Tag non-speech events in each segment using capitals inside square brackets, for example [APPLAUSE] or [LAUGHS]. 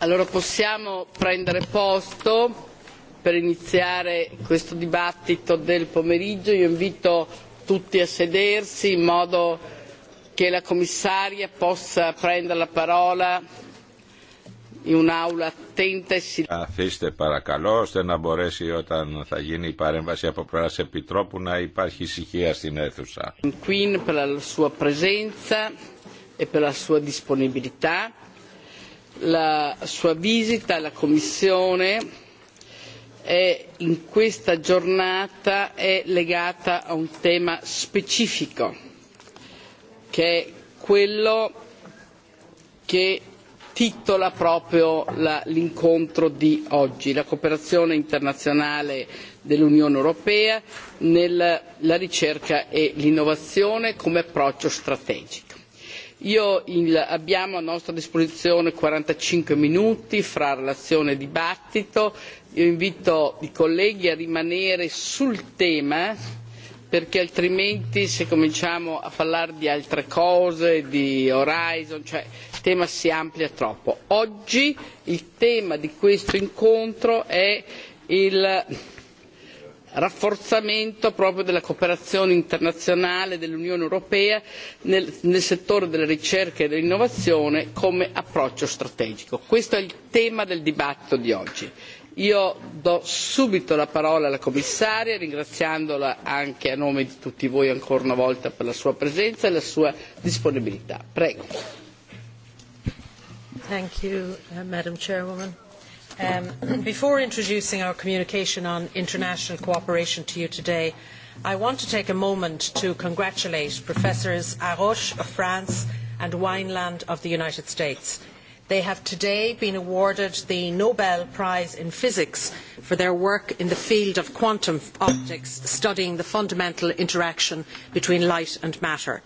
Allora possiamo prendere posto per iniziare questo dibattito del pomeriggio. Io invito tutti a sedersi in modo che la commissaria possa prendere la parola in un'aula attenta e silenziosa. Αφήστε παρακαλώ ώστε να μπορέσει όταν θα γίνει η παρέμβαση από Επιτρόπου να υπάρχει ησυχία στην αίθουσα. Queen per la sua presenza e per la sua disponibilità la sua visita alla Commissione in questa giornata è legata a un tema specifico, che è quello che titola proprio l'incontro di oggi la cooperazione internazionale dell'Unione europea nella ricerca e l'innovazione come approccio strategico. Io abbiamo a nostra disposizione 45 minuti fra relazione e dibattito. Io invito i colleghi a rimanere sul tema perché altrimenti se cominciamo a parlare di altre cose, di Horizon, cioè il tema si amplia troppo. Oggi il tema di questo incontro è il rafforzamento proprio della cooperazione internazionale dell'Unione europea nel settore della ricerca e dell'innovazione come approccio strategico. Questo è il tema del dibattito di oggi. Io do subito la parola alla commissaria, ringraziandola anche a nome di tutti voi ancora una volta per la sua presenza e la sua disponibilità. Prego. Before introducing our communication on international cooperation to you today, I want to take a moment to congratulate Professors Aroche of France and Wineland of the United States. They have today been awarded the Nobel Prize in Physics for their work in the field of quantum optics, studying the fundamental interaction between light and matter.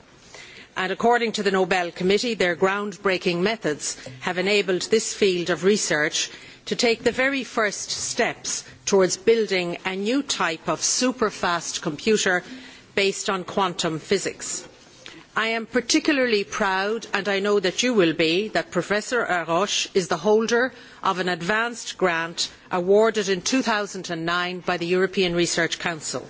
And according to the Nobel Committee, their groundbreaking methods have enabled this field of research to take the very first steps towards building a new type of superfast computer based on quantum physics. I am particularly proud, and I know that you will be, that Professor Aroche is the holder of an advanced grant awarded in 2009 by the European Research Council.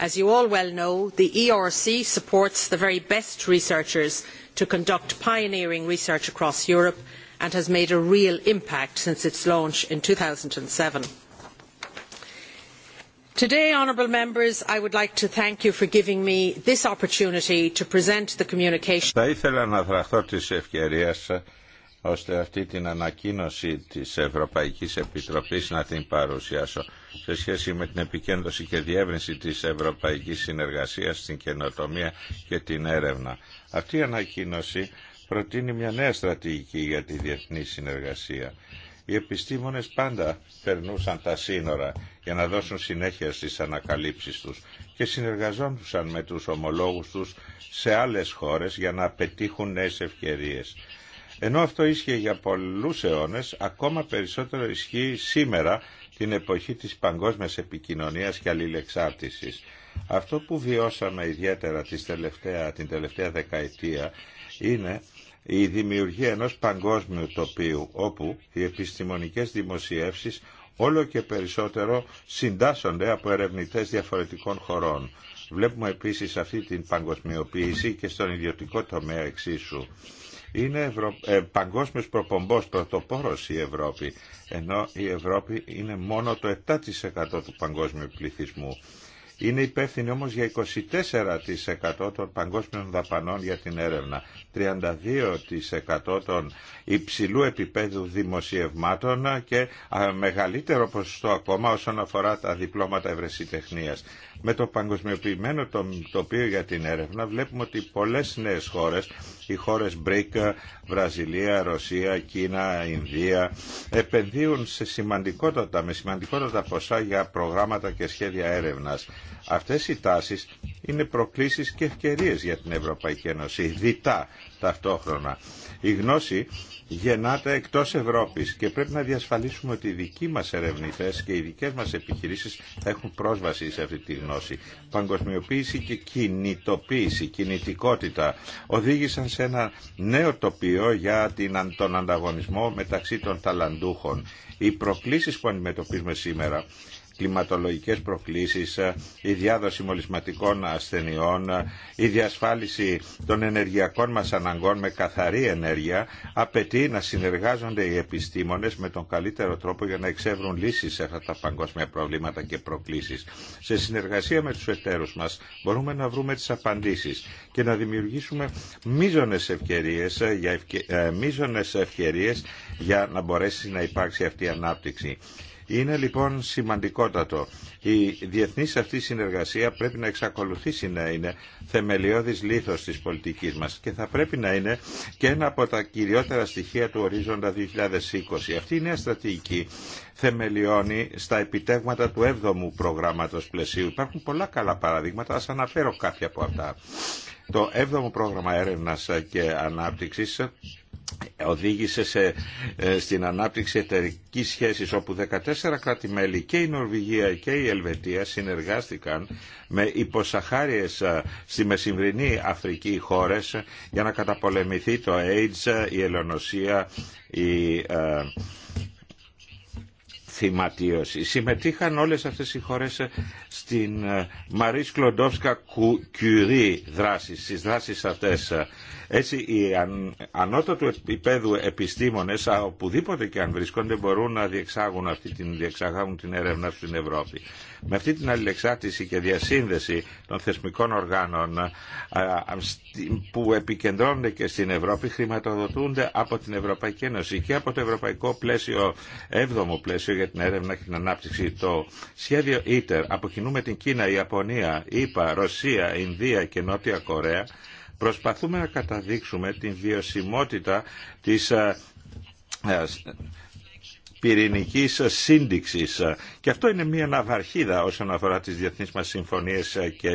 As you all well know, the ERC supports the very best researchers to conduct pioneering research across Europe and has made a real impact since its launch in. two thousand and seven i would like to thank you for giving me this opportunity to present the communication. θα ήθελα να δραχθώ της ευκαιρίας ώστε αυτή την ανακοίνωση της Ευρωπαϊκής Επιτροπής να την παρουσιάσω σε σχέση με την επικέντρωση και διεύρυνση της Ευρωπαϊκής Συνεργασίας στην καινοτομία και την έρευνα. Αυτή η ανακοίνωση προτείνει μια νέα στρατηγική για τη διεθνή συνεργασία. Οι επιστήμονες πάντα περνούσαν τα σύνορα για να δώσουν συνέχεια στις ανακαλύψεις τους και συνεργαζόντουσαν με τους ομολόγους τους σε άλλες χώρες για να πετύχουν νέες ευκαιρίες. Ενώ αυτό ίσχυε για πολλούς αιώνες, ακόμα περισσότερο ισχύει σήμερα την εποχή της παγκόσμιας επικοινωνίας και αλληλεξάρτησης. Αυτό που βιώσαμε ιδιαίτερα την τελευταία δεκαετία είναι η δημιουργία ενός παγκόσμιου τοπίου όπου οι επιστημονικές δημοσιεύσεις όλο και περισσότερο συντάσσονται από ερευνητές διαφορετικών χωρών. Βλέπουμε επίσης αυτή την παγκοσμιοποίηση και στον ιδιωτικό τομέα εξίσου. Είναι Ευρω... ε, παγκόσμιος προπομπός πρωτοπόρος η Ευρώπη, ενώ η Ευρώπη είναι μόνο το 7% του παγκόσμιου πληθυσμού. Είναι υπεύθυνη όμως για 24% των παγκόσμιων δαπανών για την έρευνα. 32% των υψηλού επίπεδου δημοσιευμάτων και μεγαλύτερο ποσοστό ακόμα όσον αφορά τα διπλώματα ευρεσιτεχνίας. Με το παγκοσμιοποιημένο τοπίο για την έρευνα βλέπουμε ότι πολλές νέες χώρες, οι χώρες BRIC, Βραζιλία, Ρωσία, Κίνα, Ινδία, επενδύουν σε σημαντικότατα, με σημαντικότατα ποσά για προγράμματα και σχέδια έρευνας. Αυτές οι τάσεις είναι προκλήσεις και ευκαιρίες για την Ευρωπαϊκή Ένωση ταυτόχρονα. Η γνώση γεννάται εκτός Ευρώπης και πρέπει να διασφαλίσουμε ότι οι δικοί μας ερευνητές και οι δικές μας επιχειρήσεις θα έχουν πρόσβαση σε αυτή τη γνώση. Παγκοσμιοποίηση και κινητοποίηση, κινητικότητα οδήγησαν σε ένα νέο τοπίο για τον ανταγωνισμό μεταξύ των ταλαντούχων. Οι προκλήσεις που αντιμετωπίζουμε σήμερα κλιματολογικές προκλήσεις, ε, η διάδοση μολυσματικών ασθενειών, ε, η διασφάλιση των ενεργειακών μας αναγκών με καθαρή ενέργεια απαιτεί να συνεργάζονται οι επιστήμονες με τον καλύτερο τρόπο για να εξεύρουν λύσεις σε αυτά τα παγκόσμια προβλήματα και προκλήσεις. Σε συνεργασία με τους εταίρους μας μπορούμε να βρούμε τις απαντήσεις και να δημιουργήσουμε μίζονες ευκαιρίες ε, για, ευκαιρίες για να μπορέσει να υπάρξει αυτή η ανάπτυξη. Είναι λοιπόν σημαντικότατο. Η διεθνής αυτή συνεργασία πρέπει να εξακολουθήσει να είναι θεμελιώδης λίθος της πολιτικής μας και θα πρέπει να είναι και ένα από τα κυριότερα στοιχεία του ορίζοντα 2020. Αυτή η νέα στρατηγική θεμελιώνει στα επιτεύγματα του 7ου προγράμματος πλαισίου. Υπάρχουν πολλά καλά παραδείγματα, ας αναφέρω κάποια από αυτά. Το 7ο πρόγραμμα έρευνας και ανάπτυξης οδήγησε ε, στην ανάπτυξη εταιρική σχέσης όπου 14 κράτη-μέλη και η Νορβηγία και η Ελβετία συνεργάστηκαν με υποσαχάριες ε, στη μεσημβρινή Αφρική χώρες για να καταπολεμηθεί το AIDS, η ελονοσία, η... Ε, θυματίωση. Συμμετείχαν όλες αυτές οι χώρες ε, στην Μαρίς Κλοντόφσκα Κουρί δράση στις δράσεις αυτές έτσι οι αν, ανώτατου επίπεδου επιστήμονες οπουδήποτε και αν βρίσκονται μπορούν να διεξάγουν αυτή την, διεξάγουν την έρευνα στην Ευρώπη. Με αυτή την αλληλεξάρτηση και διασύνδεση των θεσμικών οργάνων που επικεντρώνονται και στην Ευρώπη χρηματοδοτούνται από την Ευρωπαϊκή Ένωση και από το Ευρωπαϊκό Πλαίσιο, 7ο Πλαίσιο για την Έρευνα και την Ανάπτυξη. Το σχέδιο ITER αποκινούμε την Κίνα, η Ιαπωνία, ΗΠΑ, Ρωσία, Ινδία και Νότια Κορέα Προσπαθούμε να καταδείξουμε την βιωσιμότητα της ε, ε, ε, πυρηνικής σύνδεξης και αυτό είναι μια ναυαρχίδα όσον αφορά τις διεθνείς μας συμφωνίες ε, και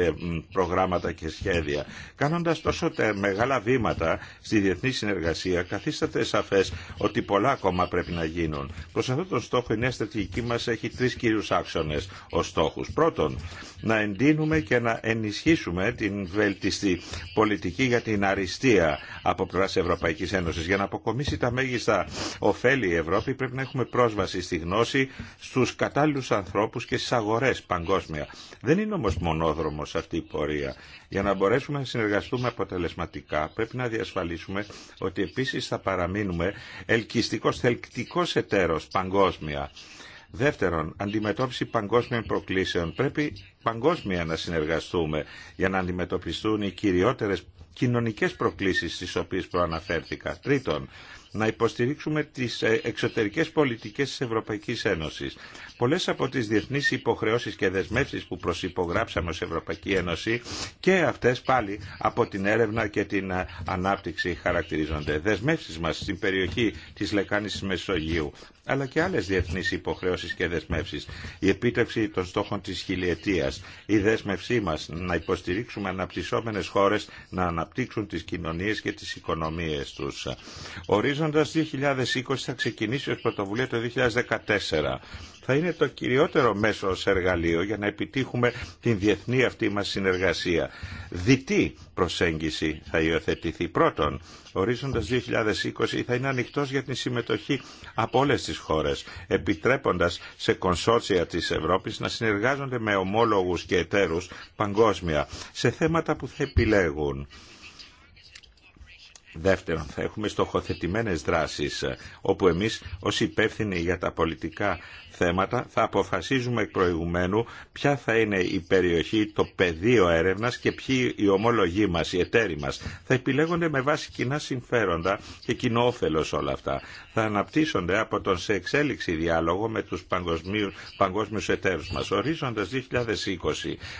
προγράμματα και σχέδια. Κάνοντας τόσο μεγάλα βήματα στη διεθνή συνεργασία, καθίσταται σαφές ότι πολλά ακόμα πρέπει να γίνουν. Προς αυτόν τον στόχο η νέα στρατηγική μας έχει τρεις κύριους άξονες ως στόχους. Πρώτον, να εντείνουμε και να ενισχύσουμε την βελτιστή πολιτική για την αριστεία από πλευρά Ευρωπαϊκή Ένωση. Για να αποκομίσει τα μέγιστα ωφέλη η Ευρώπη, πρέπει να έχουμε πρόσβαση στη γνώση, στου κατάλληλου τους ανθρώπους και στις αγορές παγκόσμια. Δεν είναι όμως μονόδρομος αυτή η πορεία. Για να μπορέσουμε να συνεργαστούμε αποτελεσματικά πρέπει να διασφαλίσουμε ότι επίσης θα παραμείνουμε ελκυστικός, θελκτικός εταίρος παγκόσμια. Δεύτερον, αντιμετώπιση παγκόσμιων προκλήσεων. Πρέπει παγκόσμια να συνεργαστούμε για να αντιμετωπιστούν οι κυριότερες κοινωνικές προκλήσεις στις οποίες προαναφέρθηκα. Τρίτον, να υποστηρίξουμε τις ε, εξωτερικές πολιτικές της Ευρωπαϊκής Ένωσης. Πολλές από τις διεθνείς υποχρεώσεις και δεσμεύσεις που προσυπογράψαμε ως Ευρωπαϊκή Ένωση και αυτές πάλι από την έρευνα και την ε, ανάπτυξη χαρακτηρίζονται. Δεσμεύσεις μας στην περιοχή της Λεκάνης της Μεσογείου αλλά και άλλες διεθνείς υποχρεώσεις και δεσμεύσεις. Η επίτευξη των στόχων της χιλιετίας, η δέσμευσή μας να υποστηρίξουμε αναπτυσσόμενες χώρες να αναπτύξουν τις κοινωνίες και τις οικονομίες τους. Ορίζοντας 2020 θα ξεκινήσει ως πρωτοβουλία το 2014. Θα είναι το κυριότερο μέσο ως εργαλείο για να επιτύχουμε την διεθνή αυτή μας συνεργασία. Διτή προσέγγιση θα υιοθετηθεί. Πρώτον, ορίζοντας 2020 θα είναι ανοιχτός για την συμμετοχή από όλες τις χώρες, επιτρέποντας σε κονσόρτσια της Ευρώπης να συνεργάζονται με ομόλογους και εταίρους παγκόσμια σε θέματα που θα επιλέγουν. Δεύτερον, θα έχουμε στοχοθετημένες δράσεις, ε, όπου εμείς ως υπεύθυνοι για τα πολιτικά θέματα θα αποφασίζουμε εκ προηγουμένου ποια θα είναι η περιοχή, το πεδίο έρευνας και ποιοι οι ομόλογοι μας, οι εταίροι μας. Θα επιλέγονται με βάση κοινά συμφέροντα και κοινό όφελος όλα αυτά. Θα αναπτύσσονται από τον σε εξέλιξη διάλογο με τους παγκοσμίου, παγκόσμιους εταίρους μας. Ορίζοντας 2020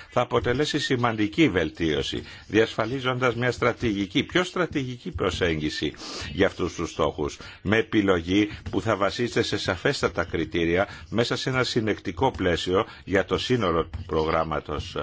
θα αποτελέσει σημαντική βελτίωση, διασφαλίζοντας μια στρατηγική, πιο στρατηγική προσέγγιση για αυτούς τους στόχους, με επιλογή που θα βασίζεται σε σαφέστατα κριτήρια μέσα σε ένα συνεκτικό πλαίσιο για το σύνολο του προγράμματος.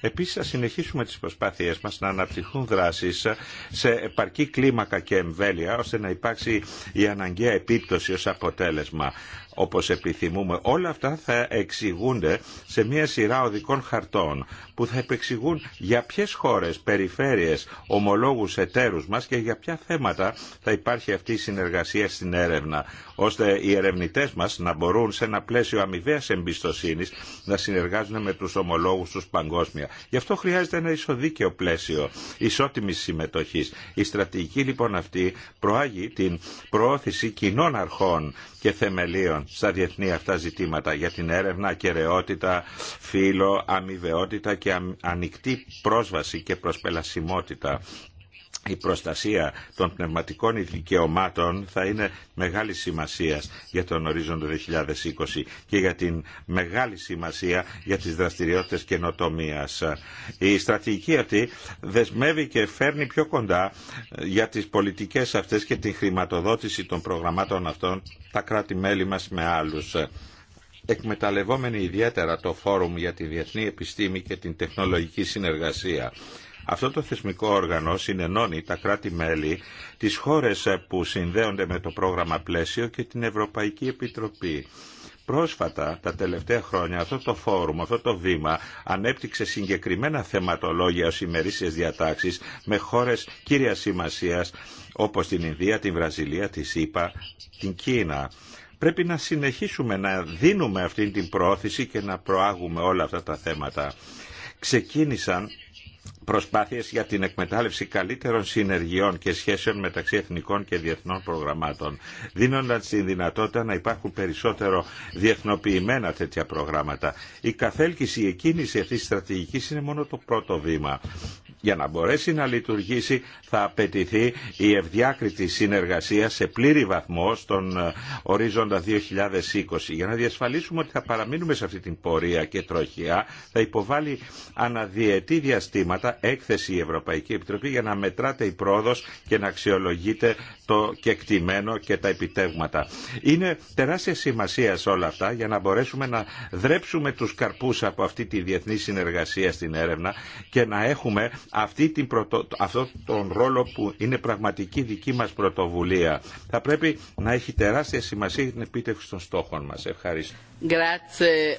Επίσης θα συνεχίσουμε τις προσπάθειές μας να αναπτυχθούν δράσεις σε επαρκή κλίμακα και εμβέλεια ώστε να υπάρξει η αναγκαία επίπτωση ως αποτέλεσμα όπως επιθυμούμε. Όλα αυτά θα εξηγούνται σε μια σειρά οδικών χαρτών που θα επεξηγούν για ποιες χώρες, περιφέρειες, ομολόγους εταίρους μας και για ποια θέματα θα υπάρχει αυτή η συνεργασία στην έρευνα, ώστε οι ερευνητές μας να μπορούν σε ένα πλαίσιο αμοιβαία εμπιστοσύνη να συνεργάζονται με τους ομολόγους τους παγκόσμια. Γι' αυτό χρειάζεται ένα ισοδίκαιο πλαίσιο ισότιμης συμμετοχής. Η στρατηγική λοιπόν αυτή προάγει την προώθηση κοινών αρχών και θεμελίων στα διεθνή αυτά ζητήματα για την έρευνα, κεραιότητα, φύλλο, αμοιβαιότητα και ανοιχτή πρόσβαση και προσπελασιμότητα η προστασία των πνευματικών δικαιωμάτων θα είναι μεγάλη σημασία για τον ορίζοντα 2020 και για την μεγάλη σημασία για τις δραστηριότητες καινοτομία. Η στρατηγική αυτή δεσμεύει και φέρνει πιο κοντά για τις πολιτικές αυτές και την χρηματοδότηση των προγραμμάτων αυτών τα κράτη-μέλη μας με άλλους εκμεταλλευόμενοι ιδιαίτερα το Φόρουμ για τη Διεθνή Επιστήμη και την Τεχνολογική Συνεργασία. Αυτό το θεσμικό όργανο συνενώνει τα κράτη-μέλη, τις χώρες που συνδέονται με το πρόγραμμα πλαίσιο και την Ευρωπαϊκή Επιτροπή. Πρόσφατα, τα τελευταία χρόνια, αυτό το φόρουμ, αυτό το βήμα ανέπτυξε συγκεκριμένα θεματολόγια ως ημερήσιες διατάξεις με χώρες κυρία σημασίας όπως την Ινδία, την Βραζιλία, τη ΣΥΠΑ, την Κίνα. Πρέπει να συνεχίσουμε να δίνουμε αυτή την προώθηση και να προάγουμε όλα αυτά τα θέματα. Ξεκίνησαν προσπάθειες για την εκμετάλλευση καλύτερων συνεργειών και σχέσεων μεταξύ εθνικών και διεθνών προγραμμάτων, δίνοντας τη δυνατότητα να υπάρχουν περισσότερο διεθνοποιημένα τέτοια προγράμματα. Η καθέλκυση, η εκκίνηση αυτής της στρατηγικής είναι μόνο το πρώτο βήμα. Για να μπορέσει να λειτουργήσει θα απαιτηθεί η ευδιάκριτη συνεργασία σε πλήρη βαθμό στον ε, ορίζοντα 2020. Για να διασφαλίσουμε ότι θα παραμείνουμε σε αυτή την πορεία και τροχιά θα υποβάλει αναδιετή διαστήματα έκθεση η Ευρωπαϊκή Επιτροπή για να μετράτε η πρόοδος και να αξιολογείτε το κεκτημένο και τα επιτεύγματα. Είναι τεράστια σημασία σε όλα αυτά για να μπορέσουμε να δρέψουμε τους καρπούς από αυτή τη διεθνή συνεργασία στην έρευνα και να έχουμε αυτή την πρωτο... αυτό τον ρόλο που είναι πραγματική δική μας πρωτοβουλία. Θα πρέπει να έχει τεράστια σημασία για την επίτευξη των στόχων μας. Ευχαριστώ. Grazie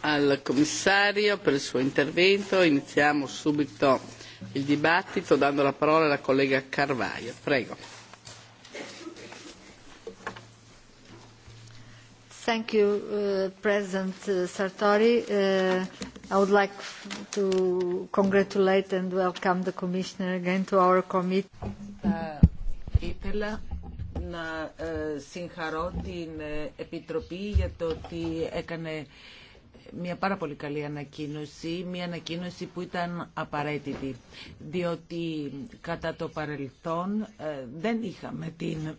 al commissario per il suo intervento. Iniziamo subito il dibattito dando la parola alla collega Carvaio. Prego. Thank you, President Sartori. I would like to congratulate and welcome the Commissioner again to our committee. Ήθελα να συγχαρώ την Επιτροπή για το ότι έκανε μια πάρα πολύ καλή ανακοίνωση, μια ανακοίνωση που ήταν απαραίτητη, διότι κατά το παρελθόν ε, δεν είχαμε την [CLEARS THROAT]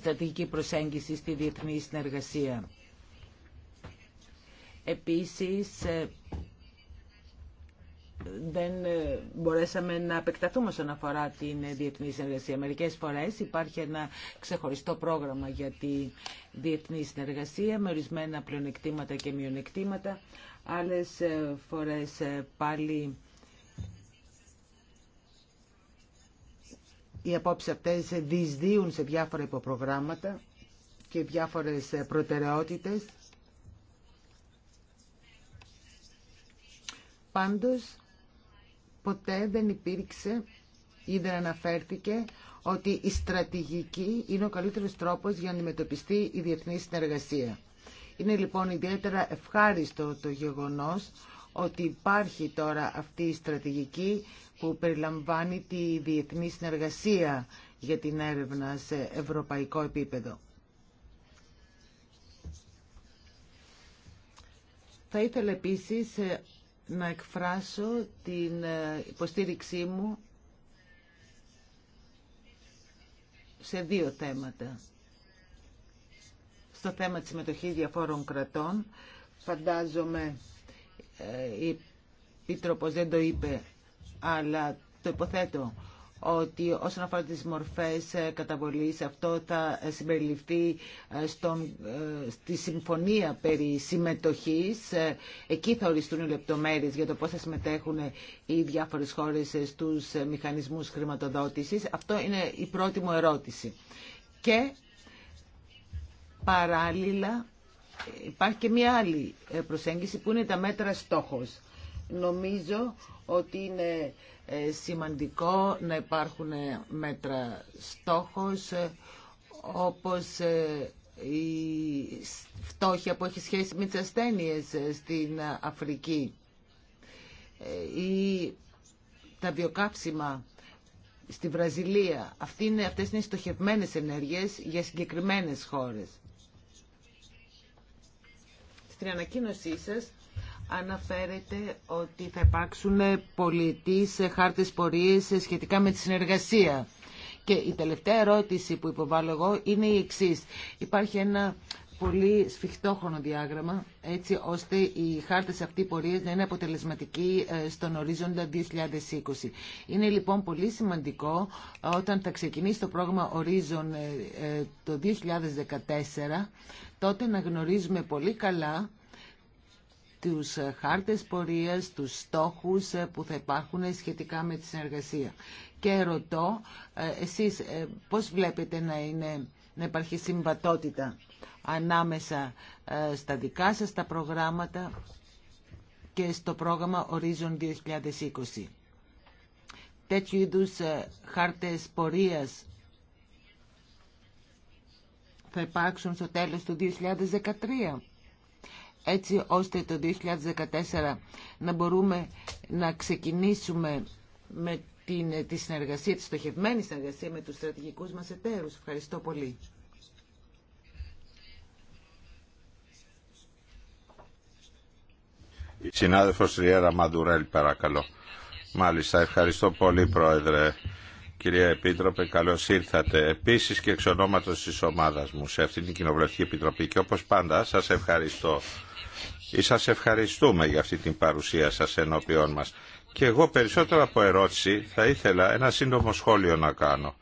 στρατηγική προσέγγιση στη διεθνή συνεργασία. Επίσης, ε, δεν ε, μπορέσαμε να επεκταθούμε όσον αφορά την ε, διεθνή συνεργασία. Μερικές φορές υπάρχει ένα ξεχωριστό πρόγραμμα για τη διεθνή συνεργασία με ορισμένα πλεονεκτήματα και μειονεκτήματα. Άλλες ε, φορές πάλι οι απόψεις αυτές διεισδύουν σε διάφορα υποπρογράμματα και διάφορες προτεραιότητες. Πάντως, ποτέ δεν υπήρξε ή δεν αναφέρθηκε ότι η στρατηγική είναι ο καλύτερος τρόπος για να αντιμετωπιστεί η διεθνή συνεργασία. Είναι λοιπόν ιδιαίτερα ευχάριστο το γεγονός ότι υπάρχει τώρα αυτή η στρατηγική που περιλαμβάνει τη διεθνή συνεργασία για την έρευνα σε ευρωπαϊκό επίπεδο. Θα ήθελα επίσης να εκφράσω την ε, υποστήριξή μου σε δύο θέματα. Στο θέμα της συμμετοχής διαφόρων κρατών, φαντάζομαι ε, η Πίτροπος δεν το είπε, αλλά το υποθέτω ότι όσον αφορά τις μορφές ε, καταβολής αυτό θα ε, συμπεριληφθεί ε, στον, στη συμφωνία περί συμμετοχής. Εκεί θα οριστούν οι λεπτομέρειες για το πώς θα συμμετέχουν οι διάφορες χώρες στους μηχανισμούς χρηματοδότησης. Αυτό είναι η πρώτη μου ερώτηση. Και παράλληλα υπάρχει και μια άλλη προσέγγιση που είναι τα μέτρα στόχος. Νομίζω ότι είναι ε, σημαντικό να υπάρχουν ε, μέτρα στόχος ε, όπως η φτώχεια που έχει σχέση με τις ασθένειες στην Αφρική ή τα βιοκάψιμα στη Βραζιλία. Αυτή είναι, αυτές είναι στοχευμένες ενέργειες για συγκεκριμένες χώρες. Στην ανακοίνωσή σας αναφέρεται ότι θα υπάρξουν πολιτείς χάρτες πορείες σχετικά με τη συνεργασία. Και η τελευταία ερώτηση που υποβάλλω εγώ είναι η εξής. Υπάρχει ένα πολύ σφιχτό χρονοδιάγραμμα, έτσι ώστε οι χάρτες αυτή πορείας να είναι αποτελεσματικοί ε, στον ορίζοντα 2020. Είναι λοιπόν πολύ σημαντικό ε, όταν θα ξεκινήσει το πρόγραμμα ορίζον ε, το 2014, τότε να γνωρίζουμε πολύ καλά τους ε, χάρτες πορείας, τους στόχους ε, που θα υπάρχουν σχετικά με τη συνεργασία. Και ρωτώ, ε, εσείς πώς βλέπετε να, είναι, να υπάρχει συμβατότητα ανάμεσα στα δικά σας τα προγράμματα και στο πρόγραμμα Horizon 2020. Τέτοιου είδους χάρτες πορείας θα υπάρξουν στο τέλος του 2013 έτσι ώστε το 2014 να μπορούμε να ξεκινήσουμε με την, ε, τη συνεργασία, τη στοχευμένη συνεργασία με τους στρατηγικούς μας εταίρους. Ευχαριστώ πολύ. Η συνάδελφος Ριέρα Μαντουρέλ, παρακαλώ. Μάλιστα, ευχαριστώ πολύ, Πρόεδρε. Κυρία Επίτροπε, καλώ ήρθατε. Επίση και εξ ονόματο τη ομάδα μου σε αυτήν την Κοινοβουλευτική Επιτροπή. Και όπω πάντα, σα ευχαριστώ και ε, σας ευχαριστούμε για αυτή την παρουσία σας ενώπιόν μας. Και εγώ περισσότερο από ερώτηση θα ήθελα ένα σύντομο σχόλιο να κάνω.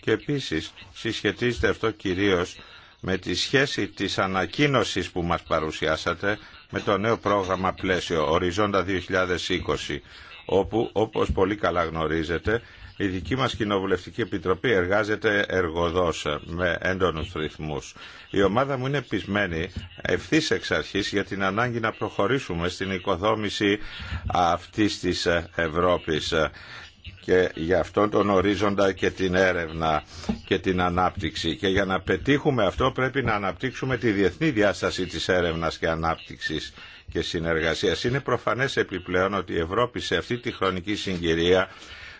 Και επίσης συσχετίζεται αυτό κυρίως με τη σχέση της ανακοίνωσης που μας παρουσιάσατε με το νέο πρόγραμμα πλαίσιο Οριζόντα 2020 όπου όπως πολύ καλά γνωρίζετε η δική μας Κοινοβουλευτική Επιτροπή εργάζεται εργοδός με έντονους ρυθμούς. Η ομάδα μου είναι πεισμένη ευθύ εξ αρχής για την ανάγκη να προχωρήσουμε στην οικοδόμηση αυτής της Ευρώπης και για αυτόν τον ορίζοντα και την έρευνα και την ανάπτυξη. Και για να πετύχουμε αυτό πρέπει να αναπτύξουμε τη διεθνή διάσταση της έρευνας και ανάπτυξης και συνεργασίας. Είναι προφανές επιπλέον ότι η Ευρώπη σε αυτή τη χρονική συγκυρία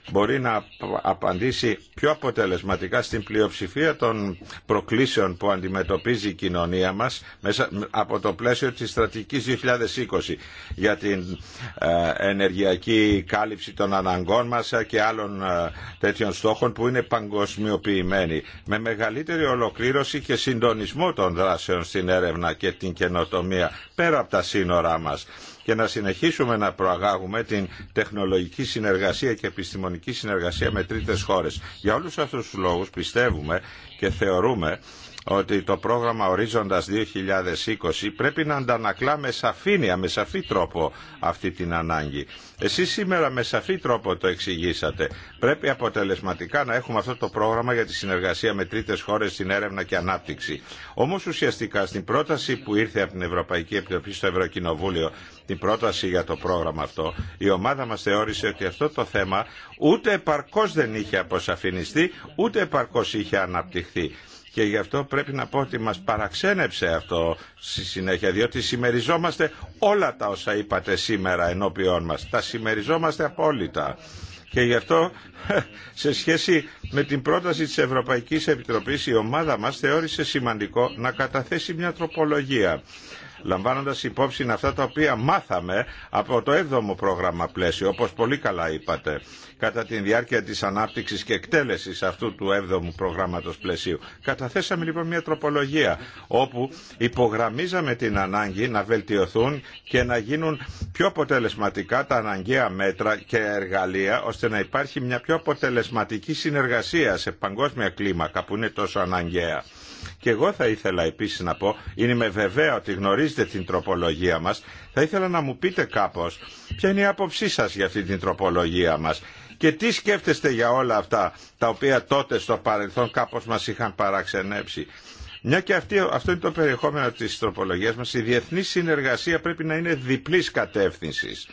μπορεί να απαντήσει πιο αποτελεσματικά στην πλειοψηφία των προκλήσεων που αντιμετωπίζει η κοινωνία μας μέσα από το πλαίσιο της στρατηγικής 2020 για την ε, ενεργειακή κάλυψη των αναγκών μας και άλλων ε, τέτοιων στόχων που είναι παγκοσμιοποιημένοι με μεγαλύτερη ολοκλήρωση και συντονισμό των δράσεων στην έρευνα και την καινοτομία πέρα από τα σύνορά μας και να συνεχίσουμε να προαγάγουμε την τεχνολογική συνεργασία και επιστημονική συνεργασία με τρίτες χώρες. Για όλους αυτούς τους λόγους πιστεύουμε και θεωρούμε ότι το πρόγραμμα Ορίζοντας 2020 πρέπει να αντανακλά με σαφήνεια, με σαφή τρόπο αυτή την ανάγκη. Εσείς σήμερα με σαφή τρόπο το εξηγήσατε. Πρέπει αποτελεσματικά να έχουμε αυτό το πρόγραμμα για τη συνεργασία με τρίτες χώρες στην έρευνα και ανάπτυξη. Όμως ουσιαστικά στην πρόταση που ήρθε από την Ευρωπαϊκή Επιτροπή στο Ευρωκοινοβούλιο την πρόταση για το πρόγραμμα αυτό, η ομάδα μας θεώρησε ότι αυτό το θέμα ούτε επαρκώς δεν είχε αποσαφινιστεί, ούτε επαρκώς είχε αναπτυχθεί. Και γι' αυτό πρέπει να πω ότι μας παραξένεψε αυτό στη συνέχεια, διότι συμμεριζόμαστε όλα τα όσα είπατε σήμερα ενώπιόν μας. Τα συμμεριζόμαστε απόλυτα. Και γι' αυτό [LAUGHS] σε σχέση με την πρόταση της Ευρωπαϊκής Επιτροπής η ομάδα μας θεώρησε σημαντικό να καταθέσει μια τροπολογία λαμβάνοντας υπόψη αυτά τα οποία μάθαμε από το 7ο πρόγραμμα πλαίσιο, όπως πολύ καλά είπατε, κατά τη διάρκεια της ανάπτυξης και εκτέλεσης αυτού του 7ου προγράμματος πλαισίου. Καταθέσαμε λοιπόν μια τροπολογία όπου υπογραμμίζαμε την ανάγκη να βελτιωθούν και να γίνουν πιο αποτελεσματικά τα αναγκαία μέτρα και εργαλεία ώστε να υπάρχει μια πιο αποτελεσματική συνεργασία σε παγκόσμια κλίμακα που είναι τόσο αναγκαία. Και εγώ θα ήθελα επίσης να πω, είναι με βεβαία ότι γνωρίζετε την τροπολογία μας, θα ήθελα να μου πείτε κάπως ποια είναι η άποψή σας για αυτή την τροπολογία μας. Και τι σκέφτεστε για όλα αυτά τα οποία τότε στο παρελθόν κάπως μας είχαν παραξενέψει. Μια και αυτό είναι το περιεχόμενο της τροπολογίας μας, η διεθνή συνεργασία πρέπει να είναι διπλή κατεύθυνσης.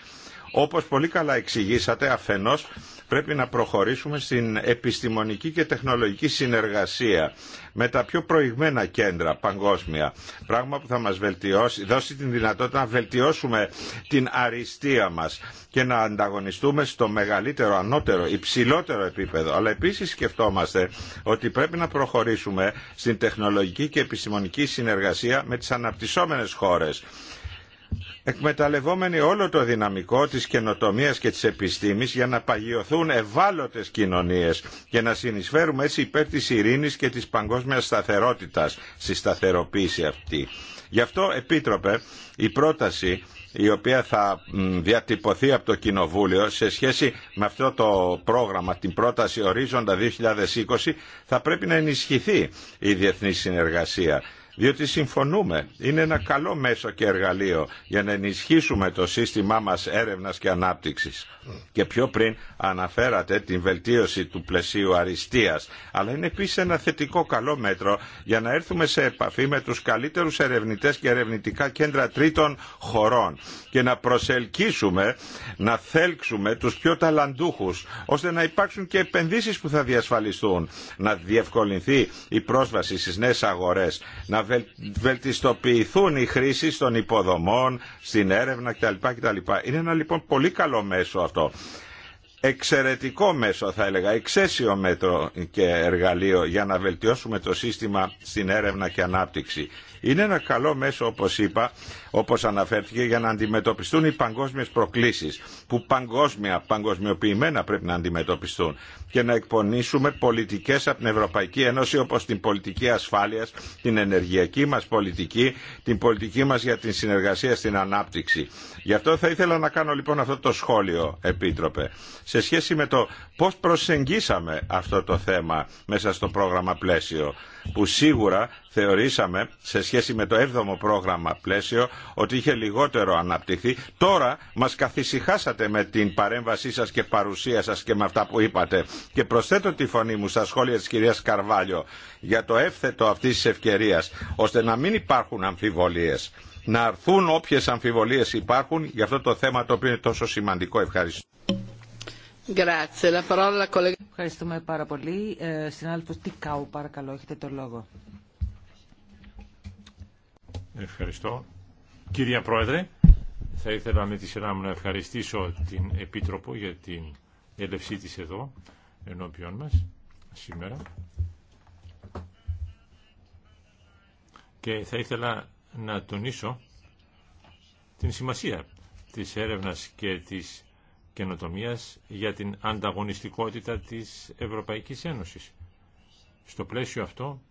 Όπως πολύ καλά εξηγήσατε, αφενός πρέπει να προχωρήσουμε στην επιστημονική και τεχνολογική συνεργασία με τα πιο προηγμένα κέντρα παγκόσμια. Πράγμα που θα μας βελτιώσει, δώσει την δυνατότητα να βελτιώσουμε την αριστεία μας και να ανταγωνιστούμε στο μεγαλύτερο, ανώτερο, υψηλότερο επίπεδο. Αλλά επίσης σκεφτόμαστε ότι πρέπει να προχωρήσουμε στην τεχνολογική και επιστημονική συνεργασία με τις αναπτυσσόμενες χώρες εκμεταλλευόμενοι όλο το δυναμικό της καινοτομίας και της επιστήμης για να παγιωθούν ευάλωτες κοινωνίες και να συνεισφέρουμε έτσι υπέρ της ειρήνης και της παγκόσμιας σταθερότητας στη σταθεροποίηση αυτή. Γι' αυτό, Επίτροπε, η πρόταση η οποία θα διατυπωθεί από το Κοινοβούλιο σε σχέση με αυτό το πρόγραμμα, την πρόταση Ορίζοντα 2020, θα πρέπει να ενισχυθεί η διεθνή συνεργασία διότι συμφωνούμε. Είναι ένα καλό μέσο και εργαλείο για να ενισχύσουμε το σύστημά μας έρευνας και ανάπτυξης. Και πιο πριν αναφέρατε την βελτίωση του πλαισίου αριστείας, αλλά είναι επίσης ένα θετικό καλό μέτρο για να έρθουμε σε επαφή με τους καλύτερους ερευνητές και ερευνητικά κέντρα τρίτων χωρών και να προσελκύσουμε, να θέλξουμε τους πιο ταλαντούχους, ώστε να υπάρξουν και επενδύσεις που θα διασφαλιστούν, να διευκολυνθεί η πρόσβαση στις νέες αγορές, να βελτιστοποιηθούν οι χρήσει των υποδομών, στην έρευνα κτλ. Είναι ένα λοιπόν πολύ καλό μέσο αυτό. Εξαιρετικό μέσο θα έλεγα, εξαίσιο μέτρο και εργαλείο για να βελτιώσουμε το σύστημα στην έρευνα και ανάπτυξη. Είναι ένα καλό μέσο, όπω είπα, όπω αναφέρθηκε, για να αντιμετωπιστούν οι παγκόσμιες προκλήσεις, που παγκόσμια, παγκοσμιοποιημένα πρέπει να αντιμετωπιστούν και να εκπονήσουμε πολιτικέ από την Ευρωπαϊκή Ένωση, όπω την πολιτική ασφάλεια, την ενεργειακή μα πολιτική, την πολιτική μα για την συνεργασία στην ανάπτυξη. Γι' αυτό θα ήθελα να κάνω λοιπόν αυτό το σχόλιο, Επίτροπε, σε σχέση με το πώ προσεγγίσαμε αυτό το θέμα μέσα στο πρόγραμμα πλαίσιο που σίγουρα θεωρήσαμε σε σχέση με το 7ο πρόγραμμα πλαίσιο ότι είχε λιγότερο αναπτυχθεί. Τώρα μας καθησυχάσατε με την παρέμβασή σας και παρουσία σας και με αυτά που είπατε. Και προσθέτω τη φωνή μου στα σχόλια της κυρίας Καρβάλιο για το έφθετο αυτής της ευκαιρίας, ώστε να μην υπάρχουν αμφιβολίες. Να αρθούν όποιες αμφιβολίες υπάρχουν για αυτό το θέμα το οποίο είναι τόσο σημαντικό. Ευχαριστώ. Ευχαριστούμε πάρα πολύ. Ε, συνάδελφος Τικάου, παρακαλώ, έχετε το λόγο. Ευχαριστώ. Κύριε Πρόεδρε, θα ήθελα με τη σειρά μου να ευχαριστήσω την Επίτροπο για την έλευσή της εδώ, ενώπιον μας, σήμερα. Και θα ήθελα να τονίσω την σημασία της έρευνας και της για την ανταγωνιστικότητα της Ευρωπαϊκής Ένωσης. Στο πλαίσιο αυτό,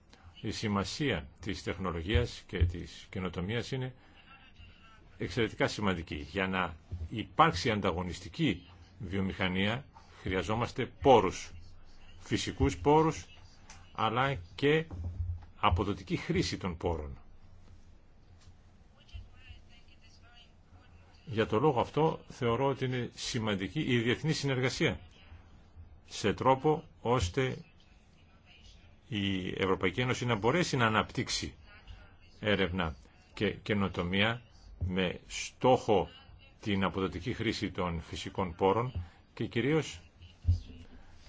η σημασία της τεχνολογίας και της καινοτομίας είναι εξαιρετικά σημαντική. Για να υπάρξει ανταγωνιστική βιομηχανία, χρειαζόμαστε πόρους, φυσικούς πόρους, αλλά και αποδοτική χρήση των πόρων. Για το λόγο αυτό θεωρώ ότι είναι σημαντική η διεθνή συνεργασία σε τρόπο ώστε η Ευρωπαϊκή Ένωση να μπορέσει να αναπτύξει έρευνα και καινοτομία με στόχο την αποδοτική χρήση των φυσικών πόρων και κυρίως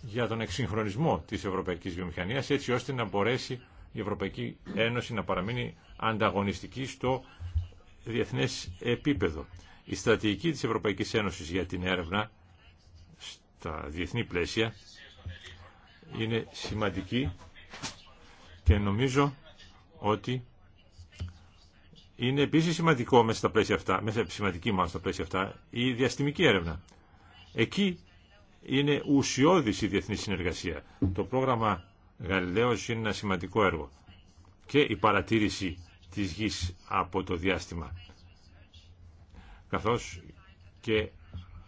για τον εξυγχρονισμό της ευρωπαϊκής βιομηχανίας έτσι ώστε να μπορέσει η Ευρωπαϊκή Ένωση να παραμείνει ανταγωνιστική στο διεθνές επίπεδο. Η στρατηγική της Ευρωπαϊκής Ένωσης για την έρευνα στα διεθνή πλαίσια είναι σημαντική και νομίζω ότι είναι επίσης σημαντικό μέσα στα πλαίσια αυτά, μέσα σημαντική μάλλον στα πλαίσια αυτά, η διαστημική έρευνα. Εκεί είναι ουσιώδης η διεθνή συνεργασία. Το πρόγραμμα Γαλιλαίος είναι ένα σημαντικό έργο και η παρατήρηση της γης από το διάστημα καθώς και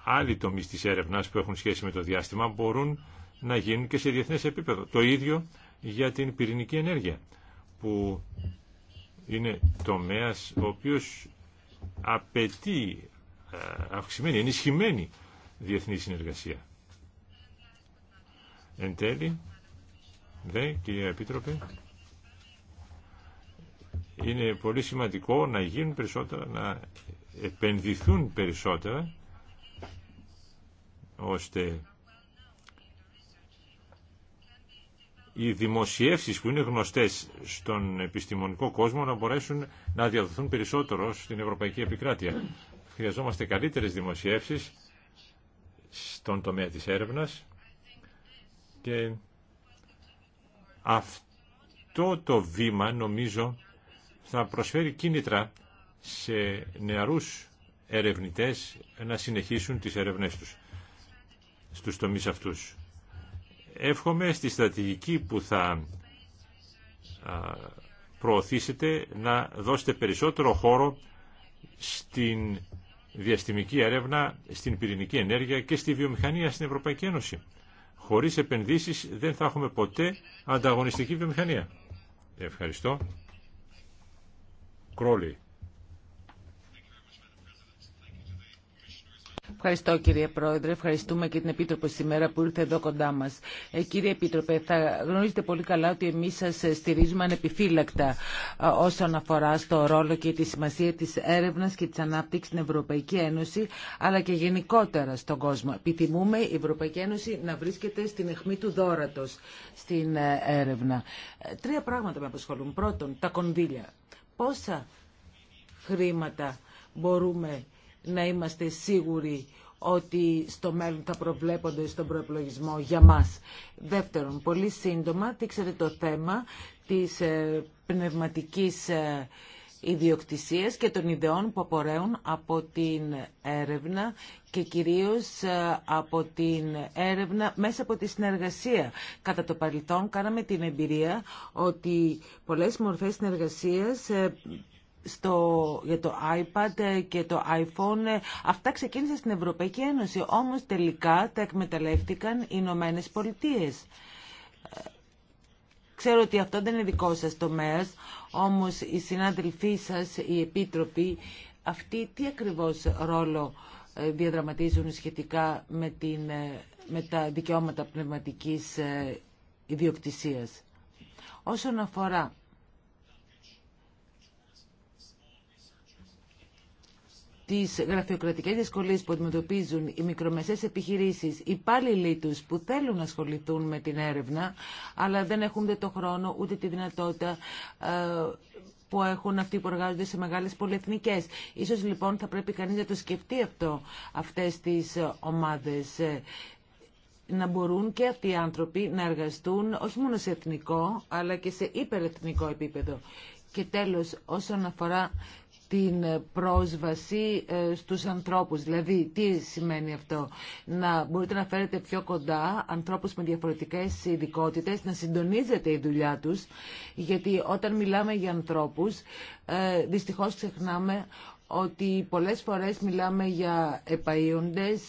άλλοι τομείς της έρευνας που έχουν σχέση με το διάστημα μπορούν να γίνουν και σε διεθνές επίπεδο. Το ίδιο για την πυρηνική ενέργεια, που είναι τομέας ο οποίος απαιτεί ε, αυξημένη, ενισχυμένη διεθνή συνεργασία. Εν τέλει, δε, κυρία Επίτροπε, είναι πολύ σημαντικό να γίνουν περισσότερα, να επενδυθούν περισσότερα ώστε οι δημοσιεύσεις που είναι γνωστές στον επιστημονικό κόσμο να μπορέσουν να διαδοθούν περισσότερο στην ευρωπαϊκή επικράτεια. Χρειαζόμαστε καλύτερες δημοσιεύσεις στον τομέα της έρευνας και αυτό το βήμα νομίζω θα προσφέρει κίνητρα σε νεαρούς ερευνητές να συνεχίσουν τις έρευνές τους στους τομείς αυτούς. Εύχομαι στη στρατηγική που θα προωθήσετε να δώσετε περισσότερο χώρο στην διαστημική έρευνα, στην πυρηνική ενέργεια και στη βιομηχανία στην Ευρωπαϊκή Ένωση. Χωρίς επενδύσεις δεν θα έχουμε ποτέ ανταγωνιστική βιομηχανία. Ευχαριστώ. Κρόλη. Ευχαριστώ κύριε Πρόεδρε, ευχαριστούμε και την Επίτροπο σήμερα που ήρθε εδώ κοντά μα. Ε, κύριε Επίτροπε, θα γνωρίζετε πολύ καλά ότι εμεί σα στηρίζουμε ανεπιφύλακτα ε, όσον αφορά στο ρόλο και τη σημασία τη έρευνα και τη ανάπτυξη στην Ευρωπαϊκή Ένωση, αλλά και γενικότερα στον κόσμο. Επιθυμούμε η Ευρωπαϊκή Ένωση να βρίσκεται στην αιχμή του δόρατο στην ε, έρευνα. Ε, τρία πράγματα με απασχολούν. Πρώτον, τα κονδύλια. Πόσα χρήματα μπορούμε να είμαστε σίγουροι ότι στο μέλλον θα προβλέπονται στον προεπλογισμό για μας. Δεύτερον, πολύ σύντομα, δείξατε το θέμα της ε, πνευματικής ε, ιδιοκτησίας και των ιδεών που απορρέουν από την έρευνα και κυρίως ε, από την έρευνα μέσα από τη συνεργασία. Κατά το παρελθόν κάναμε την εμπειρία ότι πολλές μορφές συνεργασίας στο, για το iPad και το iPhone. Ε, αυτά ξεκίνησαν στην Ευρωπαϊκή Ένωση, όμως τελικά τα εκμεταλλεύτηκαν οι Ηνωμένε Πολιτείε. Ε, ξέρω ότι αυτό δεν είναι δικό σας τομέας, όμως οι συνάδελφοί σας, οι επίτροποι, αυτοί τι ακριβώς ρόλο ε, διαδραματίζουν σχετικά με, την, με τα δικαιώματα πνευματικής ιδιοκτησίας. Όσον αφορά τις γραφειοκρατικές δυσκολίες που αντιμετωπίζουν οι μικρομεσαίες επιχειρήσεις, οι υπάλληλοι τους που θέλουν να ασχοληθούν με την έρευνα, αλλά δεν έχουν ούτε το χρόνο ούτε τη δυνατότητα ε, που έχουν αυτοί που εργάζονται σε μεγάλες πολυεθνικές. Ίσως λοιπόν θα πρέπει κανείς να το σκεφτεί αυτό, αυτές τις ομάδες ε, να μπορούν και αυτοί οι άνθρωποι να εργαστούν όχι μόνο σε εθνικό αλλά και σε υπερεθνικό επίπεδο. Και τέλος όσον αφορά την πρόσβαση ε, στους ανθρώπους. Δηλαδή, τι σημαίνει αυτό. Να μπορείτε να φέρετε πιο κοντά ανθρώπους με διαφορετικές ειδικότητε, να συντονίζετε η δουλειά τους, γιατί όταν μιλάμε για ανθρώπους, ε, δυστυχώς ξεχνάμε ότι πολλές φορές μιλάμε για επαΐοντες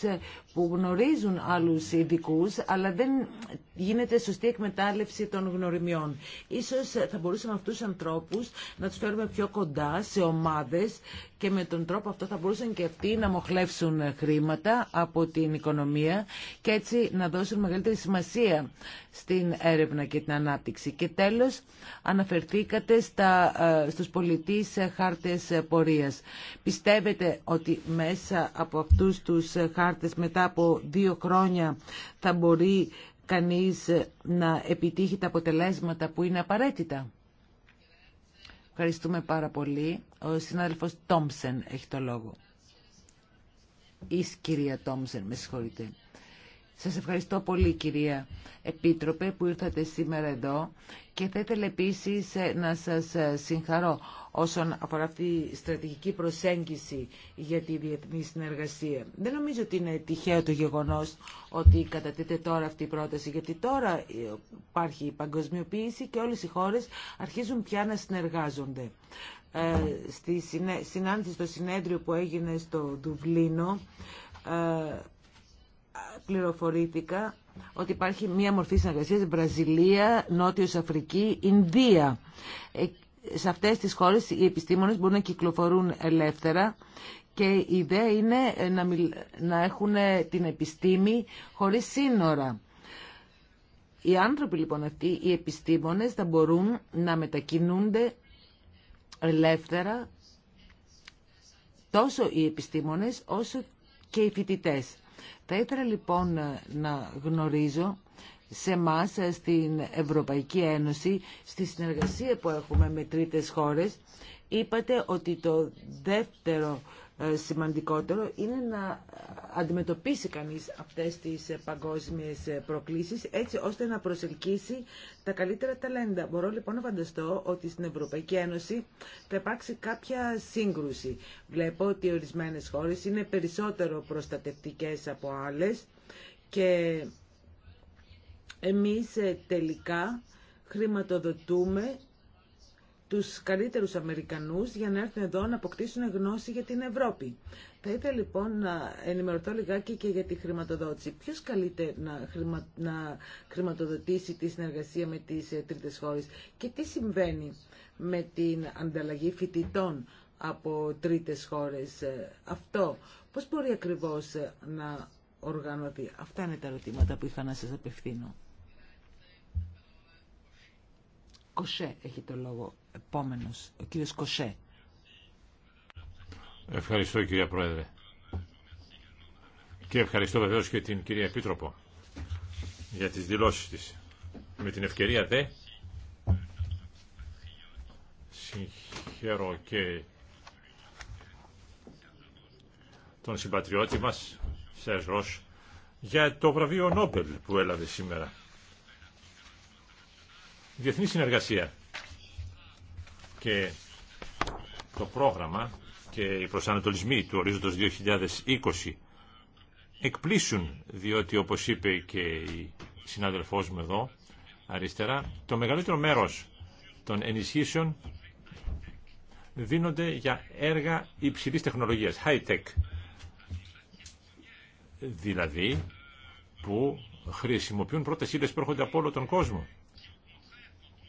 που γνωρίζουν άλλους ειδικού, αλλά δεν γίνεται σωστή εκμετάλλευση των γνωριμιών. Ίσως θα μπορούσαμε αυτούς τους ανθρώπους να τους φέρουμε πιο κοντά σε ομάδες και με τον τρόπο αυτό θα μπορούσαν και αυτοί να μοχλεύσουν χρήματα από την οικονομία και έτσι να δώσουν μεγαλύτερη σημασία στην έρευνα και την ανάπτυξη. Και τέλος, αναφερθήκατε στα, ε, στους πολιτείς χάρτες πορείας. Πιστεύετε ότι μέσα από αυτούς τους χάρτες μετά από δύο χρόνια θα μπορεί κανείς να επιτύχει τα αποτελέσματα που είναι απαραίτητα. Ευχαριστούμε πάρα πολύ. Ο συνάδελφος Τόμψεν έχει το λόγο. Ή κυρία Τόμψεν, με συγχωρείτε. Σας ευχαριστώ πολύ κυρία Επίτροπε που ήρθατε σήμερα εδώ και θα ήθελα επίση ε, να σας ε, συγχαρώ όσον αφορά αυτή η στρατηγική προσέγγιση για τη διεθνή συνεργασία. Δεν νομίζω ότι είναι τυχαίο το γεγονός ότι κατατείται τώρα αυτή η πρόταση, γιατί τώρα ε, υπάρχει η παγκοσμιοποίηση και όλες οι χώρες αρχίζουν πια να συνεργάζονται. στη συνάντηση στο συνέδριο που έγινε στο Δουβλίνο πληροφορήθηκα ότι υπάρχει μία μορφή συνεργασία Βραζιλία, Νότιο Αφρική, Ινδία. Ε, σε αυτές τις χώρες οι επιστήμονες μπορούν να κυκλοφορούν ελεύθερα και η ιδέα είναι ε, να έχουν ε, την επιστήμη χωρίς σύνορα. Οι άνθρωποι λοιπόν αυτοί, οι επιστήμονες, θα μπορούν να μετακινούνται ελεύθερα τόσο οι επιστήμονες όσο και οι φοιτητές. Θα ήθελα λοιπόν να γνωρίζω σε εμά στην Ευρωπαϊκή Ένωση, στη συνεργασία που έχουμε με τρίτες χώρες, είπατε ότι το δεύτερο ε, σημαντικότερο είναι να αντιμετωπίσει κανείς αυτές τις ε, παγκόσμιες ε, προκλήσεις έτσι ώστε να προσελκύσει τα καλύτερα ταλέντα. Μπορώ λοιπόν να φανταστώ ότι στην Ευρωπαϊκή Ένωση θα υπάρξει κάποια σύγκρουση. Βλέπω ότι ορισμένες χώρες είναι περισσότερο προστατευτικές από άλλες και εμείς τελικά χρηματοδοτούμε τους καλύτερους Αμερικανούς για να έρθουν εδώ να αποκτήσουν γνώση για την Ευρώπη. Θα ήθελα λοιπόν να ενημερωθώ λιγάκι και για τη χρηματοδότηση. Ποιο καλείται να, να χρηματοδοτήσει τη συνεργασία με τις ε, τρίτες χώρες και τι συμβαίνει με την ανταλλαγή φοιτητών από τρίτες χώρες. Ε, αυτό πώς μπορεί ακριβώς ε, να οργανωθεί. Αυτά είναι τα ερωτήματα που είχα να σας απευθύνω. Κοσέ έχει το λόγο. Επόμενος, ο κύριος Κοσέ. Ευχαριστώ κυρία Πρόεδρε. Και ευχαριστώ βεβαίως και την κυρία Επίτροπο για τις δηλώσεις της. Με την ευκαιρία δε συγχαίρω και τον συμπατριώτη μας Σέρς για το βραβείο Νόμπελ που έλαβε σήμερα. Διεθνή συνεργασία και το πρόγραμμα και οι προσανατολισμοί του ορίζοντος 2020 εκπλήσουν διότι όπως είπε και η συνάδελφός μου εδώ αριστερά το μεγαλύτερο μέρος των ενισχύσεων δίνονται για έργα υψηλής τεχνολογίας, high-tech δηλαδή που χρησιμοποιούν πρώτες ύλες που έρχονται από όλο τον κόσμο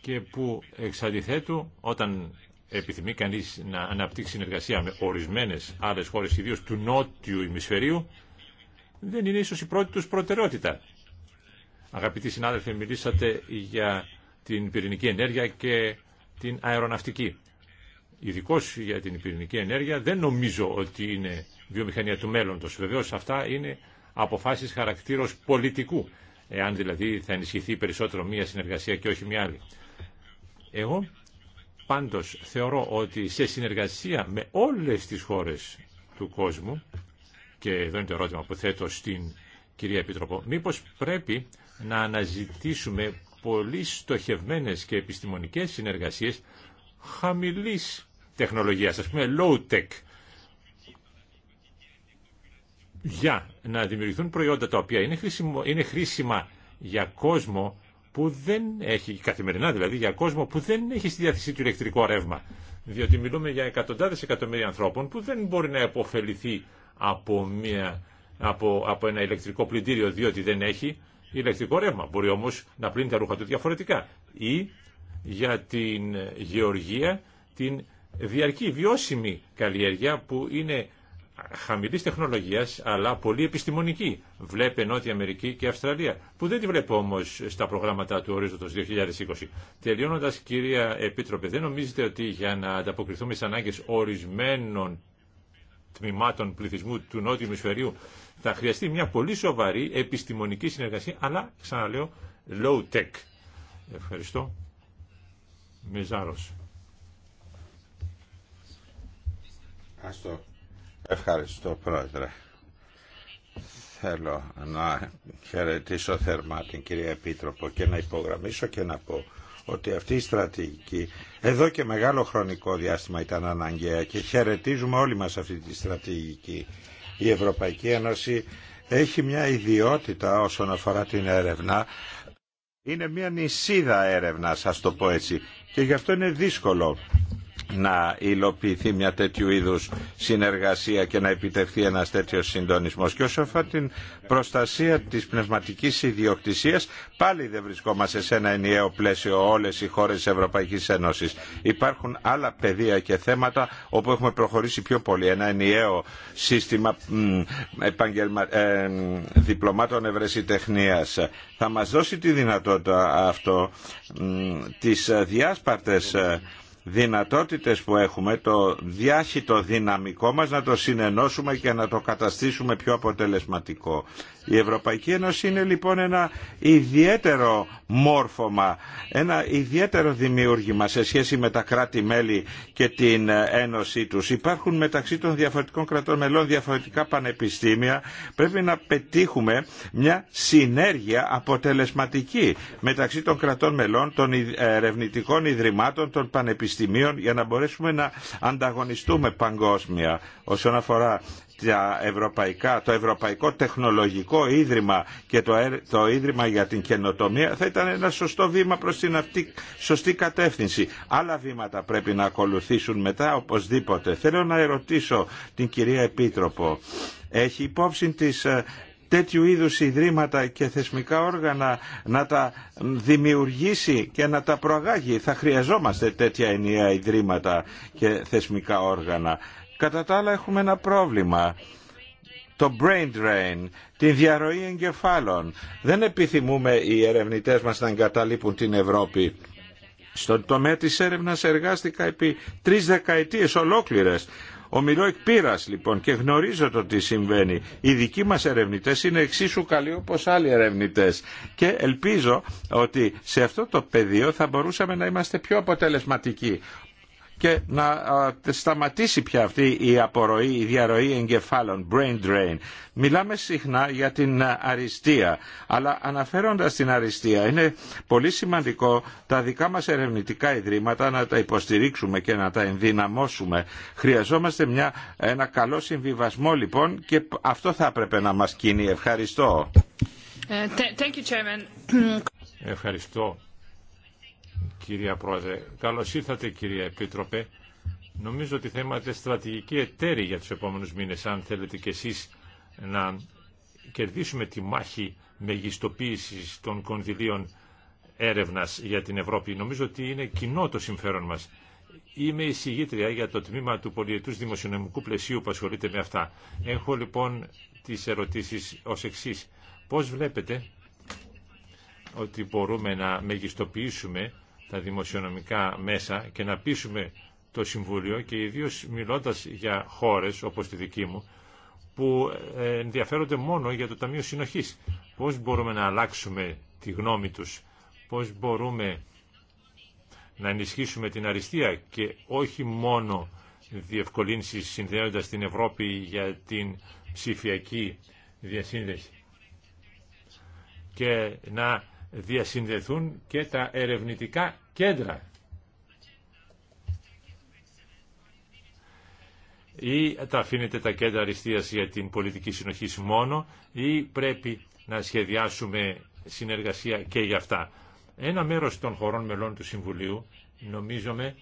και που εξ αντιθέτου όταν επιθυμεί κανείς να αναπτύξει συνεργασία με ορισμένες άλλες χώρες ιδίως του νότιου ημισφαιρίου δεν είναι ίσως η πρώτη τους προτεραιότητα. Αγαπητοί συνάδελφοι, μιλήσατε για την πυρηνική ενέργεια και την αεροναυτική. Ειδικώ για την πυρηνική ενέργεια δεν νομίζω ότι είναι βιομηχανία του μέλλοντος. Βεβαίως αυτά είναι αποφάσεις χαρακτήρως πολιτικού, εάν δηλαδή θα ενισχυθεί περισσότερο μία συνεργασία και όχι μία άλλη. Εγώ πάντως θεωρώ ότι σε συνεργασία με όλες τις χώρες του κόσμου και εδώ είναι το ερώτημα που θέτω στην κυρία Επίτροπο, μήπως πρέπει να αναζητήσουμε πολύ στοχευμένες και επιστημονικές συνεργασίες χαμηλής τεχνολογίας, ας πούμε low-tech, για να δημιουργηθούν προϊόντα τα οποία είναι, είναι χρήσιμα για κόσμο που δεν έχει, καθημερινά δηλαδή, για κόσμο που δεν έχει στη διάθεσή του ηλεκτρικό ρεύμα. Διότι μιλούμε για εκατοντάδε εκατομμύρια ανθρώπων που δεν μπορεί να επωφεληθεί από, μια, από, από ένα ηλεκτρικό πλυντήριο διότι δεν έχει ηλεκτρικό ρεύμα. Μπορεί όμως να πλύνει τα ρούχα του διαφορετικά. Ή για την γεωργία, την διαρκή βιώσιμη καλλιέργεια που είναι χαμηλής τεχνολογίας αλλά πολύ επιστημονική. Βλέπει Νότια Αμερική και Αυστραλία, που δεν τη βλέπω όμω στα προγράμματα του ορίζοντο 2020. Τελειώνοντας, κυρία Επίτροπε, δεν νομίζετε ότι για να ανταποκριθούμε στι ανάγκε ορισμένων τμήματων πληθυσμού του Νότιου ημισφαιρίου θα χρειαστεί μια πολύ σοβαρή επιστημονική συνεργασία, αλλά ξαναλέω low-tech. Ευχαριστώ. Ας Ευχαριστώ πρόεδρε. Θέλω να χαιρετήσω θερμά την κυρία Επίτροπο και να υπογραμμίσω και να πω ότι αυτή η στρατηγική εδώ και μεγάλο χρονικό διάστημα ήταν αναγκαία και χαιρετίζουμε όλοι μας αυτή τη στρατηγική. Η Ευρωπαϊκή Ένωση έχει μια ιδιότητα όσον αφορά την έρευνα. Είναι μια νησίδα έρευνα ας το πω έτσι. Και γι' αυτό είναι δύσκολο να υλοποιηθεί μια τέτοιου είδους συνεργασία και να επιτευχθεί ένας τέτοιος συντονισμός. Και όσο αφορά την προστασία της πνευματικής ιδιοκτησίας, πάλι δεν βρισκόμαστε σε ένα ενιαίο πλαίσιο όλες οι χώρες της Ευρωπαϊκής Ένωσης. Υπάρχουν άλλα πεδία και θέματα όπου έχουμε προχωρήσει πιο πολύ. Ένα ενιαίο σύστημα ε, διπλωμάτων ευρεσιτεχνίας θα μας δώσει τη δυνατότητα αυτό, τις διάσπαρτες ε, δυνατότητες που έχουμε, το διάχυτο δυναμικό μας να το συνενώσουμε και να το καταστήσουμε πιο αποτελεσματικό. Η Ευρωπαϊκή Ένωση είναι λοιπόν ένα ιδιαίτερο μόρφωμα, ένα ιδιαίτερο δημιούργημα σε σχέση με τα κράτη-μέλη και την Ένωσή τους. Υπάρχουν μεταξύ των διαφορετικών κρατών μελών διαφορετικά πανεπιστήμια. Πρέπει να πετύχουμε μια συνέργεια αποτελεσματική μεταξύ των κρατών μελών, των ερευνητικών ιδρυμάτων, των πανεπιστήμιων πανεπιστημίων για να μπορέσουμε να ανταγωνιστούμε παγκόσμια όσον αφορά τα ευρωπαϊκά, το Ευρωπαϊκό Τεχνολογικό Ίδρυμα και το, το Ίδρυμα για την Καινοτομία θα ήταν ένα σωστό βήμα προς την αυτή, σωστή κατεύθυνση. Άλλα βήματα πρέπει να ακολουθήσουν μετά οπωσδήποτε. Θέλω να ερωτήσω την κυρία Επίτροπο. Έχει υπόψη της ε, τέτοιου είδους ιδρύματα και θεσμικά όργανα να τα δημιουργήσει και να τα προαγάγει. Θα χρειαζόμαστε τέτοια ενιαία ιδρύματα και θεσμικά όργανα. Κατά τα άλλα έχουμε ένα πρόβλημα το brain drain, την διαρροή εγκεφάλων. Δεν επιθυμούμε οι ερευνητές μας να εγκαταλείπουν την Ευρώπη. Στον τομέα της έρευνας εργάστηκα επί τρεις δεκαετίες ολόκληρες Ομιλώ εκ πείρας λοιπόν και γνωρίζω το τι συμβαίνει. Οι δικοί μας ερευνητές είναι εξίσου καλοί όπως άλλοι ερευνητές και ελπίζω ότι σε αυτό το πεδίο θα μπορούσαμε να είμαστε πιο αποτελεσματικοί και να σταματήσει πια αυτή η απορροή, η διαρροή εγκεφάλων, brain drain. Μιλάμε συχνά για την αριστεία, αλλά αναφέροντας την αριστεία είναι πολύ σημαντικό τα δικά μας ερευνητικά ιδρύματα να τα υποστηρίξουμε και να τα ενδυναμώσουμε. Χρειαζόμαστε μια, ένα καλό συμβιβασμό λοιπόν και αυτό θα έπρεπε να μας κινεί. Ευχαριστώ. Ε, Ευχαριστώ κυρία Πρόεδρε. καλώ ήρθατε, κυρία Επίτροπε. Νομίζω ότι θα είμαστε στρατηγική εταίροι για τους επόμενους μήνες, αν θέλετε κι εσείς να κερδίσουμε τη μάχη μεγιστοποίηση των κονδυλίων έρευνα για την Ευρώπη. Νομίζω ότι είναι κοινό το συμφέρον μας. Είμαι συγγήτρια για το τμήμα του πολιετούς δημοσιονομικού πλαισίου που ασχολείται με αυτά. Έχω λοιπόν τις ερωτήσεις ως εξή. Πώς βλέπετε ότι μπορούμε να μεγιστοποιήσουμε τα δημοσιονομικά μέσα και να πείσουμε το Συμβούλιο και ιδίω μιλώντας για χώρες όπως τη δική μου που ε, ενδιαφέρονται μόνο για το Ταμείο Συνοχής. Πώς μπορούμε να αλλάξουμε τη γνώμη τους, πώς μπορούμε να ενισχύσουμε την αριστεία και όχι μόνο διευκολύνσεις συνδέοντας την Ευρώπη για την ψηφιακή διασύνδεση και να διασυνδεθούν και τα ερευνητικά κέντρα. Ή τα αφήνετε τα κέντρα αριστείας για την πολιτική συνοχή μόνο ή πρέπει να σχεδιάσουμε συνεργασία και για αυτά. Ένα μέρος των χωρών μελών του Συμβουλίου νομίζομαι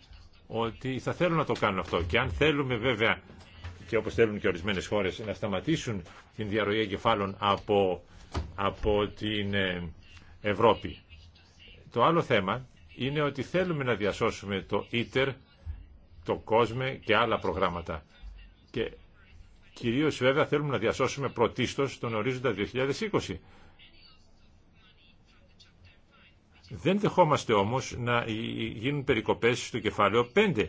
ότι θα θέλουν να το κάνουν αυτό. Και αν θέλουμε βέβαια και όπως θέλουν και ορισμένες χώρες να σταματήσουν την διαρροή εγκεφάλων από, από την ε, Ευρώπη. Το άλλο θέμα είναι ότι θέλουμε να διασώσουμε το ίτερ, το ΚΟΣΜΕ και άλλα προγράμματα. Και κυρίως βέβαια θέλουμε να διασώσουμε πρωτίστως τον ορίζοντα 2020. Δεν δεχόμαστε όμως να γίνουν περικοπές στο κεφάλαιο 5.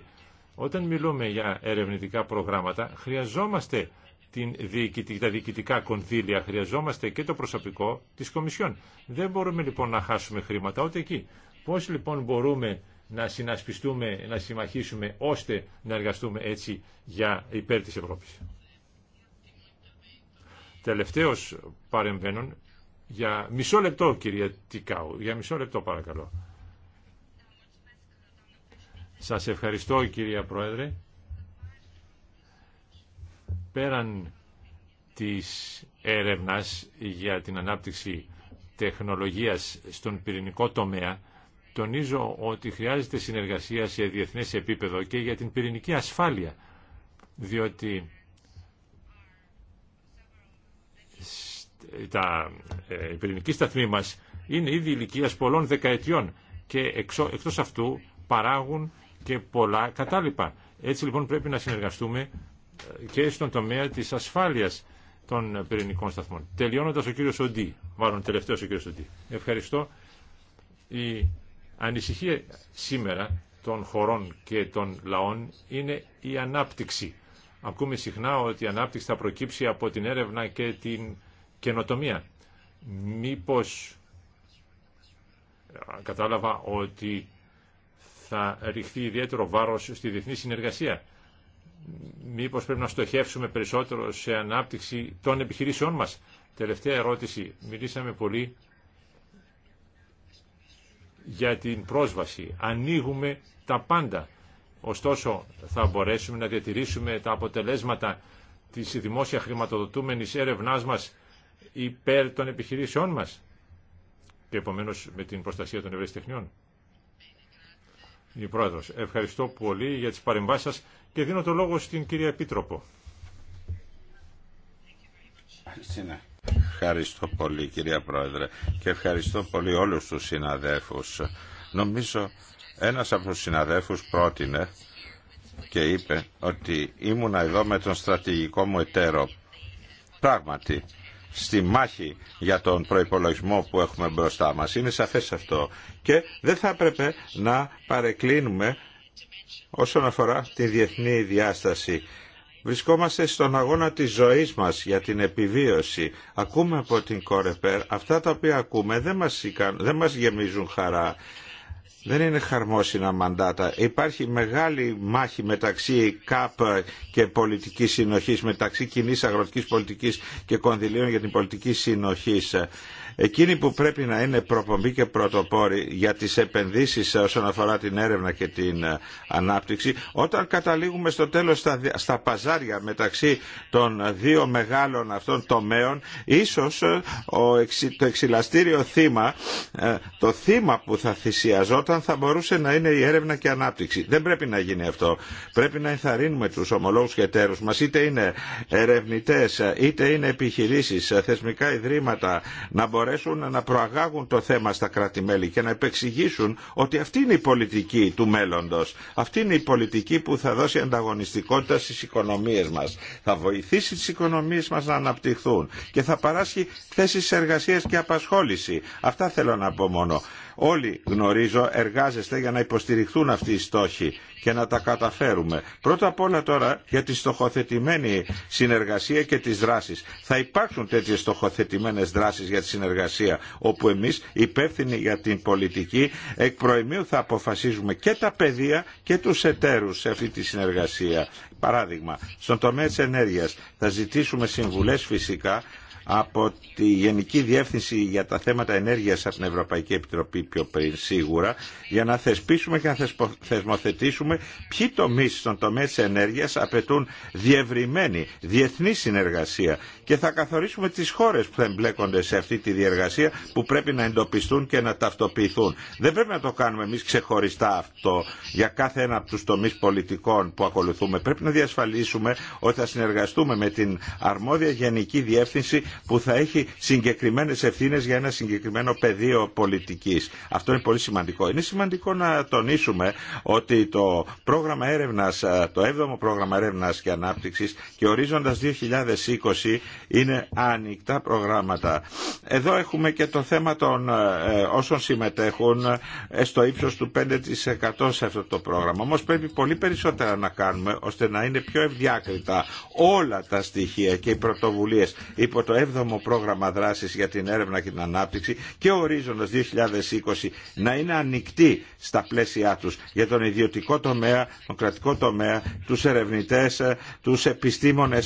Όταν μιλούμε για ερευνητικά προγράμματα, χρειαζόμαστε την τα διοικητικά κονδύλια. Χρειαζόμαστε και το προσωπικό τη Κομισιόν. Δεν μπορούμε λοιπόν να χάσουμε χρήματα ούτε εκεί. Πώς λοιπόν μπορούμε να συνασπιστούμε, να συμμαχίσουμε ώστε να εργαστούμε έτσι για υπέρ της Ευρώπης. Τελευταίος παρεμβαίνων για μισό λεπτό κυρία Τικάου, για μισό λεπτό παρακαλώ. Σας ευχαριστώ κυρία Πρόεδρε. Πέραν της έρευνας για την ανάπτυξη τεχνολογίας στον πυρηνικό τομέα, τονίζω ότι χρειάζεται συνεργασία σε διεθνές επίπεδο και για την πυρηνική ασφάλεια, διότι τα ε, πυρηνική σταθμή μας είναι ήδη ηλικία πολλών δεκαετιών και εκτός αυτού παράγουν και πολλά κατάλοιπα. Έτσι λοιπόν πρέπει να συνεργαστούμε και στον τομέα της ασφάλειας των πυρηνικών σταθμών. Τελειώνοντας ο κύριος Σοντή, μάλλον τελευταίος ο κύριος Σοντή. Ευχαριστώ. Η ανησυχία σήμερα των χωρών και των λαών είναι η ανάπτυξη. Ακούμε συχνά ότι η ανάπτυξη θα προκύψει από την έρευνα και την καινοτομία. Μήπως κατάλαβα ότι θα ρηχθεί ιδιαίτερο βάρος στη διεθνή συνεργασία μήπως πρέπει να στοχεύσουμε περισσότερο σε ανάπτυξη των επιχειρήσεών μας. Τελευταία ερώτηση. Μιλήσαμε πολύ για την πρόσβαση. Ανοίγουμε τα πάντα. Ωστόσο θα μπορέσουμε να διατηρήσουμε τα αποτελέσματα της δημόσια χρηματοδοτούμενης έρευνάς μας υπέρ των επιχειρήσεών μας και επομένως με την προστασία των ευρεσιτεχνιών. Η Πρόεδρος, ευχαριστώ πολύ για τις παρεμβάσεις σας και δίνω το λόγο στην κυρία Επίτροπο. Ευχαριστώ πολύ κυρία Πρόεδρε και ευχαριστώ πολύ όλους τους συναδέφους. Νομίζω ένας από τους συναδέφους πρότεινε και είπε ότι ήμουνα εδώ με τον στρατηγικό μου εταίρο. Πράγματι, στη μάχη για τον προϋπολογισμό που έχουμε μπροστά μας. Είναι σαφές αυτό. Και δεν θα έπρεπε να παρεκκλίνουμε όσον αφορά τη διεθνή διάσταση. Βρισκόμαστε στον αγώνα της ζωής μας για την επιβίωση. Ακούμε από την Κορεπέρ, αυτά τα οποία ακούμε δεν μας, δεν μας γεμίζουν χαρά δεν είναι χαρμόσυνα μαντάτα. Υπάρχει μεγάλη μάχη μεταξύ ΚΑΠ και πολιτική συνοχή, μεταξύ κοινή αγροτική πολιτική και κονδυλίων για την πολιτική συνοχή. Εκείνοι που πρέπει να είναι προπομπή και πρωτοπόροι για τις επενδύσεις όσον αφορά την έρευνα και την ε, ανάπτυξη, όταν καταλήγουμε στο τέλος στα, στα παζάρια μεταξύ των δύο μεγάλων αυτών τομέων, ίσως ε, το εξυλαστήριο θύμα, ε, το θύμα που θα θυσιαζόταν θα μπορούσε να είναι η έρευνα και η ανάπτυξη. Δεν πρέπει να γίνει αυτό. Πρέπει να ενθαρρύνουμε τους ομολόγους και εταίρους μας, είτε είναι ερευνητές, είτε είναι επιχειρήσεις, θεσμικά ιδρύματα, να μπορέσουν να προαγάγουν το θέμα στα κράτη-μέλη και να επεξηγήσουν ότι αυτή είναι η πολιτική του μέλλοντος. Αυτή είναι η πολιτική που θα δώσει ανταγωνιστικότητα στις οικονομίες μας. Θα βοηθήσει τις οικονομίες μας να αναπτυχθούν και θα παράσχει θέσεις εργασίας και απασχόληση. Αυτά θέλω να πω μόνο όλοι γνωρίζω εργάζεστε για να υποστηριχθούν αυτοί οι στόχοι και να τα καταφέρουμε. Πρώτα απ' όλα τώρα για τη στοχοθετημένη συνεργασία και τις δράσεις. Θα υπάρξουν τέτοιες στοχοθετημένες δράσεις για τη συνεργασία όπου εμείς υπεύθυνοι για την πολιτική εκ προημίου θα αποφασίζουμε και τα παιδεία και τους εταίρους σε αυτή τη συνεργασία. Παράδειγμα, στον τομέα της ενέργειας θα ζητήσουμε συμβουλές φυσικά από τη Γενική Διεύθυνση για τα θέματα ενέργειας από την Ευρωπαϊκή Επιτροπή πιο πριν σίγουρα για να θεσπίσουμε και να θεσμοθετήσουμε ποιοι τομεί στον τομέα της ενέργειας απαιτούν διευρυμένη διεθνή συνεργασία και θα καθορίσουμε τις χώρες που θα εμπλέκονται σε αυτή τη διεργασία που πρέπει να εντοπιστούν και να ταυτοποιηθούν. Δεν πρέπει να το κάνουμε εμείς ξεχωριστά αυτό για κάθε ένα από τους τομείς πολιτικών που ακολουθούμε. Πρέπει να διασφαλίσουμε ότι θα συνεργαστούμε με την αρμόδια Γενική Διεύθυνση που θα έχει συγκεκριμένε ευθύνε για ένα συγκεκριμένο πεδίο πολιτική. Αυτό είναι πολύ σημαντικό. Είναι σημαντικό να τονίσουμε ότι το πρόγραμμα έρευνα, το 7ο πρόγραμμα έρευνα και ανάπτυξη και ορίζοντα 2020 είναι ανοιχτά προγράμματα. Εδώ έχουμε και το θέμα των ε, όσων συμμετέχουν ε, στο ύψο του 5% σε αυτό το πρόγραμμα. Όμω πρέπει πολύ περισσότερα να κάνουμε ώστε να είναι πιο ευδιάκριτα όλα τα στοιχεία και οι πρωτοβουλίε. υπό το 7ο πρόγραμμα δράσης για την έρευνα και την ανάπτυξη και ο ορίζοντας 2020 να είναι ανοιχτή στα πλαίσια του για τον ιδιωτικό τομέα, τον κρατικό τομέα, του ερευνητέ, του επιστήμονε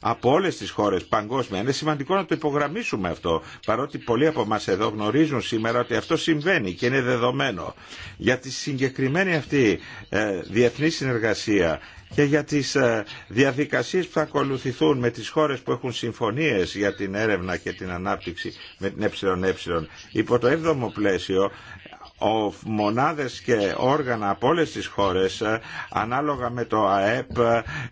από όλες τις χώρες παγκόσμια. Είναι σημαντικό να το υπογραμμίσουμε αυτό, παρότι πολλοί από μας εδώ γνωρίζουν σήμερα ότι αυτό συμβαίνει και είναι δεδομένο. Για τη συγκεκριμένη αυτή ε, διεθνή συνεργασία και για τις ε, διαδικασίες που θα ακολουθηθούν με τις χώρες που έχουν συμφωνίες για την έρευνα και την ανάπτυξη με την ΕΕ. Υπό το 7ο πλαίσιο ο μονάδες και όργανα από όλε τις χώρες ε, ανάλογα με το ΑΕΠ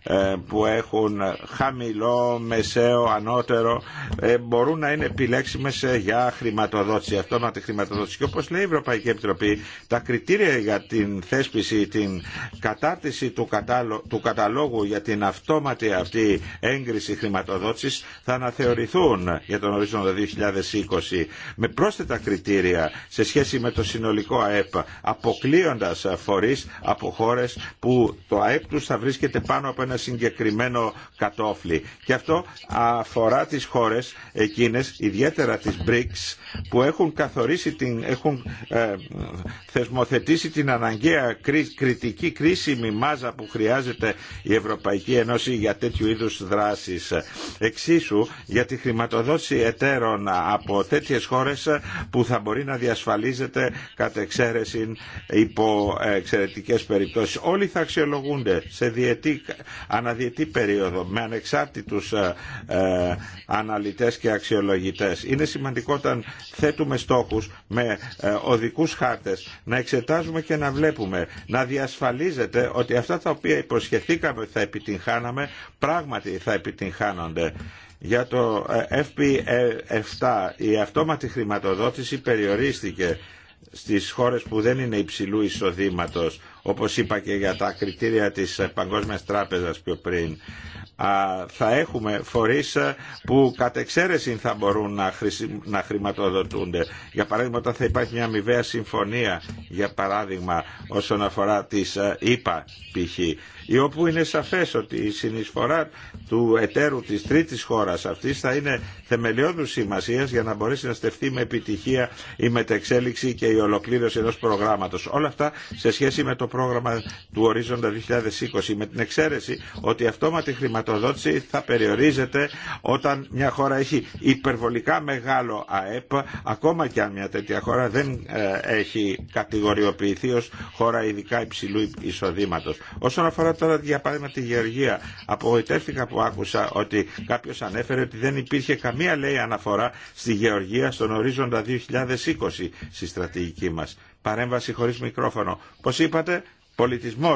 ε, που έχουν χαμηλό, μεσαίο, ανώτερο ε, μπορούν να είναι επιλέξιμες για χρηματοδότηση, αυτόματη χρηματοδότηση. Και όπως λέει η Ευρωπαϊκή Επιτροπή, τα κριτήρια για την θέσπιση, την κατάρτιση του, καταλο... του καταλόγου για την αυτόματη αυτή έγκριση χρηματοδότησης θα αναθεωρηθούν για τον ορίζοντα 2020 με πρόσθετα κριτήρια σε σχέση με το συνολικό συνολικό ΑΕΠ, αποκλείοντας ε, από χώρε που το ΑΕΠ του θα βρίσκεται πάνω από ένα συγκεκριμένο κατόφλι. Και αυτό αφορά τις χώρες εκείνες, ιδιαίτερα τις BRICS, που έχουν καθορίσει την, έχουν ε, θεσμοθετήσει την αναγκαία κριτική κρίσιμη μάζα που χρειάζεται η Ευρωπαϊκή Ένωση για τέτοιου είδους δράσεις. Εξίσου για τη χρηματοδότηση εταίρων από τέτοιες χώρες ε, που θα μπορεί να διασφαλίζεται κατ' εξαίρεση υπό εξαιρετικές περιπτώσεις. Όλοι θα αξιολογούνται σε διετή, αναδιετή περίοδο με ανεξάρτητους ε, ε, αναλυτές και αξιολογητές. Είναι σημαντικό όταν θέτουμε στόχους με ε, οδικούς χάρτες να εξετάζουμε και να βλέπουμε, να διασφαλίζεται ότι αυτά τα οποία υποσχεθήκαμε θα επιτυγχάναμε, πράγματι θα επιτυγχάνονται για το ε, FP7 η αυτόματη χρηματοδότηση περιορίστηκε στις χώρες που δεν είναι υψηλού εισοδήματος, όπως είπα και για τα κριτήρια της Παγκόσμιας Τράπεζας πιο πριν, θα έχουμε φορείς που κατ' εξαίρεση θα μπορούν να χρηματοδοτούνται. Για παράδειγμα, όταν θα υπάρχει μια αμοιβαία συμφωνία, για παράδειγμα, όσον αφορά τις ίπα π.χ ή όπου είναι σαφές ότι η συνεισφορά του εταίρου της τρίτης χώρας αυτής θα είναι θεμελιώδους σημασία για να μπορέσει να στεφτεί με επιτυχία η μετεξέλιξη και η ολοκλήρωση ενός προγράμματος. Όλα αυτά σε σχέση με το πρόγραμμα του Ορίζοντα 2020 με την εξαίρεση ότι η αυτόματη χρηματοδότηση θα περιορίζεται όταν μια χώρα έχει υπερβολικά μεγάλο ΑΕΠ ακόμα και αν μια τέτοια χώρα δεν ε, έχει κατηγοριοποιηθεί ως χώρα ειδικά υψηλού εισοδήματος. Όσον αφορά τώρα για παράδειγμα τη Γεωργία. Απογοητεύτηκα που άκουσα ότι κάποιο ανέφερε ότι δεν υπήρχε καμία λέει αναφορά στη Γεωργία στον ορίζοντα 2020 στη στρατηγική μα. Παρέμβαση χωρί μικρόφωνο. Πώ είπατε, πολιτισμό.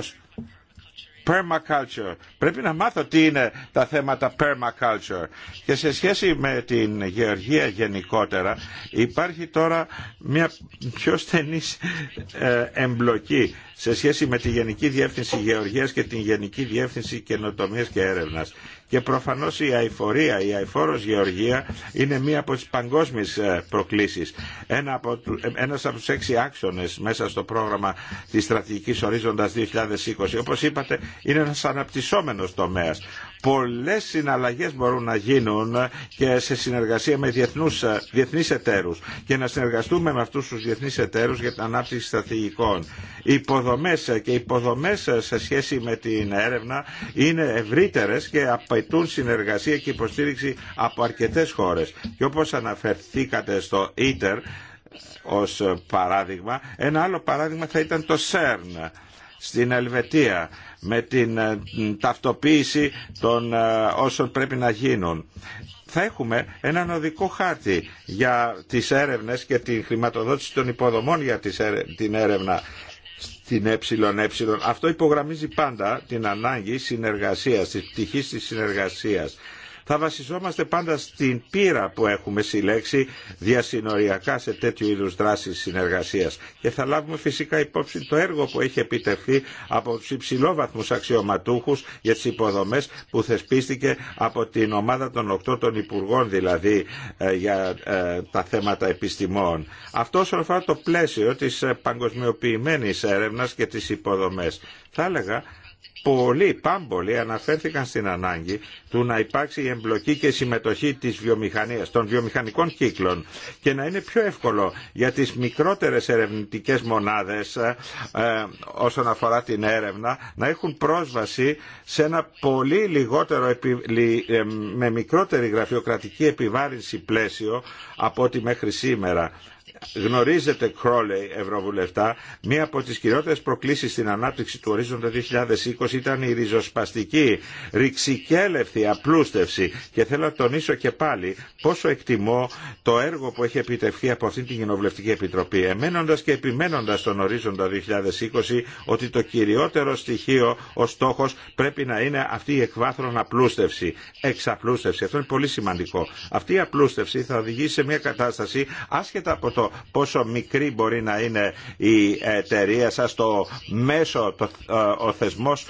Permaculture. Πρέπει να μάθω τι είναι τα θέματα permaculture. Και σε σχέση με την γεωργία γενικότερα υπάρχει τώρα μια πιο στενή ε, εμπλοκή σε σχέση με τη Γενική Διεύθυνση Γεωργίας και την Γενική Διεύθυνση Καινοτομίας και Έρευνας. Και προφανώς η αηφορία, η αηφόρος γεωργία είναι μία από τις παγκόσμιες ε, προκλήσεις. Ένα από, ε, ένας από τους έξι άξονες μέσα στο πρόγραμμα της στρατηγικής ορίζοντας 2020. Όπως είπατε είναι ένας αναπτυσσόμενος τομέας. Πολλές συναλλαγές μπορούν να γίνουν ε, και σε συνεργασία με διεθνεί διεθνείς εταίρους και να συνεργαστούμε με αυτούς τους διεθνείς εταίρους για την ανάπτυξη στρατηγικών υποδομές και υποδομές σε σχέση με την έρευνα είναι ευρύτερες και απαιτούν συνεργασία και υποστήριξη από αρκετές χώρες. Και όπως αναφερθήκατε στο ITER ως παράδειγμα, ένα άλλο παράδειγμα θα ήταν το CERN στην Ελβετία με την ε, ταυτοποίηση των ε, όσων πρέπει να γίνουν θα έχουμε έναν οδικό χάρτη για τις έρευνες και την χρηματοδότηση των υποδομών για την έρευνα την ΕΕ. Αυτό υπογραμμίζει πάντα την ανάγκη συνεργασίας, της πτυχής της συνεργασίας θα βασιζόμαστε πάντα στην πείρα που έχουμε συλλέξει διασυνοριακά σε τέτοιου είδους δράσεις συνεργασίας και θα λάβουμε φυσικά υπόψη το έργο που έχει επιτευχθεί από τους υψηλόβαθμους αξιωματούχους για τις υποδομές που θεσπίστηκε από την ομάδα των οκτώ των Υπουργών δηλαδή ε, για ε, τα θέματα επιστημών. Αυτό όσον αφορά το πλαίσιο της παγκοσμιοποιημένης έρευνας και τις υποδομές. Θα έλεγα πολλοί πάμπολοι αναφέρθηκαν στην ανάγκη του να υπάρξει η εμπλοκή και συμμετοχή της βιομηχανίας, των βιομηχανικών κύκλων και να είναι πιο εύκολο για τις μικρότερες ερευνητικές μονάδες ε, ε όσον αφορά την έρευνα να έχουν πρόσβαση σε ένα πολύ λιγότερο ε, με μικρότερη γραφειοκρατική επιβάρυνση πλαίσιο από ό,τι μέχρι σήμερα Γνωρίζετε, Κρόλεϊ, Ευρωβουλευτά, μία από τις κυριότερες προκλήσεις στην ανάπτυξη του ορίζοντα 2020 ήταν η ριζοσπαστική, ρηξικέλευτη απλούστευση. Και θέλω να τονίσω και πάλι πόσο εκτιμώ το έργο που έχει επιτευχθεί από αυτήν την Κοινοβουλευτική Επιτροπή, εμένοντας και επιμένοντας τον ορίζοντα 2020 ότι το κυριότερο στοιχείο, ο στόχος, πρέπει να είναι αυτή η εκβάθρον απλούστευση, εξαπλούστευση. Αυτό είναι πολύ σημαντικό. Αυτή η απλούστευση θα οδηγήσει σε μια κατάσταση, άσχετα από το πόσο μικρή μπορεί να είναι η εταιρεία σας το μέσο, το, ε, ο θεσμός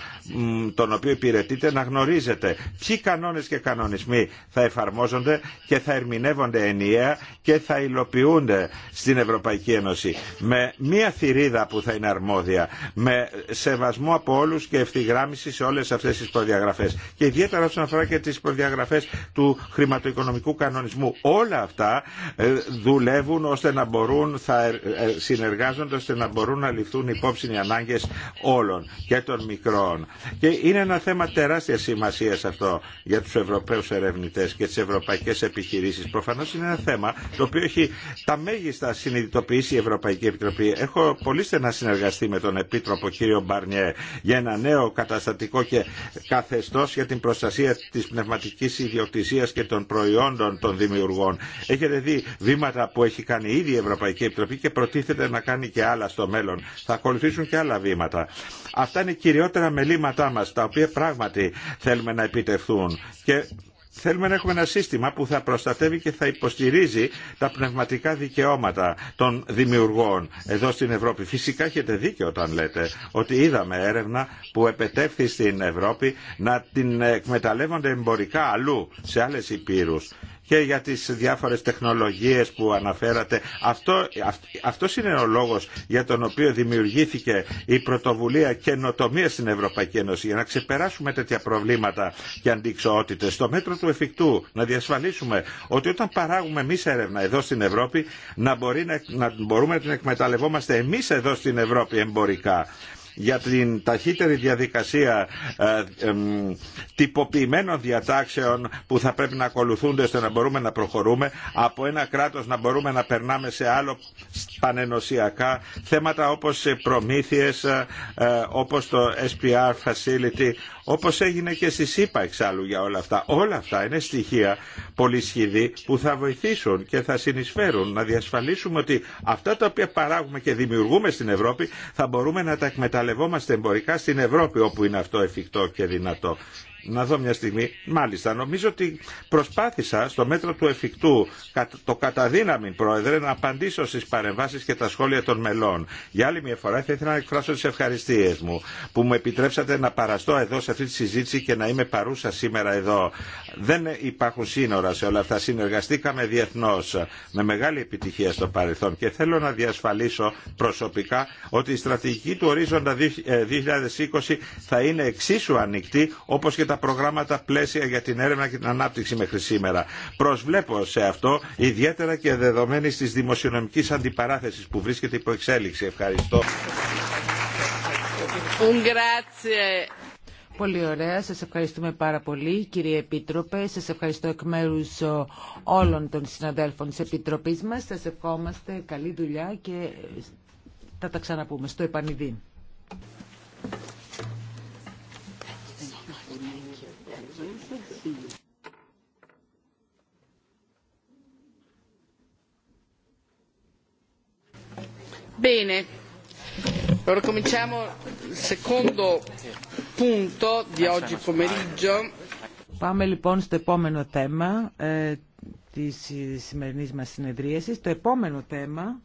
τον οποίο υπηρετείτε να γνωρίζετε ποιοι κανόνες και κανονισμοί θα εφαρμόζονται και θα ερμηνεύονται ενιαία και θα υλοποιούνται στην Ευρωπαϊκή Ένωση με μία θηρίδα που θα είναι αρμόδια με σεβασμό από όλους και ευθυγράμμιση σε όλες αυτές τις προδιαγραφές και ιδιαίτερα όσον αφορά και τις προδιαγραφές του χρηματοοικονομικού κανονισμού όλα αυτά ε, δουλεύουν ώστε να μπορούν, θα ε, ε, συνεργάζονται ώστε να μπορούν να ληφθούν υπόψη οι ανάγκες όλων και των μικρών. Και είναι ένα θέμα τεράστια σημασία αυτό για τους Ευρωπαίους ερευνητές και τις ευρωπαϊκές επιχειρήσεις. Προφανώς είναι ένα θέμα το οποίο έχει τα μέγιστα συνειδητοποιήσει η Ευρωπαϊκή Επιτροπή. Έχω πολύ στενά συνεργαστεί με τον Επίτροπο κύριο Μπαρνιέ για ένα νέο καταστατικό και καθεστώς για την προστασία της πνευματικής ιδιοκτησίας και των προϊόντων των δημιουργών. Έχετε δει βήματα που έχει κάνει ήδη η Ευρωπαϊκή Επιτροπή και προτίθεται να κάνει και άλλα στο μέλλον. Θα ακολουθήσουν και άλλα βήματα. Αυτά είναι κυριότερα μελήματά μας, τα οποία πράγματι θέλουμε να επιτευχθούν. Και Θέλουμε να έχουμε ένα σύστημα που θα προστατεύει και θα υποστηρίζει τα πνευματικά δικαιώματα των δημιουργών εδώ στην Ευρώπη. Φυσικά έχετε δίκιο όταν λέτε ότι είδαμε έρευνα που επετέφθη στην Ευρώπη να την εκμεταλλεύονται εμπορικά αλλού σε άλλες υπήρους και για τις διάφορες τεχνολογίες που αναφέρατε. Αυτό, αυτός είναι ο λόγος για τον οποίο δημιουργήθηκε η πρωτοβουλία καινοτομία στην Ευρωπαϊκή Ένωση για να ξεπεράσουμε τέτοια προβλήματα και αντικσοότητες. Στο μέτρο του εφικτού να διασφαλίσουμε ότι όταν παράγουμε εμεί έρευνα εδώ στην Ευρώπη να, μπορεί να, να μπορούμε να την εκμεταλλευόμαστε εμείς εδώ στην Ευρώπη εμπορικά για την ταχύτερη διαδικασία ε, τυποποιημένων διατάξεων που θα πρέπει να ακολουθούνται ώστε να μπορούμε να προχωρούμε από ένα κράτος να μπορούμε να περνάμε σε άλλο πανενοσιακά θέματα όπως προμήθειες ε, ε, όπως το SPR Facility όπως έγινε και στη ΣΥΠΑ εξάλλου για όλα αυτά. Όλα αυτά είναι στοιχεία πολυσχηδή που θα βοηθήσουν και θα συνεισφέρουν να διασφαλίσουμε ότι αυτά τα οποία παράγουμε και δημιουργούμε στην Ευρώπη θα μπορούμε να τα εκμεταλλευτούμε εκμεταλλευόμαστε εμπορικά στην Ευρώπη όπου είναι αυτό εφικτό και δυνατό να δω μια στιγμή. Μάλιστα, νομίζω ότι προσπάθησα στο μέτρο του εφικτού, το καταδύναμη πρόεδρε, να απαντήσω στι παρεμβάσει και τα σχόλια των μελών. Για άλλη μια φορά θα ήθελα να εκφράσω τι ευχαριστίε μου που μου επιτρέψατε να παραστώ εδώ σε αυτή τη συζήτηση και να είμαι παρούσα σήμερα εδώ. Δεν υπάρχουν σύνορα σε όλα αυτά. Συνεργαστήκαμε διεθνώ με μεγάλη επιτυχία στο παρελθόν και θέλω να διασφαλίσω προσωπικά ότι η στρατηγική του ορίζοντα 2020 ε, θα είναι εξίσου ανοιχτή όπω και τα προγράμματα πλαίσια για την έρευνα και την ανάπτυξη μέχρι σήμερα. Προσβλέπω σε αυτό, ιδιαίτερα και δεδομένη τη δημοσιονομική αντιπαράθεση που βρίσκεται υπό εξέλιξη. Ευχαριστώ. Πολύ ωραία. Σας ευχαριστούμε πάρα πολύ, κύριε Επίτροπε. Σας ευχαριστώ εκ μέρου ε, όλων των συναδέλφων της Επιτροπής μας. Σας ευχόμαστε καλή δουλειά και ε, θα τα ξαναπούμε στο επανειδή. Πάμε λοιπόν στο επόμενο θέμα ε, της σημερινής μας συνεδρίασης. Το επόμενο θέμα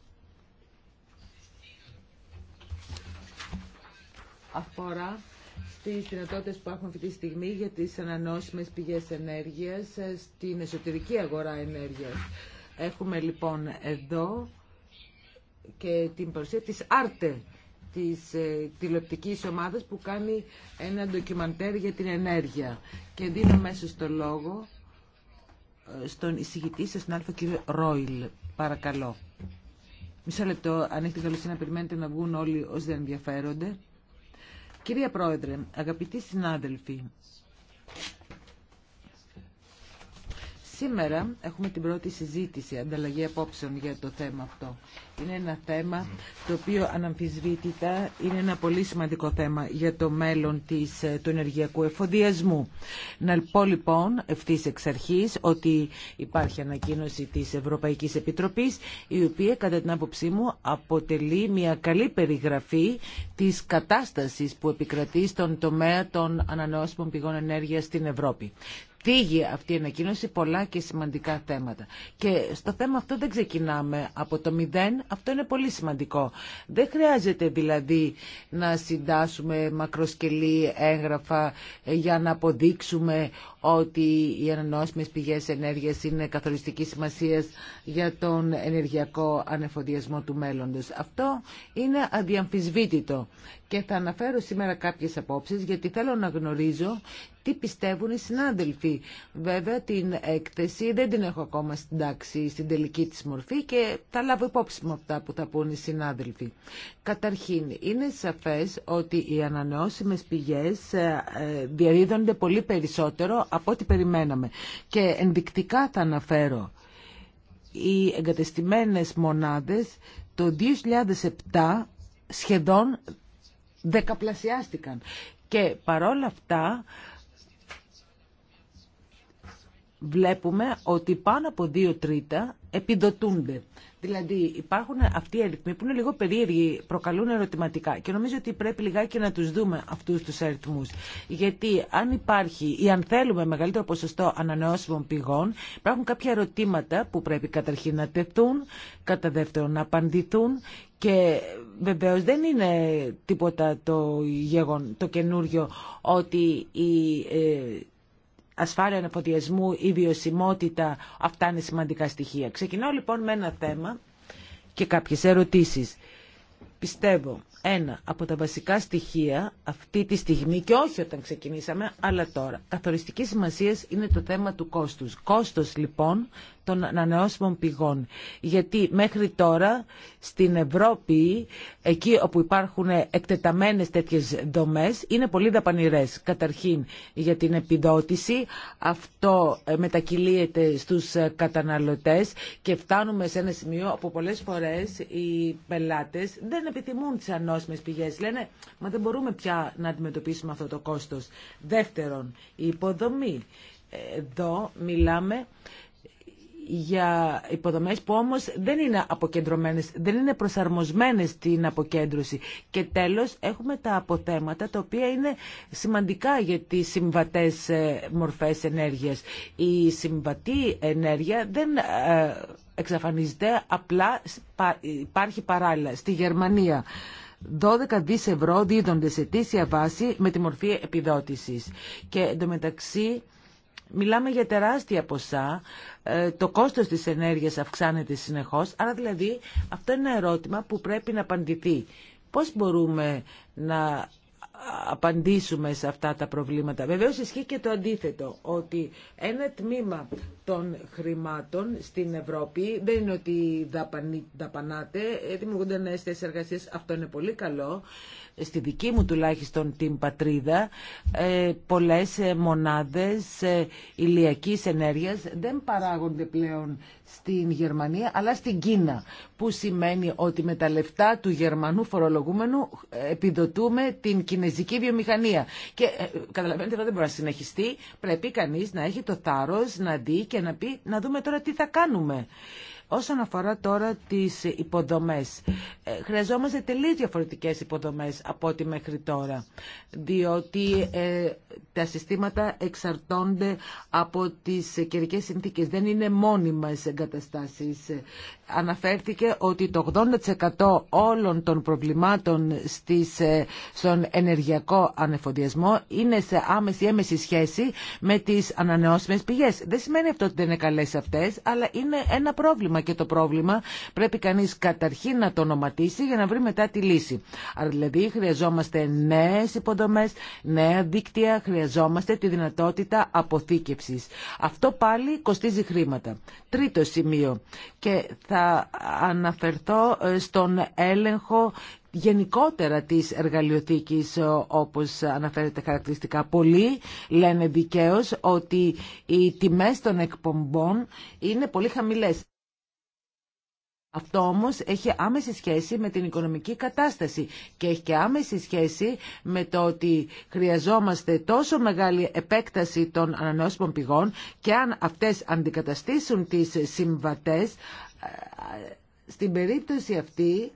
αφορά στις δυνατότητες που έχουμε αυτή τη στιγμή για τις ανανόσιμες πηγές ενέργειας ε, στην εσωτερική αγορά ενέργειας. Έχουμε λοιπόν εδώ και την παρουσία της Άρτε, της ε, τηλεοπτικής ομάδας που κάνει ένα ντοκιμαντέρ για την ενέργεια. Και δίνω μέσα στο λόγο ε, στον εισηγητή σας, τον Αλφα κύριο Ρόιλ. Παρακαλώ. Μισό λεπτό, αν έχετε καλωσία να περιμένετε να βγουν όλοι όσοι δεν ενδιαφέρονται. Κυρία Πρόεδρε, αγαπητοί συνάδελφοι, Σήμερα έχουμε την πρώτη συζήτηση, ανταλλαγή απόψεων για το θέμα αυτό. Είναι ένα θέμα το οποίο αναμφισβήτητα είναι ένα πολύ σημαντικό θέμα για το μέλλον της, ε, του ενεργειακού εφοδιασμού. Να πω λοιπόν ευθύ εξ αρχής ότι υπάρχει ανακοίνωση της Ευρωπαϊκής Επιτροπής η οποία κατά την άποψή μου αποτελεί μια καλή περιγραφή της κατάστασης που επικρατεί στον τομέα των ανανεώσιμων πηγών ενέργειας στην Ευρώπη. Φύγει αυτή η ανακοίνωση πολλά και σημαντικά θέματα. Και στο θέμα αυτό δεν ξεκινάμε από το μηδέν, αυτό είναι πολύ σημαντικό. Δεν χρειάζεται δηλαδή να συντάσουμε μακροσκελή έγγραφα για να αποδείξουμε ότι οι ανανεώσιμες πηγές ενέργειας είναι καθοριστική σημασία για τον ενεργειακό ανεφοδιασμό του μέλλοντος. Αυτό είναι αδιαμφισβήτητο και θα αναφέρω σήμερα κάποιες απόψεις γιατί θέλω να γνωρίζω τι πιστεύουν οι συνάδελφοι. Βέβαια την έκθεση δεν την έχω ακόμα στην τάξη, στην τελική της μορφή και θα λάβω υπόψη με αυτά που θα πούν οι συνάδελφοι. Καταρχήν, είναι σαφές ότι οι ανανεώσιμες πηγές ε, ε, διαδίδονται πολύ περισσότερο από ό,τι περιμέναμε. Και ενδεικτικά θα αναφέρω οι εγκατεστημένες μονάδες το 2007 σχεδόν δεκαπλασιάστηκαν. Και παρόλα αυτά βλέπουμε ότι πάνω από δύο τρίτα επιδοτούνται. Δηλαδή υπάρχουν αυτοί οι αριθμοί που είναι λίγο περίεργοι, προκαλούν ερωτηματικά και νομίζω ότι πρέπει λιγάκι να τους δούμε αυτούς τους αριθμούς. Γιατί αν υπάρχει ή αν θέλουμε μεγαλύτερο ποσοστό ανανεώσιμων πηγών, υπάρχουν κάποια ερωτήματα που πρέπει καταρχήν να τεθούν, κατά δεύτερον να απαντηθούν και Βεβαίως δεν είναι τίποτα το, γεγον, το καινούριο ότι η ε, ασφάλεια αναφοδιασμού, η βιωσιμότητα, αυτά είναι σημαντικά στοιχεία. Ξεκινάω λοιπόν με ένα θέμα και κάποιες ερωτήσεις. Πιστεύω, ένα από τα βασικά στοιχεία αυτή τη στιγμή και όχι όταν ξεκινήσαμε, αλλά τώρα. Καθοριστική σημασία είναι το θέμα του κόστους. Κόστος λοιπόν των ανανεώσιμων πηγών. Γιατί μέχρι τώρα στην Ευρώπη, εκεί όπου υπάρχουν εκτεταμένες τέτοιες δομές, είναι πολύ δαπανηρές. Καταρχήν για την επιδότηση, αυτό ε, μετακυλίεται στους ε, καταναλωτές και φτάνουμε σε ένα σημείο όπου πολλές φορές οι πελάτες δεν επιθυμούν τις ανώσιμες πηγές. Λένε, μα δεν μπορούμε πια να αντιμετωπίσουμε αυτό το κόστος. Δεύτερον, η υποδομή. Εδώ μιλάμε για υποδομές που όμως δεν είναι αποκεντρωμένες, δεν είναι προσαρμοσμένες στην αποκέντρωση. Και τέλος έχουμε τα αποθέματα τα οποία είναι σημαντικά για τις συμβατές ε, μορφές ενέργειας. Η συμβατή ενέργεια δεν ε, εξαφανίζεται, απλά υπάρχει παράλληλα στη Γερμανία. 12 δις ευρώ δίδονται σε τήσια βάση με τη μορφή επιδότησης. Και εντωμεταξύ Μιλάμε για τεράστια ποσά, ε, το κόστος της ενέργειας αυξάνεται συνεχώς, άρα δηλαδή αυτό είναι ένα ερώτημα που πρέπει να απαντηθεί. Πώς μπορούμε να απαντήσουμε σε αυτά τα προβλήματα. Βεβαίως ισχύει και το αντίθετο, ότι ένα τμήμα των χρημάτων στην Ευρώπη δεν είναι ότι δαπανάτε, δημιουργούνται νέε θέσει εργασία. Αυτό είναι πολύ καλό. Στη δική μου τουλάχιστον την πατρίδα, ε, πολλέ ε, μονάδε ηλιακή ενέργεια δεν παράγονται πλέον στην Γερμανία, αλλά στην Κίνα. Που σημαίνει ότι με τα λεφτά του Γερμανού φορολογούμενου ε, επιδοτούμε την κινέζικη βιομηχανία. Και καταλαβαίνετε, εδώ δεν μπορεί να συνεχιστεί. Πρέπει κανεί να έχει το θάρρο να δει να πει να δούμε τώρα τι θα κάνουμε. Όσον αφορά τώρα τις υποδομές, ε, χρειαζόμαστε τελείως διαφορετικές υποδομές από ό,τι μέχρι τώρα, διότι ε, τα συστήματα εξαρτώνται από τις καιρικές συνθήκες, δεν είναι μόνιμες εγκαταστάσεις. Αναφέρθηκε ότι το 80% όλων των προβλημάτων στις, ε, στον ενεργειακό ανεφοδιασμό είναι σε άμεση έμεση σχέση με τις ανανεώσιμες πηγές. Δεν σημαίνει αυτό ότι δεν είναι καλές αυτές, αλλά είναι ένα πρόβλημα και το πρόβλημα πρέπει κανείς καταρχήν να το ονοματίσει για να βρει μετά τη λύση. Άρα δηλαδή χρειαζόμαστε νέες υποδομές, νέα δίκτυα, χρειαζόμαστε τη δυνατότητα αποθήκευσης. Αυτό πάλι κοστίζει χρήματα. Τρίτο σημείο και θα αναφερθώ ε, στον έλεγχο γενικότερα της εργαλειοθήκης ε, όπως αναφέρεται χαρακτηριστικά πολλοί λένε δικαίως ότι οι τιμές των εκπομπών είναι πολύ χαμηλές. Αυτό όμως έχει άμεση σχέση με την οικονομική κατάσταση και έχει και άμεση σχέση με το ότι χρειαζόμαστε τόσο μεγάλη επέκταση των ανανεώσιμων πηγών και αν αυτές αντικαταστήσουν τις συμβατές, ε, ε, στην περίπτωση αυτή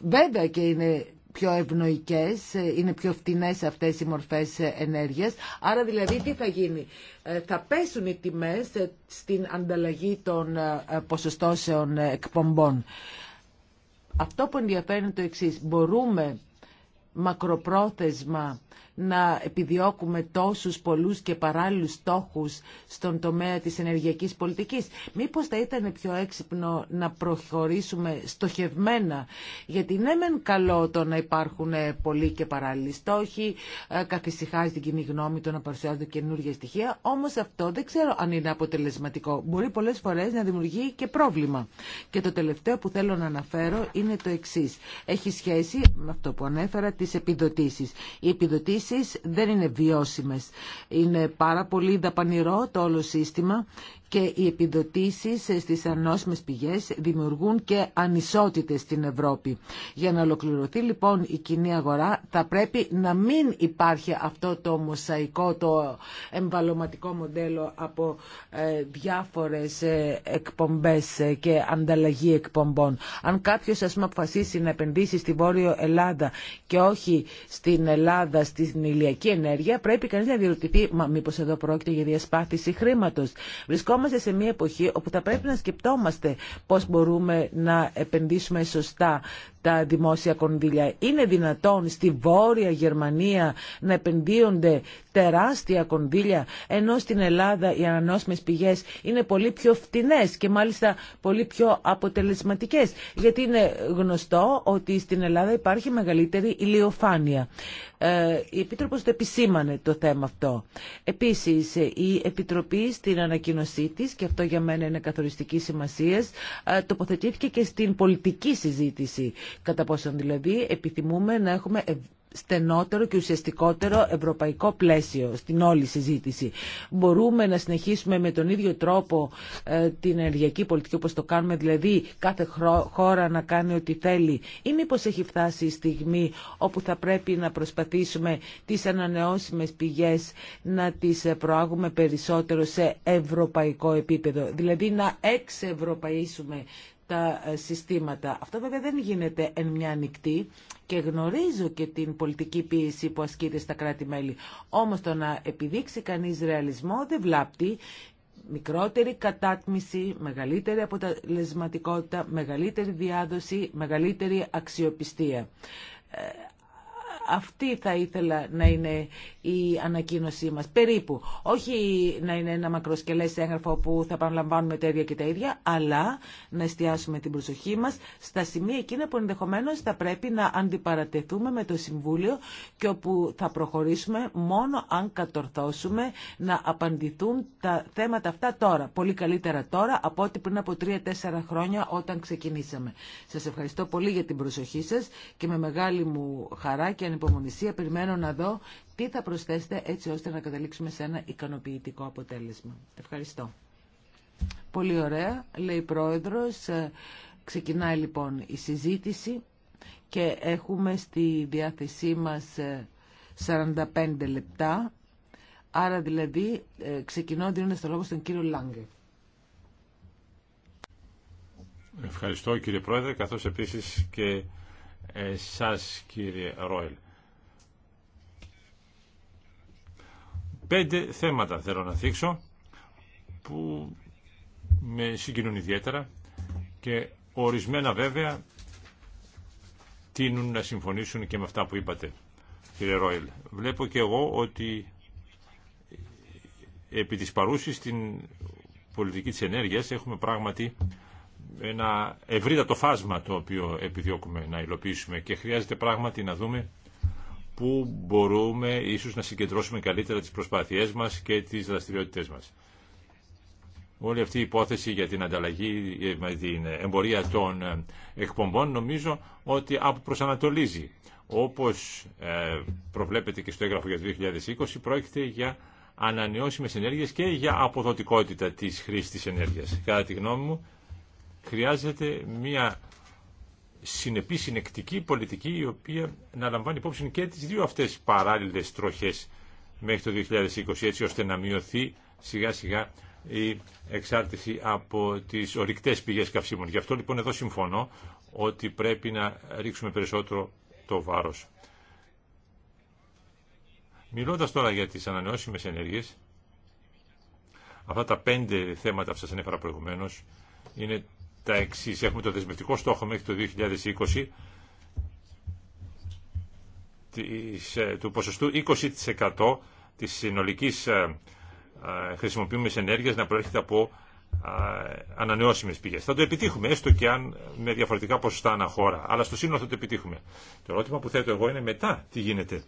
βέβαια και είναι πιο ευνοϊκές, ε, είναι πιο φτηνές αυτές οι μορφές ε, ενέργειας. Άρα δηλαδή τι θα γίνει. Ε, θα πέσουν οι τιμές στην ανταλλαγή των ποσοστώσεων εκπομπών. Αυτό που ενδιαφέρει είναι το εξής. Μπορούμε μακροπρόθεσμα να επιδιώκουμε τόσους πολλούς και παράλληλους στόχους στον τομέα της ενεργειακής πολιτικής. Μήπως θα ήταν πιο έξυπνο να προχωρήσουμε στοχευμένα, γιατί ναι μεν καλό το να υπάρχουν ε, πολλοί και παράλληλοι στόχοι, ε, καθησυχάζει την κοινή γνώμη το να παρουσιάζονται καινούργια στοιχεία, όμως αυτό δεν ξέρω αν είναι αποτελεσματικό. Μπορεί πολλές φορές να δημιουργεί και πρόβλημα. Και το τελευταίο που θέλω να αναφέρω είναι το εξή. Έχει σχέση με αυτό που ανέφερα, τις επιδοτήσεις. Οι επιδοτήσεις δεν είναι βιώσιμες. Είναι πάρα πολύ δαπανηρό το όλο σύστημα και οι επιδοτήσεις στις ανώσιμες πηγές δημιουργούν και ανισότητες στην Ευρώπη. Για να ολοκληρωθεί λοιπόν η κοινή αγορά θα πρέπει να μην υπάρχει αυτό το μοσαϊκό, το εμβαλωματικό μοντέλο από ε, διάφορες ε, εκπομπές ε, και ανταλλαγή εκπομπών. Αν κάποιος ας πούμε αποφασίσει να επενδύσει στη Βόρειο Ελλάδα και όχι στην Ελλάδα, την ηλιακή ενέργεια, πρέπει κανεί να διερωτηθεί, μα μήπω εδώ πρόκειται για διασπάθηση χρήματο. Βρισκόμαστε σε μια εποχή όπου θα πρέπει να σκεπτόμαστε πώ μπορούμε να επενδύσουμε σωστά τα δημόσια κονδύλια. Είναι δυνατόν στη Βόρεια Γερμανία να επενδύονται τεράστια κονδύλια, ενώ στην Ελλάδα οι ανανόσμες πηγές είναι πολύ πιο φτηνές και μάλιστα πολύ πιο αποτελεσματικές, γιατί είναι γνωστό ότι στην Ελλάδα υπάρχει μεγαλύτερη ηλιοφάνεια. Ε, η Επίτροπος το επισήμανε το θέμα αυτό. Επίσης, η Επιτροπή στην ανακοίνωσή της, και αυτό για μένα είναι καθοριστική σημασία, ε, τοποθετήθηκε και στην πολιτική συζήτηση. Κατά πόσον δηλαδή επιθυμούμε να έχουμε στενότερο και ουσιαστικότερο ευρωπαϊκό πλαίσιο στην όλη συζήτηση. Μπορούμε να συνεχίσουμε με τον ίδιο τρόπο ε, την ενεργειακή πολιτική όπως το κάνουμε, δηλαδή κάθε χώρα να κάνει ό,τι θέλει ή μήπω έχει φτάσει η στιγμή όπου θα πρέπει να προσπαθήσουμε τις ανανεώσιμες πηγές να τις ε, προάγουμε περισσότερο σε ευρωπαϊκό επίπεδο, δηλαδή να εξευρωπαίσουμε τα ε, συστήματα. Αυτό βέβαια δεν γίνεται εν μια νυχτή και γνωρίζω και την πολιτική πίεση που ασκείται στα κράτη-μέλη. Όμως το να επιδείξει κανείς ρεαλισμό δεν βλάπτει μικρότερη κατάτμιση, μεγαλύτερη αποτελεσματικότητα, μεγαλύτερη διάδοση, μεγαλύτερη αξιοπιστία. Ε, αυτή θα ήθελα να είναι η ανακοίνωσή μας. Περίπου. Όχι να είναι ένα μακροσκελές έγγραφο που θα παραλαμβάνουμε τα ίδια και τα ίδια, αλλά να εστιάσουμε την προσοχή μας στα σημεία εκείνα που ενδεχομένως θα πρέπει να αντιπαρατεθούμε με το Συμβούλιο και όπου θα προχωρήσουμε μόνο αν κατορθώσουμε να απαντηθούν τα θέματα αυτά τώρα. Πολύ καλύτερα τώρα από ό,τι πριν από τρία-τέσσερα χρόνια όταν ξεκινήσαμε. Σας ευχαριστώ πολύ για την προσοχή σας και με μεγάλη μου χαρά και ανυπομονησία περιμένω να δω τι θα προσθέσετε έτσι ώστε να καταλήξουμε σε ένα ικανοποιητικό αποτέλεσμα. Ευχαριστώ. Πολύ ωραία, λέει η Πρόεδρος. Ε, ξεκινάει λοιπόν η συζήτηση και έχουμε στη διάθεσή μας 45 ε, λεπτά. Άρα δηλαδή ε, ξεκινώ δίνοντας το λόγο στον κύριο Λάγκε. Ευχαριστώ κύριε Πρόεδρε, καθώς επίσης και σας κύριε Ρόελ. Πέντε θέματα θέλω να θίξω που με συγκινούν ιδιαίτερα και ορισμένα βέβαια τίνουν να συμφωνήσουν και με αυτά που είπατε, κύριε Ρόιλ. Βλέπω και εγώ ότι επί της παρούσης στην πολιτική της ενέργειας έχουμε πράγματι ένα ευρύτατο φάσμα το οποίο επιδιώκουμε να υλοποιήσουμε και χρειάζεται πράγματι να δούμε που μπορούμε ίσως να συγκεντρώσουμε καλύτερα τις προσπάθειές μας και τις δραστηριότητές μας. Όλη αυτή η υπόθεση για την ανταλλαγή, ε, με την εμπορία των ε, εκπομπών νομίζω ότι προσανατολίζει. Όπως ε, προβλέπεται και στο έγγραφο για το 2020 πρόκειται για ανανεώσιμες ενέργειες και για αποδοτικότητα της χρήσης της ενέργειας. Κατά τη γνώμη μου χρειάζεται μια συνεπή συνεκτική πολιτική η οποία να λαμβάνει υπόψη και τις δύο αυτές παράλληλες τροχές μέχρι το 2020 έτσι ώστε να μειωθεί σιγά σιγά η εξάρτηση από τις ορυκτές πηγές καυσίμων. Γι' αυτό λοιπόν εδώ συμφωνώ ότι πρέπει να ρίξουμε περισσότερο το βάρος. Μιλώντας τώρα για τις ανανεώσιμες ενέργειες, αυτά τα πέντε θέματα που σας ανέφερα προηγουμένως είναι τα εξή. Έχουμε το δεσμευτικό στόχο μέχρι το 2020 ε, του ποσοστού 20% της συνολικής ε, ε, χρησιμοποιούμενης ενέργειας να προέρχεται από ανανεώσιμες πηγές. Θα το επιτύχουμε, έστω και αν με διαφορετικά ποσοστά αναχώρα, αλλά στο σύνολο θα το επιτύχουμε. Το ερώτημα που θέτω εγώ είναι μετά τι γίνεται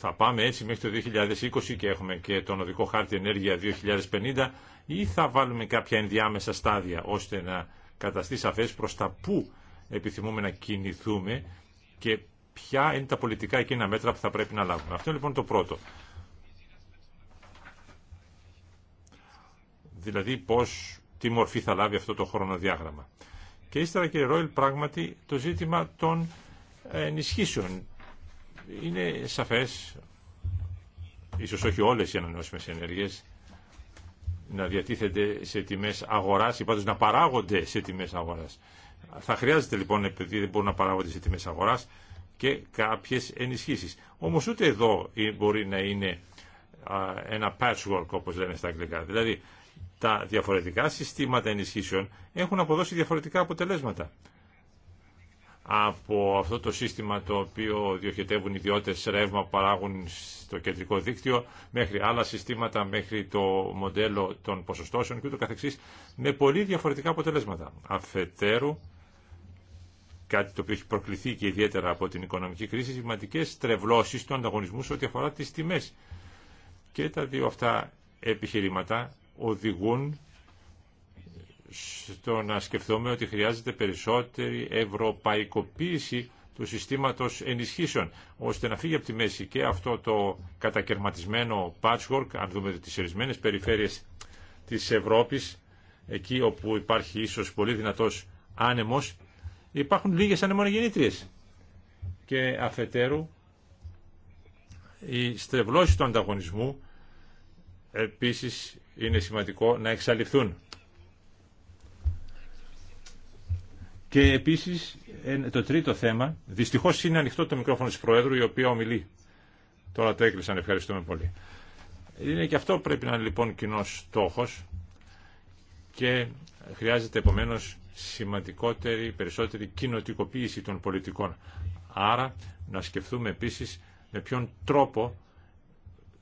θα πάμε έτσι μέχρι το 2020 και έχουμε και τον οδικό χάρτη ενέργεια 2050 ή θα βάλουμε κάποια ενδιάμεσα στάδια ώστε να καταστεί σαφές προς τα πού επιθυμούμε να κινηθούμε και ποια είναι τα πολιτικά εκείνα μέτρα που θα πρέπει να λάβουμε. Αυτό είναι λοιπόν το πρώτο. Δηλαδή πώς, τι μορφή θα λάβει αυτό το χρονοδιάγραμμα. Και ύστερα κύριε Ρόιλ πράγματι το ζήτημα των ενισχύσεων, είναι σαφές, ίσως όχι όλες οι ανανεώσιμες ενέργειες, να διατίθενται σε τιμές αγοράς ή πάντως να παράγονται σε τιμές αγοράς. Θα χρειάζεται λοιπόν, επειδή δεν μπορούν να παράγονται σε τιμές αγοράς, και κάποιες ενισχύσεις. Όμως ούτε εδώ μπορεί να είναι ένα patchwork όπως λένε στα αγγλικά. Δηλαδή τα διαφορετικά συστήματα ενισχύσεων έχουν αποδώσει διαφορετικά αποτελέσματα από αυτό το σύστημα το οποίο διοχετεύουν ιδιώτες ρεύμα που παράγουν στο κεντρικό δίκτυο μέχρι άλλα συστήματα, μέχρι το μοντέλο των ποσοστώσεων και ούτω καθεξής με πολύ διαφορετικά αποτελέσματα. Αφετέρου, κάτι το οποίο έχει προκληθεί και ιδιαίτερα από την οικονομική κρίση, σημαντικές τρευλώσεις του ανταγωνισμού σε ό,τι αφορά τις τιμές. Και τα δύο αυτά επιχειρήματα οδηγούν στο να σκεφτούμε ότι χρειάζεται περισσότερη ευρωπαϊκοποίηση του συστήματος ενισχύσεων, ώστε να φύγει από τη μέση και αυτό το κατακαιρματισμένο patchwork, αν δούμε τις ορισμένε περιφέρειες της Ευρώπης, εκεί όπου υπάρχει ίσως πολύ δυνατός άνεμος, υπάρχουν λίγες ανεμονογεννήτριες. Και αφετέρου, η στρεβλώση του ανταγωνισμού επίσης είναι σημαντικό να εξαλειφθούν. Και επίσης το τρίτο θέμα, δυστυχώς είναι ανοιχτό το μικρόφωνο τη Προέδρου η οποία ομιλεί. Τώρα το έκλεισαν, ευχαριστούμε πολύ. Είναι και αυτό πρέπει να είναι λοιπόν κοινό στόχος και χρειάζεται επομένω σημαντικότερη, περισσότερη κοινοτικοποίηση των πολιτικών. Άρα να σκεφτούμε επίσης με ποιον τρόπο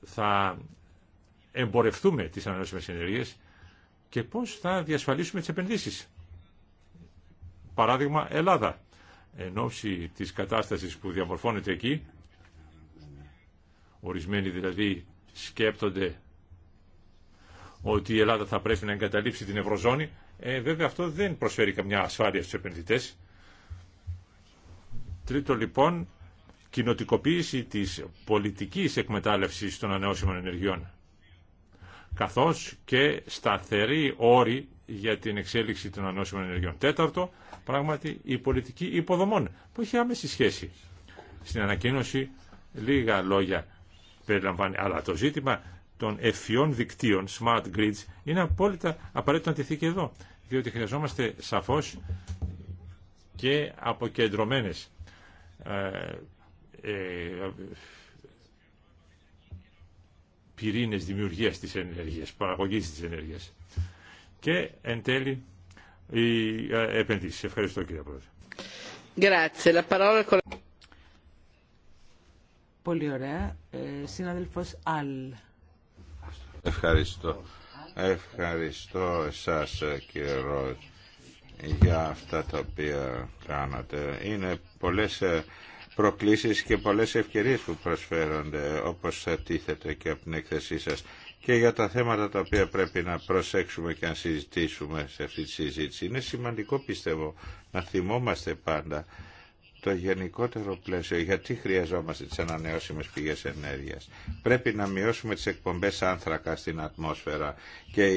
θα εμπορευτούμε τις ανανεώσιμες ενέργειε και πώς θα διασφαλίσουμε τις επενδύσεις. Παράδειγμα Ελλάδα. Εν ώψη της κατάστασης που διαμορφώνεται εκεί, ορισμένοι δηλαδή σκέπτονται ότι η Ελλάδα θα πρέπει να εγκαταλείψει την Ευρωζώνη, ε, βέβαια αυτό δεν προσφέρει καμιά ασφάλεια στους επενδυτές. Τρίτο λοιπόν, κοινοτικοποίηση της πολιτικής εκμετάλλευσης των ανανεώσιμων ενεργειών, καθώς και σταθερή όρη για την εξέλιξη των ανανεώσιμων ενεργειών. Τέταρτο, πράγματι η πολιτική υποδομών που έχει άμεση σχέση. Στην ανακοίνωση λίγα λόγια περιλαμβάνει, αλλά το ζήτημα των ευφυών δικτύων, smart grids, είναι απόλυτα απαραίτητο να τεθεί και εδώ, διότι χρειαζόμαστε σαφώς και αποκεντρωμένες ε, ε, πυρήνες δημιουργίας της ενέργειας, παραγωγής της ενέργειας. Και εν τέλει οι ε, επενδύσεις. Ευχαριστώ κύριε Πρόεδρε. Πολύ ωραία. Ε, συνάδελφος Αλ. Ευχαριστώ. Ευχαριστώ εσάς ε, κύριε Ρόζ για αυτά τα οποία κάνατε. Είναι πολλές ε, προκλήσεις και πολλές ευκαιρίες που προσφέρονται όπως τίθεται και από την έκθεσή σας και για τα θέματα τα οποία πρέπει να προσέξουμε και να συζητήσουμε σε αυτή τη συζήτηση. Είναι σημαντικό πιστεύω να θυμόμαστε πάντα το γενικότερο πλαίσιο, γιατί χρειαζόμαστε τις ανανεώσιμες πηγές ενέργειας. Πρέπει να μειώσουμε τις εκπομπές άνθρακα στην ατμόσφαιρα και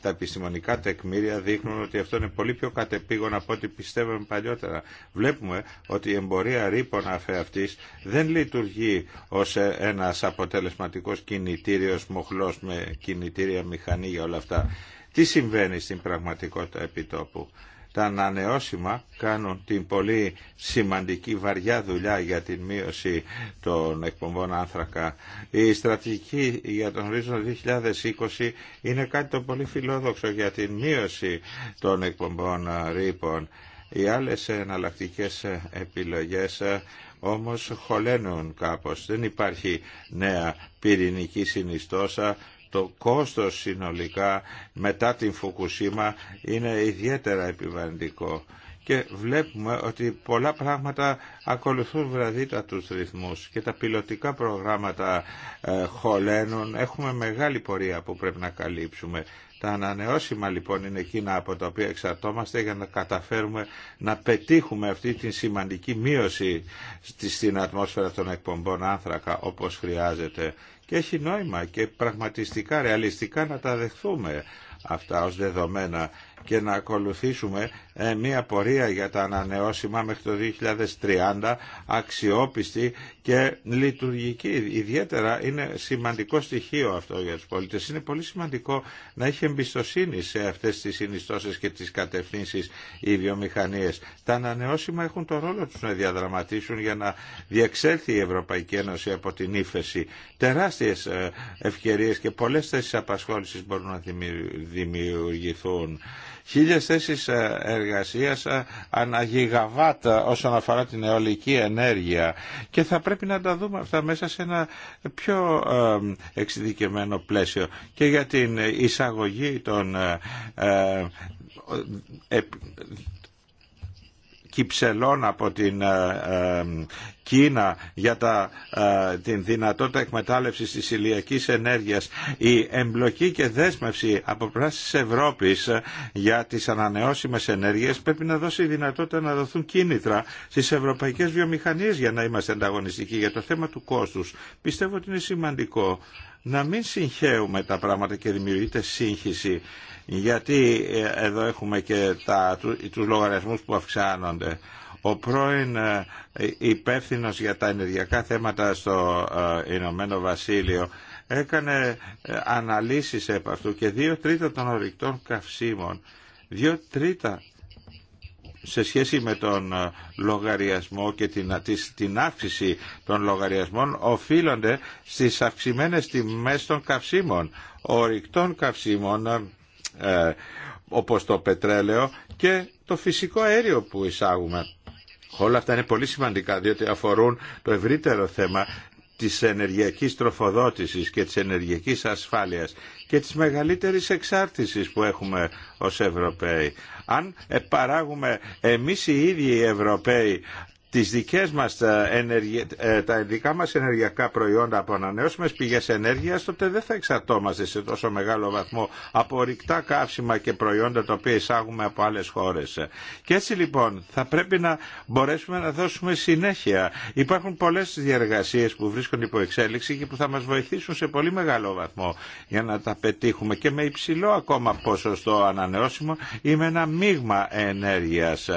τα επιστημονικά τεκμήρια δείχνουν ότι αυτό είναι πολύ πιο κατεπήγον από ό,τι πιστεύαμε παλιότερα. Βλέπουμε ότι η εμπορία ρήπων αφεαυτής δεν λειτουργεί ως ε, ένας αποτελεσματικός κινητήριος μοχλός με κινητήρια μηχανή για όλα αυτά. Τι συμβαίνει στην πραγματικότητα επιτόπου. Τα ανανεώσιμα κάνουν την πολύ σημαντική βαριά δουλειά για την μείωση των εκπομπών άνθρακα. Η στρατηγική για τον ορίζοντα 2020 είναι κάτι το πολύ φιλόδοξο για την μείωση των εκπομπών ρήπων. Οι άλλες εναλλακτικέ επιλογές όμως χωλαίνουν κάπως. Δεν υπάρχει νέα πυρηνική συνιστόσα το κόστος συνολικά μετά την Φουκουσίμα είναι ιδιαίτερα επιβαρυντικό και βλέπουμε ότι πολλά πράγματα ακολουθούν βραδύτα τους ρυθμούς και τα πιλωτικά προγράμματα ε, χωλένουν, έχουμε μεγάλη πορεία που πρέπει να καλύψουμε. Τα ανανεώσιμα λοιπόν είναι εκείνα από τα οποία εξαρτώμαστε για να καταφέρουμε να πετύχουμε αυτή τη σημαντική μείωση στην ατμόσφαιρα των εκπομπών άνθρακα όπως χρειάζεται και έχει νόημα και πραγματιστικά, ρεαλιστικά να τα δεχθούμε αυτά ως δεδομένα και να ακολουθήσουμε ε, μια πορεία για τα ανανεώσιμα μέχρι το 2030 αξιόπιστη και λειτουργική. Ιδιαίτερα είναι σημαντικό στοιχείο αυτό για τους πολίτες. Είναι πολύ σημαντικό να έχει εμπιστοσύνη σε αυτές τις συνιστώσεις και τις κατευθύνσεις οι βιομηχανίες. Τα ανανεώσιμα έχουν το ρόλο τους να διαδραματίσουν για να διεξέλθει η Ευρωπαϊκή Ένωση από την ύφεση. Τεράστιες ε, ευκαιρίες και πολλές θέσεις απασχόλησης μπορούν να δημιουργηθούν. Χίλιες θέσεις ε, εργασίας ε, αναγιγαβάτα ε, όσον αφορά την αιωλική ενέργεια και θα πρέπει να τα δούμε αυτά μέσα σε ένα πιο εξειδικευμένο πλαίσιο και για την εισαγωγή των κυψελών από την ε, ε, Κίνα για τα, ε, την δυνατότητα εκμετάλλευσης της ηλιακής ενέργειας, η εμπλοκή και δέσμευση από της Ευρώπης για τις ανανεώσιμες ενέργειες πρέπει να δώσει δυνατότητα να δοθούν κίνητρα στις ευρωπαϊκές βιομηχανίες για να είμαστε ανταγωνιστικοί για το θέμα του κόστους. Πιστεύω ότι είναι σημαντικό να μην συγχαίουμε τα πράγματα και δημιουργείται σύγχυση γιατί ε, εδώ έχουμε και τα, τους λογαριασμούς που αυξάνονται. Ο πρώην ε, υπεύθυνο για τα ενεργειακά θέματα στο ε, Ηνωμένο Βασίλειο έκανε αναλύσεις επ' αυτού και δύο τρίτα των ορυκτών καυσίμων, δύο τρίτα σε σχέση με τον λογαριασμό και την, την αύξηση των λογαριασμών οφείλονται στις αυξημένες τιμές των καυσίμων, ορυκτών καυσίμων ε, όπως το πετρέλαιο και το φυσικό αέριο που εισάγουμε. Όλα αυτά είναι πολύ σημαντικά διότι αφορούν το ευρύτερο θέμα της ενεργειακής τροφοδότησης και της ενεργειακής ασφάλειας και της μεγαλύτερης εξάρτησης που έχουμε ως Ευρωπαίοι. Αν ε, παράγουμε εμείς οι ίδιοι οι Ευρωπαίοι τις δικές μας, ε, ε, τα δικά μας ενεργειακά προϊόντα από ανανεώσιμες πηγές ενέργειας, τότε δεν θα εξαρτώμαστε σε τόσο μεγάλο βαθμό από ρηκτά καύσιμα και προϊόντα τα οποία εισάγουμε από άλλες χώρες. Και έτσι λοιπόν θα πρέπει να μπορέσουμε να δώσουμε συνέχεια. Υπάρχουν πολλές διεργασίες που βρίσκονται υπό εξέλιξη και που θα μας βοηθήσουν σε πολύ μεγάλο βαθμό για να τα πετύχουμε και με υψηλό ακόμα ποσοστό ανανεώσιμο ή με ένα μείγμα ενέργειας.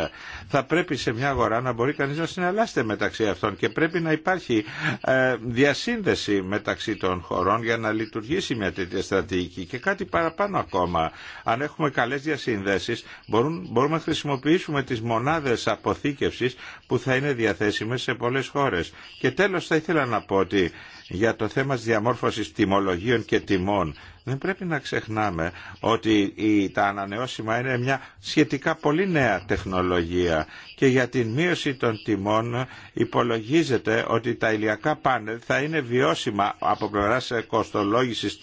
Θα πρέπει σε μια αγορά να μπορεί κανείς να μεταξύ αυτών και πρέπει να υπάρχει ε, διασύνδεση μεταξύ των χωρών για να λειτουργήσει μια τέτοια στρατηγική και κάτι παραπάνω ακόμα. Αν έχουμε καλές διασύνδεσεις μπορούν, μπορούμε να χρησιμοποιήσουμε τις μονάδες αποθήκευσης που θα είναι διαθέσιμες σε πολλές χώρες. Και τέλος θα ήθελα να πω ότι για το θέμα της διαμόρφωσης τιμολογίων και τιμών δεν πρέπει να ξεχνάμε ότι τα ανανεώσιμα είναι μια σχετικά πολύ νέα τεχνολογία και για την μείωση των τιμών υπολογίζεται ότι τα ηλιακά πάνελ θα είναι βιώσιμα από κοστολόγηση κοστολόγησης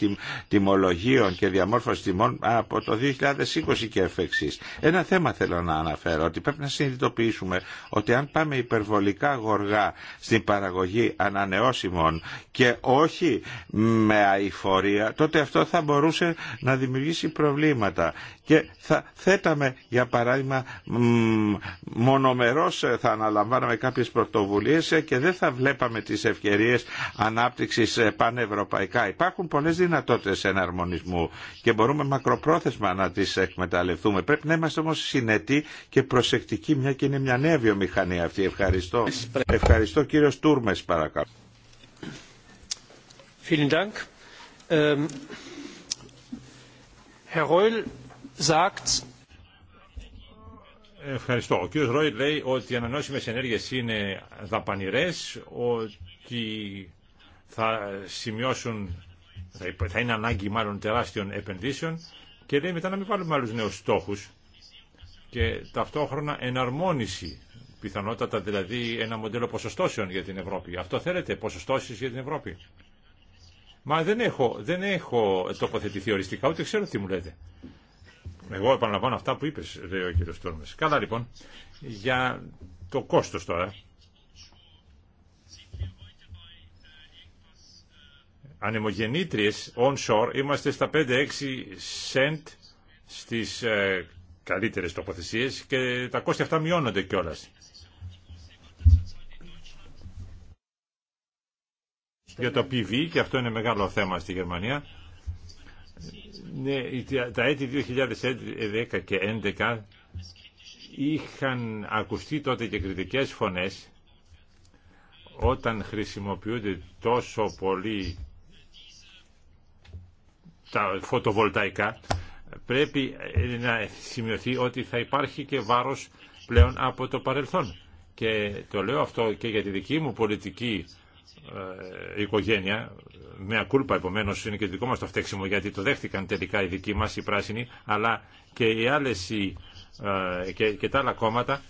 τιμολογίων και διαμόρφωση τιμών από το 2020 και εφ' Ένα θέμα θέλω να αναφέρω ότι πρέπει να συνειδητοποιήσουμε ότι αν πάμε υπερβολικά γοργά στην παραγωγή ανανεώσιμων και όχι με αηφορία τότε αυτό θα μπορούσε να δημιουργήσει προβλήματα. Και θα θέταμε, για παράδειγμα, μονομερώς ε, θα αναλαμβάναμε κάποιες πρωτοβουλίες ε, και δεν θα βλέπαμε τις ευκαιρίες ανάπτυξης ε, πανευρωπαϊκά. Υπάρχουν πολλές δυνατότητες εναρμονισμού και μπορούμε μακροπρόθεσμα να τις εκμεταλλευτούμε. Πρέπει να είμαστε όμως συνετοί και προσεκτικοί, μια και είναι μια νέα βιομηχανία αυτή. Ευχαριστώ. Ευχαριστώ κύριο Τούρμες παρακαλώ. Vielen Dank. Ähm, Ευχαριστώ. Ο κ. Ρόιλ λέει ότι οι ανανεώσιμες ενέργειες είναι δαπανηρές, ότι θα σημειώσουν, θα είναι ανάγκη μάλλον τεράστιων επενδύσεων και λέει μετά να μην βάλουμε άλλου νέους στόχους και ταυτόχρονα εναρμόνιση, πιθανότατα δηλαδή ένα μοντέλο ποσοστώσεων για την Ευρώπη. Αυτό θέλετε, ποσοστώσεις για την Ευρώπη. Μα δεν έχω, δεν έχω τοποθετηθεί οριστικά, ούτε ξέρω τι μου λέτε. Εγώ επαναλαμβάνω αυτά που είπες, λέει ο κύριος Τόρμες. Καλά λοιπόν, για το κόστος τώρα. Ανεμογεννήτριες onshore είμαστε στα 5-6 cent στις ε, καλύτερες τοποθεσίες και τα κόστη αυτά μειώνονται κιόλας. για το PV και αυτό είναι μεγάλο θέμα στη Γερμανία. Ναι, τα έτη 2010 και 2011 είχαν ακουστεί τότε και κριτικές φωνές όταν χρησιμοποιούνται τόσο πολύ τα φωτοβολταϊκά πρέπει ε, να σημειωθεί ότι θα υπάρχει και βάρος πλέον από το παρελθόν. Και το λέω αυτό και για τη δική μου πολιτική ε, οικογένεια. Με ακούλπα επομένω είναι και δικό μα το φταίξιμο γιατί το δέχτηκαν τελικά οι δικοί μα, οι πράσινοι, αλλά και οι άλλε ε, και, τα άλλα κόμματα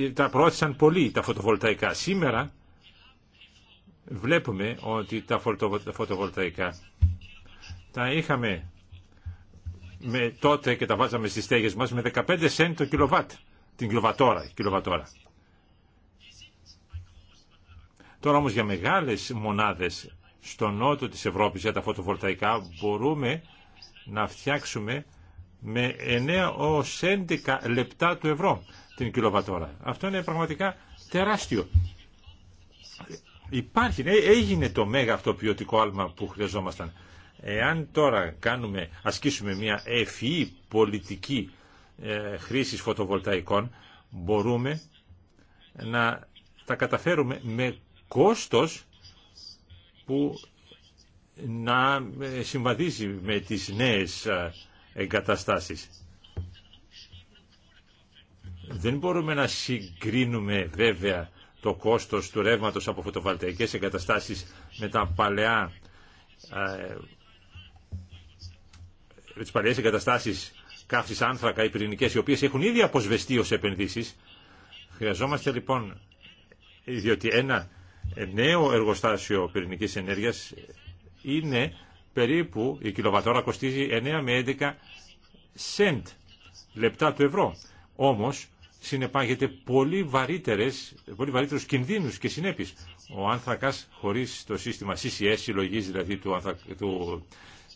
ε, τα προώθησαν πολύ τα φωτοβολταϊκά. Σήμερα βλέπουμε ότι τα φωτοβολταϊκά τα είχαμε με τότε και τα βάζαμε στις στέγες μας με 15 σέντ το κιλοβάτ, την κιλοβατόρα, κιλοβατόρα. Τώρα όμως για μεγάλες μονάδες στο νότο της Ευρώπης για τα φωτοβολταϊκά μπορούμε να φτιάξουμε με 9 ως 11 λεπτά του ευρώ την κιλοβατόρα. Αυτό είναι πραγματικά τεράστιο. Υπάρχει, ε, έγινε το μέγα αυτό ποιοτικό άλμα που χρειαζόμασταν. Εάν τώρα κάνουμε, ασκήσουμε μια ευφυή πολιτική ε, χρήσης φωτοβολταϊκών, μπορούμε να τα καταφέρουμε με κόστος που να ε, συμβαδίζει με τις νέες ε, εγκαταστάσεις. Δεν μπορούμε να συγκρίνουμε βέβαια το κόστος του ρεύματος από φωτοβολταϊκές εγκαταστάσεις με τα παλαιά ε, με τις παλαιές εγκαταστάσεις καύσης άνθρακα ή πυρηνικές οι οποίες έχουν ήδη αποσβεστεί ως επενδύσεις. Χρειαζόμαστε λοιπόν διότι ένα νέο εργοστάσιο πυρηνικής ενέργειας είναι περίπου, η κιλοβατόρα κοστίζει 9 με 11 σεντ λεπτά του ευρώ. Όμως συνεπάγεται πολύ, βαρύτερες, πολύ κινδύνους και συνέπειες. Ο άνθρακας χωρίς το σύστημα CCS, συλλογής δηλαδή του, του,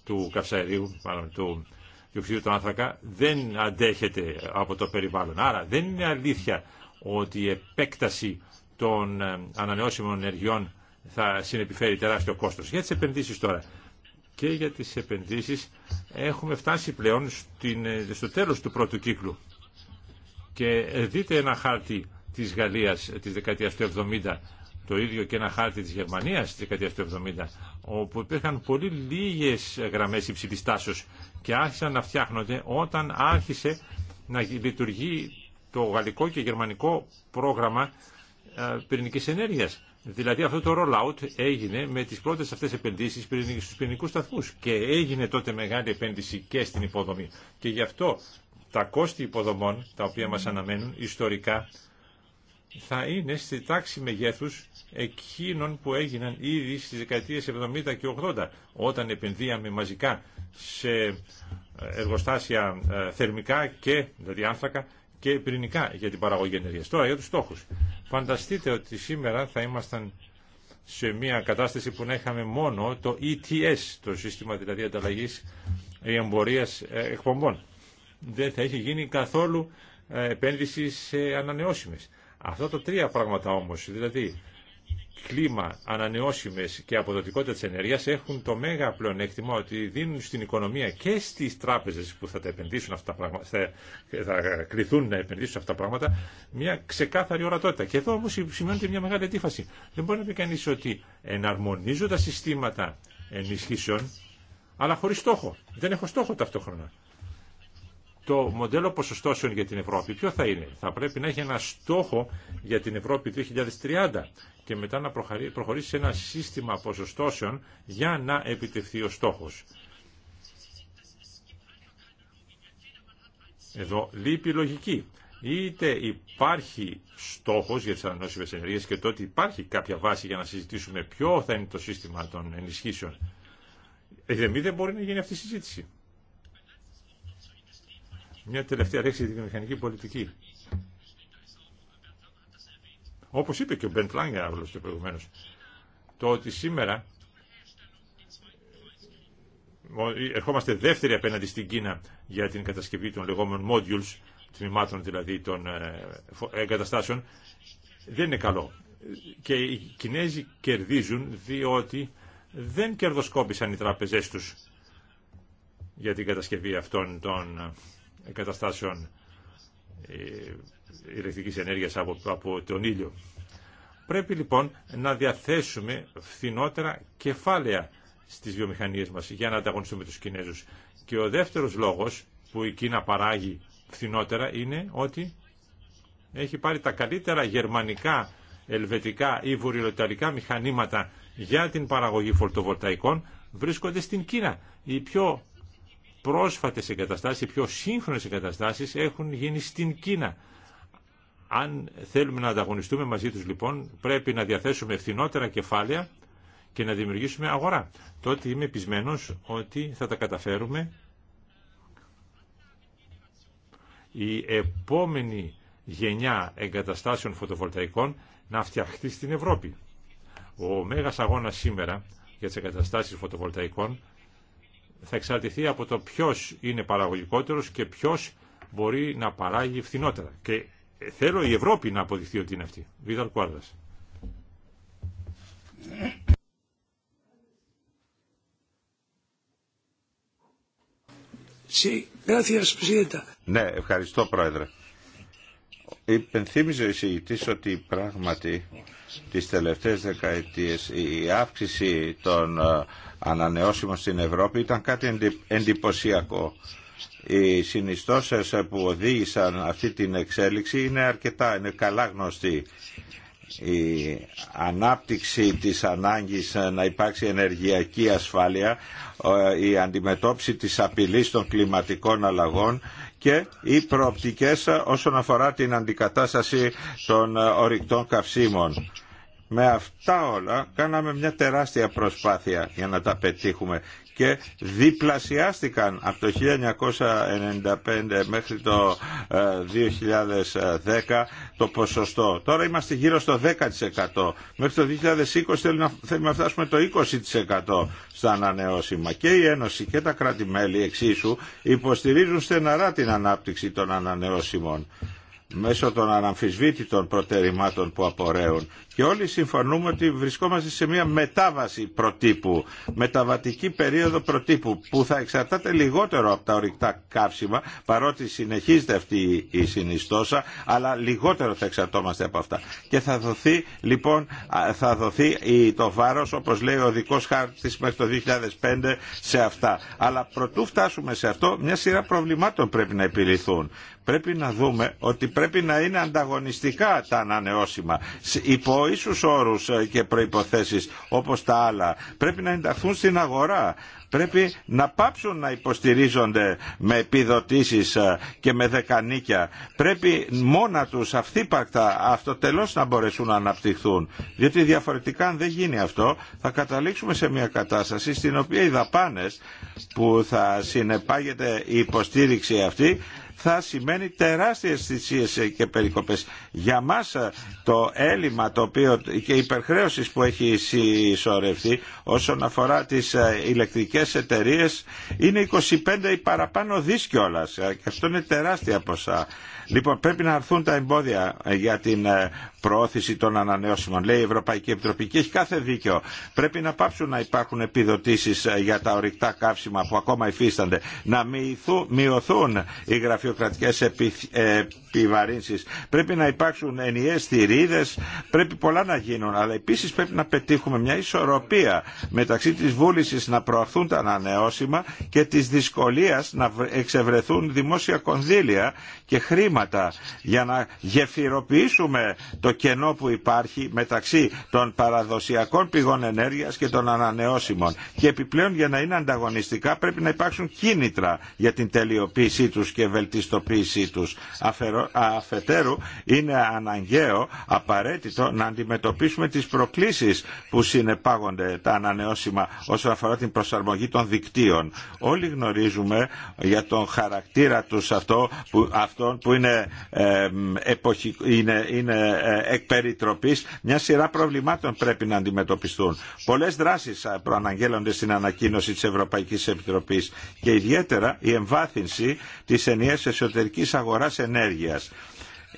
του καυσαερίου, του διοξιδίου του άνθρακα, δεν αντέχεται από το περιβάλλον. Άρα δεν είναι αλήθεια ότι η επέκταση των ε, ανανεώσιμων ενεργειών θα συνεπιφέρει τεράστιο κόστος. Για τις επενδύσεις τώρα και για τις επενδύσεις έχουμε φτάσει πλέον στην, ε, στο τέλος του πρώτου κύκλου. Και ε, δείτε ένα χάρτη της Γαλλίας της δεκαετίας του 70, το ίδιο και ένα χάρτη της Γερμανίας της δεκαετίας του 70, όπου υπήρχαν πολύ λίγες γραμμές υψηλής και άρχισαν να φτιάχνονται όταν άρχισε να λειτουργεί το γαλλικό και γερμανικό πρόγραμμα ε, Πυρηνική ενέργεια. Δηλαδή αυτό το rollout έγινε με τι πρώτε αυτέ επενδύσει στους πυρηνικούς σταθμού. και έγινε τότε μεγάλη επένδυση και στην υποδομή. Και γι' αυτό τα κόστη υποδομών, τα οποία μα αναμένουν ιστορικά, θα είναι στη τάξη μεγέθους εκείνων που έγιναν ήδη στι δεκαετίες 70 και 80, όταν επενδύαμε μαζικά σε ε, εργοστάσια ε, θερμικά και, δηλαδή άνθρακα, και πυρηνικά για την παραγωγή ενέργειας. Τώρα για τους στόχους. Φανταστείτε ότι σήμερα θα ήμασταν σε μια κατάσταση που να είχαμε μόνο το ETS, το σύστημα δηλαδή ανταλλαγή εμπορία ε, εκπομπών. Δεν θα είχε γίνει καθόλου ε, επένδυση σε ανανεώσιμες. Αυτό τα τρία πράγματα όμως, δηλαδή κλίμα, ανανεώσιμες και αποδοτικότητα τη ενέργειας έχουν το μέγα πλεονέκτημα ότι δίνουν στην οικονομία και στις τράπεζες που θα τα επενδύσουν αυτά τα πράγματα, θα, θα κληθούν να επενδύσουν αυτά τα πράγματα, μια ξεκάθαρη ορατότητα. Και εδώ όμως σημαίνεται μια μεγάλη αντίφαση. Δεν μπορεί να πει κανείς ότι εναρμονίζω τα συστήματα ενισχύσεων, αλλά χωρίς στόχο. Δεν έχω στόχο ταυτόχρονα το μοντέλο ποσοστώσεων για την Ευρώπη ποιο θα είναι. Θα πρέπει να έχει ένα στόχο για την Ευρώπη 2030 και μετά να προχωρήσει σε ένα σύστημα ποσοστώσεων για να επιτευχθεί ο στόχος. Εδώ λείπει η λογική. Είτε υπάρχει στόχος για τις ανανόσιμες ενέργειες και τότε υπάρχει κάποια βάση για να συζητήσουμε ποιο θα είναι το σύστημα των ενισχύσεων. Ε, δεν μπορεί να γίνει αυτή η συζήτηση. Μια τελευταία λέξη για τη βιομηχανική πολιτική. Όπως είπε και ο Μπεντ Λάγκερ και προηγουμένω, το ότι σήμερα ερχόμαστε δεύτερη απέναντι στην Κίνα για την κατασκευή των λεγόμενων modules, τμήματων δηλαδή των ε, ε, εγκαταστάσεων, δεν είναι καλό. Και οι Κινέζοι κερδίζουν διότι δεν κερδοσκόπησαν οι τράπεζές τους για την κατασκευή αυτών των εγκαταστάσεων ε, ηλεκτρικής ενέργειας από, από τον ήλιο. Πρέπει λοιπόν να διαθέσουμε φθηνότερα κεφάλαια στις βιομηχανίες μας για να ανταγωνιστούμε τους Κινέζους. Και ο δεύτερος λόγος που η Κίνα παράγει φθηνότερα είναι ότι έχει πάρει τα καλύτερα γερμανικά, ελβετικά ή βορειοιταλικά μηχανήματα για την παραγωγή φωτοβολταϊκών βρίσκονται στην Κίνα. Οι πιο πρόσφατες εγκαταστάσεις, οι πιο σύγχρονες εγκαταστάσεις έχουν γίνει στην Κίνα. Αν θέλουμε να ανταγωνιστούμε μαζί τους λοιπόν, πρέπει να διαθέσουμε φθηνότερα κεφάλαια και να δημιουργήσουμε αγορά. Τότε είμαι πεισμένος ότι θα τα καταφέρουμε. Η επόμενη γενιά εγκαταστάσεων φωτοβολταϊκών να φτιαχτεί στην Ευρώπη. Ο μέγας αγώνας σήμερα για τις εγκαταστάσεις φωτοβολταϊκών θα εξαρτηθεί από το ποιο είναι παραγωγικότερος και ποιο μπορεί να παράγει φθηνότερα. Και θέλω η Ευρώπη να αποδειχθεί ότι είναι αυτή. Βίδαλ Κουάρδας. Ναι, ευχαριστώ Πρόεδρε. Υπενθύμιζε ο εισηγητής ότι πράγματι τις τελευταίες δεκαετίες η αύξηση των ε, ανανεώσιμο στην Ευρώπη ήταν κάτι εντυπωσιακό. Οι συνιστώσεις που οδήγησαν αυτή την εξέλιξη είναι αρκετά, είναι καλά γνωστή Η ανάπτυξη της ανάγκης να υπάρξει ενεργειακή ασφάλεια, ε, η αντιμετώπιση της απειλής των κλιματικών αλλαγών και οι προοπτικές όσον αφορά την αντικατάσταση των ε, ορυκτών καυσίμων με αυτά όλα κάναμε μια τεράστια προσπάθεια για να τα πετύχουμε και διπλασιάστηκαν από το 1995 μέχρι το 2010 ε, το ποσοστό. Τώρα είμαστε γύρω στο 10%. Μέχρι το 2020 θέλουμε να φτάσουμε το 20% στα ανανεώσιμα. Και η Ένωση και τα κράτη-μέλη εξίσου υποστηρίζουν στεναρά την ανάπτυξη των ανανεώσιμων μέσω των αναμφισβήτητων προτεραιμάτων που απορρέουν και όλοι συμφωνούμε ότι βρισκόμαστε σε μια μετάβαση προτύπου, μεταβατική περίοδο προτύπου, που θα εξαρτάται λιγότερο από τα ορυκτά καύσιμα, παρότι συνεχίζεται αυτή η συνιστόσα, αλλά λιγότερο θα εξαρτώμαστε από αυτά. Και θα δοθεί, λοιπόν, θα δοθεί το βάρος, όπως λέει ο δικός χάρτης μέχρι το 2005, σε αυτά. Αλλά προτού φτάσουμε σε αυτό, μια σειρά προβλημάτων πρέπει να επιληθούν πρέπει να δούμε ότι πρέπει να είναι ανταγωνιστικά τα ανανεώσιμα υπό οι ίσους όρους ε, και προϋποθέσεις όπως τα άλλα. Πρέπει να ενταχθούν στην αγορά. Πρέπει να πάψουν να υποστηρίζονται με επιδοτήσεις ε, και με δεκανίκια. Πρέπει μόνα τους αυθύπακτα αυτοτελώς να μπορέσουν να αναπτυχθούν. Διότι διαφορετικά αν δεν γίνει αυτό θα καταλήξουμε σε μια κατάσταση στην οποία οι δαπάνες που θα συνεπάγεται η υποστήριξη αυτή θα σημαίνει τεράστιες θυσίες και περικοπές. Για μας ε, το έλλειμμα το οποίο και υπερχρέωσης που έχει συσσωρευτεί όσον αφορά τις ε, ηλεκτρικές εταιρείες είναι 25 ή παραπάνω δις κιόλας ε, και αυτό είναι τεράστια ποσά. Λοιπόν, πρέπει να αρθούν τα εμπόδια ε, για την ε, προώθηση των ανανεώσιμων. Λέει η Ευρωπαϊκή Επιτροπή και έχει κάθε δίκιο. Πρέπει να πάψουν να υπάρχουν επιδοτήσεις ε, για τα ορυκτά καύσιμα που ακόμα υφίστανται. Να μειωθούν οι γραφειοκρατικές επιβαρύνσεις. Πρέπει να υπάρξουν ενιαίες θηρίδες. Πρέπει πολλά να γίνουν. Αλλά επίσης πρέπει να πετύχουμε μια ισορροπία μεταξύ της βούλησης να προωθούν τα ανανεώσιμα και της δυσκολίας να εξευρεθούν δημόσια κονδύλια και χρήματα για να γεφυροποιήσουμε το κενό που υπάρχει μεταξύ των παραδοσιακών πηγών ενέργειας και των ανανεώσιμων. Και επιπλέον για να είναι ανταγωνιστικά πρέπει να υπάρξουν κίνητρα για την τελειοποίησή τους και βελτιστοποίησή τους. Αφετέρου είναι αναγκαίο, απαραίτητο να αντιμετωπίσουμε τις προκλήσεις που συνεπάγονται τα ανανεώσιμα όσον αφορά την προσαρμογή των δικτύων. Όλοι γνωρίζουμε για τον χαρακτήρα τους αυτό που αυτό που είναι, ε, εποχη, είναι, είναι ε, εκ μια σειρά προβλημάτων πρέπει να αντιμετωπιστούν. Πολλές δράσεις ε, προαναγγέλλονται στην ανακοίνωση της Ευρωπαϊκής Επιτροπής και ιδιαίτερα η εμβάθυνση της ενιαίας εσωτερικής αγοράς ενέργειας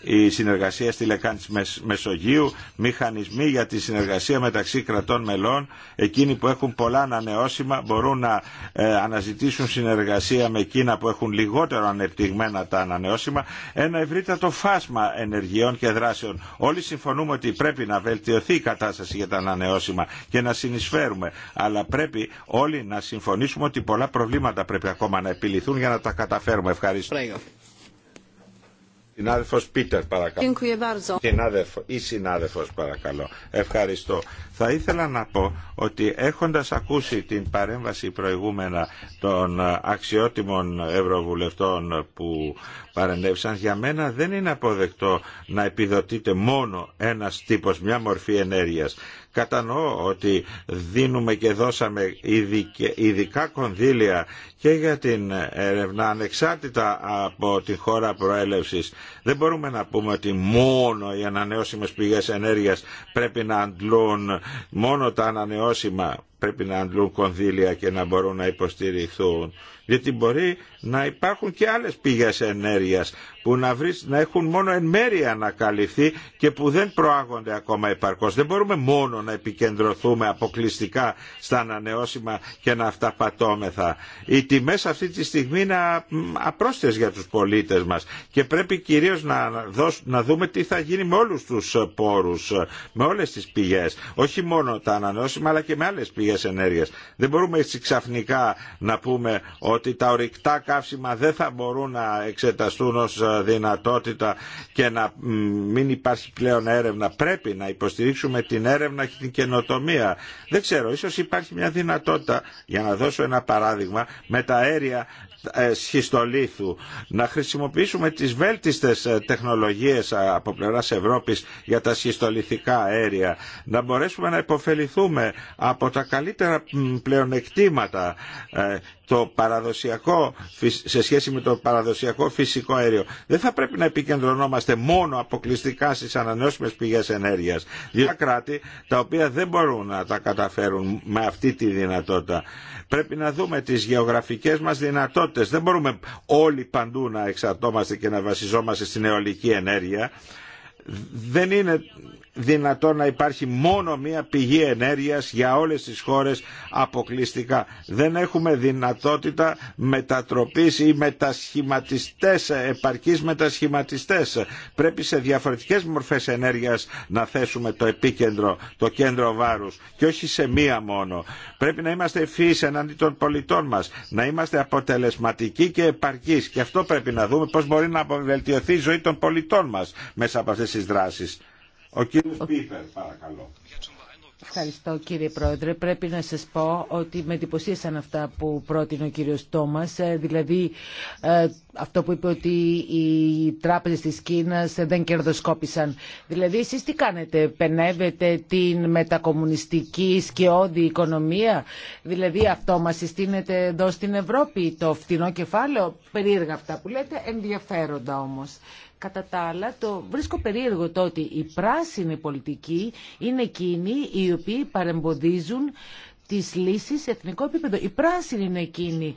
η συνεργασία στη Λεκάνη Μεσογείου, μηχανισμοί για τη συνεργασία μεταξύ κρατών μελών. Εκείνοι που έχουν πολλά ανανεώσιμα μπορούν να ε, αναζητήσουν συνεργασία με εκείνα που έχουν λιγότερο ανεπτυγμένα τα ανανεώσιμα. Ένα ευρύτατο φάσμα ενεργειών και δράσεων. Όλοι συμφωνούμε ότι πρέπει να βελτιωθεί η κατάσταση για τα ανανεώσιμα και να συνεισφέρουμε. Αλλά πρέπει όλοι να συμφωνήσουμε ότι πολλά προβλήματα πρέπει ακόμα να επιληθούν για να τα καταφέρουμε. Ευχαριστώ. Συνάδελφος Πίτερ παρακαλώ. Συνάδελφο, ή παρακαλώ. Ευχαριστώ. Θα ήθελα να πω ότι έχοντας ακούσει την παρέμβαση προηγούμενα των αξιότιμων ευρωβουλευτών που παρενέβησαν, για μένα δεν είναι αποδεκτό να επιδοτείται μόνο ένας τύπος, μια μορφή ενέργειας. Κατανοώ ότι δίνουμε και δώσαμε ειδικά κονδύλια και για την έρευνα ανεξάρτητα από τη χώρα προέλευσης. Δεν μπορούμε να πούμε ότι μόνο οι ανανεώσιμες πηγές ενέργειας πρέπει να αντλούν, μόνο τα ανανεώσιμα πρέπει να αντλούν κονδύλια και να μπορούν να υποστηριχθούν γιατί μπορεί να υπάρχουν και άλλες πηγές ενέργειας που να, βρεις, να έχουν μόνο εν μέρει ανακαλυφθεί και που δεν προάγονται ακόμα επαρκώς. Δεν μπορούμε μόνο να επικεντρωθούμε αποκλειστικά στα ανανεώσιμα και να αυταπατώμεθα. Οι τιμές αυτή τη στιγμή είναι απρόσθεσες για τους πολίτες μας και πρέπει κυρίως να, να δούμε τι θα γίνει με όλους τους πόρους, με όλες τις πηγές. Όχι μόνο τα ανανεώσιμα αλλά και με άλλες πηγές ενέργειας. Δεν μπορούμε έτσι ξαφνικά να πούμε ότι τα ορυκτά καύσιμα δεν θα μπορούν να εξεταστούν ως ε, δυνατότητα και να μην υπάρχει πλέον έρευνα. Πρέπει να υποστηρίξουμε την έρευνα και την καινοτομία. Δεν ξέρω, ίσως υπάρχει μια δυνατότητα, για να δώσω ένα παράδειγμα, με τα αέρια ε, σχιστολίθου, να χρησιμοποιήσουμε τις βέλτιστες ε, τεχνολογίες από πλευράς Ευρώπης για τα σχιστολιθικά αέρια, να μπορέσουμε να υποφεληθούμε από τα καλύτερα πλεονεκτήματα το παραδοσιακό, σε σχέση με το παραδοσιακό φυσικό αέριο. Δεν θα πρέπει να επικεντρωνόμαστε μόνο αποκλειστικά στις ανανεώσιμες πηγές ενέργειας. Δύο κράτη τα οποία δεν μπορούν να τα καταφέρουν με αυτή τη δυνατότητα. Πρέπει να δούμε τις γεωγραφικές μας δυνατότητες. Δεν μπορούμε όλοι παντού να εξαρτώμαστε και να βασιζόμαστε στην αιωλική ενέργεια δεν είναι δυνατό να υπάρχει μόνο μία πηγή ενέργειας για όλες τις χώρες αποκλειστικά. Δεν έχουμε δυνατότητα μετατροπής ή μετασχηματιστές, επαρκής μετασχηματιστές. Πρέπει σε διαφορετικές μορφές ενέργειας να θέσουμε το επίκεντρο, το κέντρο βάρους και όχι σε μία μόνο. Πρέπει να είμαστε ευφύης εναντί των πολιτών μας, να είμαστε αποτελεσματικοί και επαρκείς και αυτό πρέπει να δούμε πώς μπορεί να βελτιωθεί η ζωή των πολιτών μας μέσα από ο κύριος παρακαλώ. Ευχαριστώ κύριε Πρόεδρε. Πρέπει να σας πω ότι με εντυπωσίασαν αυτά που πρότεινε ο κύριος Τόμας, ε, δηλαδή ε, αυτό που είπε ότι οι τράπεζες της Κίνας δεν κερδοσκόπησαν. Δηλαδή εσείς τι κάνετε, πενεύετε την μετακομμουνιστική σκιώδη οικονομία, δηλαδή αυτό μας συστήνεται εδώ στην Ευρώπη, το φτηνό κεφάλαιο, περίεργα αυτά που λέτε, ενδιαφέροντα όμως. Κατά τα άλλα, το βρίσκω περίεργο το ότι η πράσινη πολιτική είναι εκείνη οι οποίοι παρεμποδίζουν τις λύσεις σε εθνικό επίπεδο. Οι πράσινοι είναι εκείνοι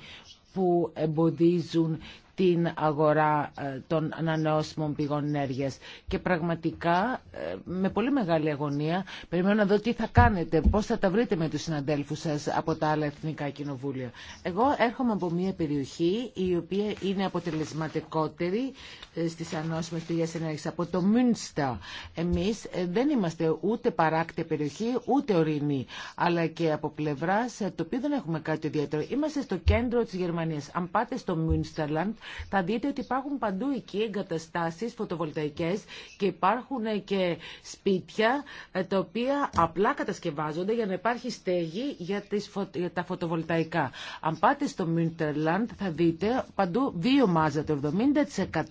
που εμποδίζουν την αγορά ε, των ανανεώσιμων πηγών ενέργεια Και πραγματικά, ε, με πολύ μεγάλη αγωνία, περιμένω να δω τι θα κάνετε, πώ θα τα βρείτε με του συναντέλφου σα από τα άλλα εθνικά κοινοβούλια. Εγώ έρχομαι από μια περιοχή η οποία είναι αποτελεσματικότερη ε, στι ανανεώσιμε πηγέ ενέργεια από το Μούνστα. Εμεί δεν είμαστε ούτε παράκτη περιοχή, ούτε ορεινή, αλλά και από πλευρά το οποίο δεν έχουμε κάτι ιδιαίτερο. Είμαστε στο κέντρο τη Γερμανία. Αν πάτε στο Μούνστερλαντ θα δείτε ότι υπάρχουν παντού εκεί εγκαταστάσεις φωτοβολταϊκές και υπάρχουν ε, και σπίτια ε, τα οποία απλά κατασκευάζονται για να υπάρχει στέγη για, τις, τα φωτοβολταϊκά. Αν πάτε στο Μίντερλαντ θα δείτε παντού δύο μάζα. Το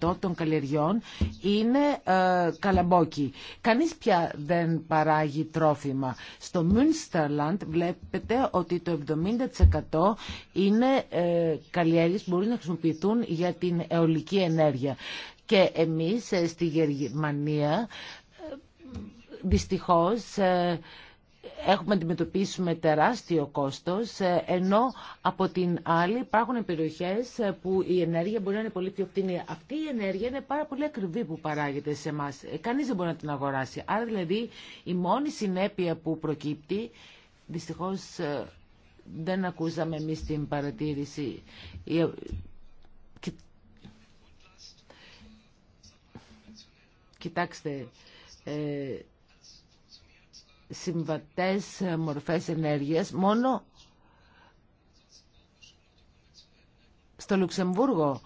70% των καλλιεργιών είναι ε, καλαμπόκι. Κανείς πια δεν παράγει τρόφιμα. Στο βλέπετε ότι το 70% είναι ε, καλλιέργειες που μπορούν να χρησιμοποιηθούν για για την αιωλική ενέργεια. Και εμείς ε, στη Γερμανία ε, δυστυχώς ε, έχουμε αντιμετωπίσει με τεράστιο κόστος, ενώ από την άλλη υπάρχουν περιοχές που η ενέργεια μπορεί να είναι πολύ πιο φτηνή. Αυτή η ενέργεια είναι πάρα πολύ ακριβή που παράγεται σε εμά. Κανείς δεν μπορεί να την αγοράσει. Άρα δηλαδή η μόνη συνέπεια που προκύπτει, δυστυχώς δεν ακούσαμε εμείς την παρατήρηση Κοιτάξτε, ε, συμβατές ε, μορφές ενέργειας μόνο στο Λουξεμβούργο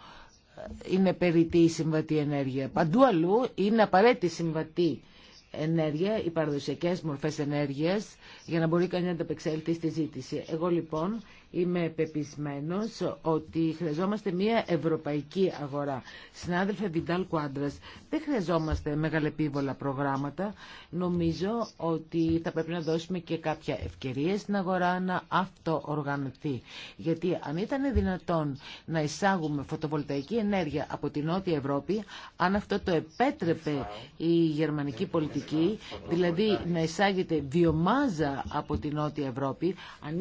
είναι περίτη η συμβατή ενέργεια. Παντού αλλού είναι απαραίτητη συμβατή ενέργεια, οι παραδοσιακές μορφές ενέργειας για να μπορεί κανείς να ανταπεξέλθει στη ζήτηση. Εγώ λοιπόν Είμαι πεπισμένο ότι χρειαζόμαστε μια ευρωπαϊκή αγορά. Συνάδελφε Βιντάλ Κουάντρας, δεν χρειαζόμαστε μεγαλεπίβολα προγράμματα. Νομίζω ότι θα πρέπει να δώσουμε και κάποια ευκαιρία στην αγορά να αυτοοργανωθεί. Γιατί αν ήταν δυνατόν να εισάγουμε φωτοβολταϊκή ενέργεια από την Νότια Ευρώπη, αν αυτό το επέτρεπε η γερμανική πολιτική, δηλαδή να εισάγεται βιομάζα από την Νότια Ευρώπη, αν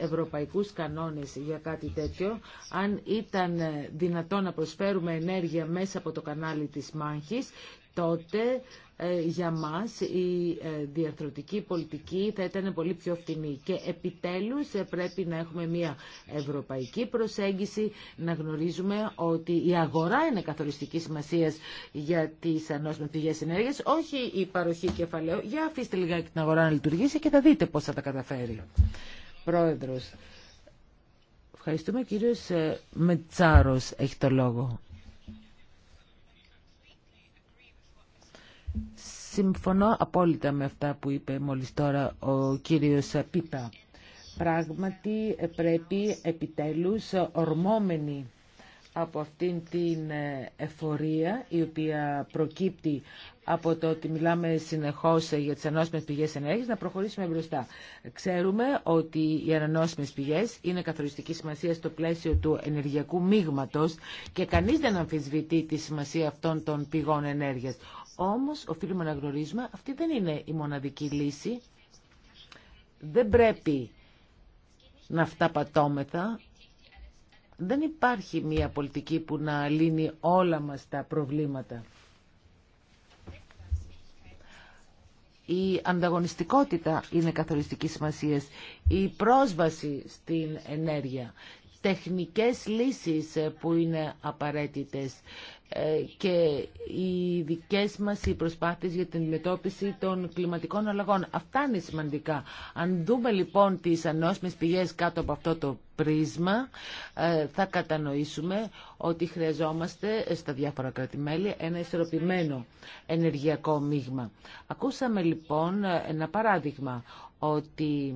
ευρωπαϊκούς κανόνες για κάτι τέτοιο, αν ήταν δυνατό να προσφέρουμε ενέργεια μέσα από το κανάλι της Μάνχης, τότε ε, για μας η ε, διαρθρωτική πολιτική θα ήταν πολύ πιο φτηνή. Και επιτέλους ε, πρέπει να έχουμε μια ευρωπαϊκή προσέγγιση, να γνωρίζουμε ότι η αγορά είναι καθοριστική σημασία για τις ανώσιμες πηγές ενέργειας, όχι η παροχή κεφαλαίου. Για αφήστε λιγάκι την αγορά να λειτουργήσει και θα δείτε πώς θα τα καταφέρει. Πρόεδρος. Ευχαριστούμε κύριος ε, Μετσάρος έχει το λόγο. Συμφωνώ απόλυτα με αυτά που είπε μόλις τώρα ο κύριος Πίπα. Πράγματι πρέπει επιτέλους ορμόμενοι από αυτήν την ε, εφορία η οποία προκύπτει από το ότι μιλάμε συνεχώς για τις ανώσιμες πηγές ενέργειας να προχωρήσουμε μπροστά. Ξέρουμε ότι οι ανανόσιμες πηγές είναι καθοριστική σημασία στο πλαίσιο του ενεργειακού μείγματος και κανείς δεν αμφισβητεί τη σημασία αυτών των πηγών ενέργειας. Όμως οφείλουμε να γνωρίζουμε αυτή δεν είναι η μοναδική λύση. Δεν πρέπει να αυτά πατώμεθα. Δεν υπάρχει μια πολιτική που να λύνει όλα μας τα προβλήματα. η ανταγωνιστικότητα είναι καθοριστική σημασία, η πρόσβαση στην ενέργεια, τεχνικές λύσεις που είναι απαραίτητες, ε, και οι δικές μας οι προσπάθειες για την αντιμετώπιση των κλιματικών αλλαγών. Αυτά είναι σημαντικά. Αν δούμε λοιπόν τις ανώσμες πηγές κάτω από αυτό το πρίσμα, ε, θα κατανοήσουμε ότι χρειαζόμαστε στα διάφορα κρατημέλη ένα ισορροπημένο ενεργειακό μείγμα. Ακούσαμε λοιπόν ένα παράδειγμα ότι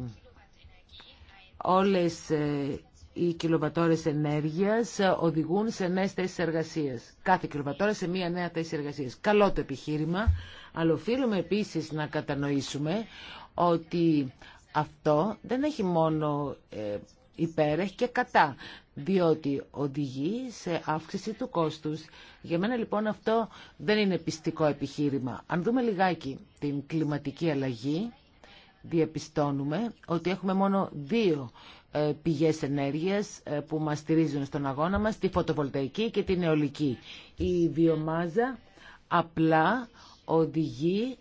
όλες ε, οι κιλοβατόρες ενέργειας οδηγούν σε νέες θέσεις εργασίας. Κάθε κιλοβατόρα σε μία νέα θέση εργασίας. Καλό το επιχείρημα, αλλά οφείλουμε επίσης να κατανοήσουμε ότι αυτό δεν έχει μόνο ε, υπέρ, και κατά, διότι οδηγεί σε αύξηση του κόστους. Για μένα λοιπόν αυτό δεν είναι πιστικό επιχείρημα. Αν δούμε λιγάκι την κλιματική αλλαγή, διαπιστώνουμε ότι έχουμε μόνο δύο ε, πηγές ενέργειας ε, που μας στηρίζουν στον αγώνα μας, τη φωτοβολταϊκή και την αιωλική. Η βιομάζα απλά οδηγεί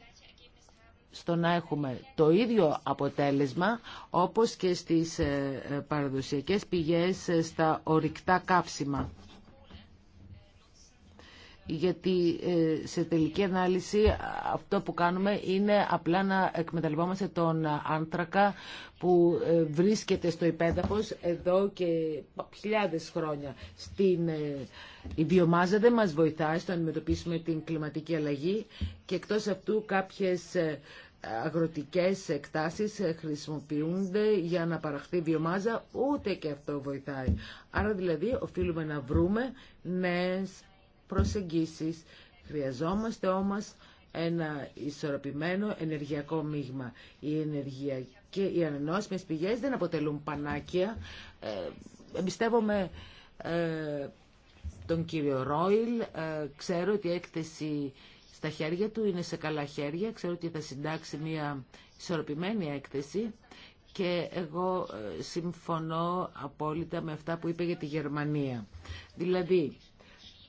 στο να έχουμε το ίδιο αποτέλεσμα όπως και στις ε, παραδοσιακές πηγές στα ορυκτά καύσιμα γιατί ε, σε τελική ανάλυση αυτό που κάνουμε είναι απλά να εκμεταλλευόμαστε τον άνθρακα που ε, βρίσκεται στο υπέδαφος εδώ και χιλιάδες χρόνια. Στην, ε, η βιομάζα δεν μας βοηθάει στο να αντιμετωπίσουμε την κλιματική αλλαγή και εκτός αυτού κάποιες αγροτικές εκτάσεις χρησιμοποιούνται για να παραχθεί βιομάζα, ούτε και αυτό βοηθάει. Άρα δηλαδή οφείλουμε να βρούμε νέες προσεγγίσεις. Χρειαζόμαστε όμως ένα ισορροπημένο ενεργειακό μείγμα. Η ενεργεια και οι ανανεώσιμες πηγές δεν αποτελούν πανάκια. Ε, εμπιστεύομαι ε, τον κύριο Ρόιλ. Ε, ξέρω ότι η έκθεση στα χέρια του είναι σε καλά χέρια. Ξέρω ότι θα συντάξει μια ισορροπημένη έκθεση. Και εγώ συμφωνώ απόλυτα με αυτά που είπε για τη Γερμανία. Δηλαδή,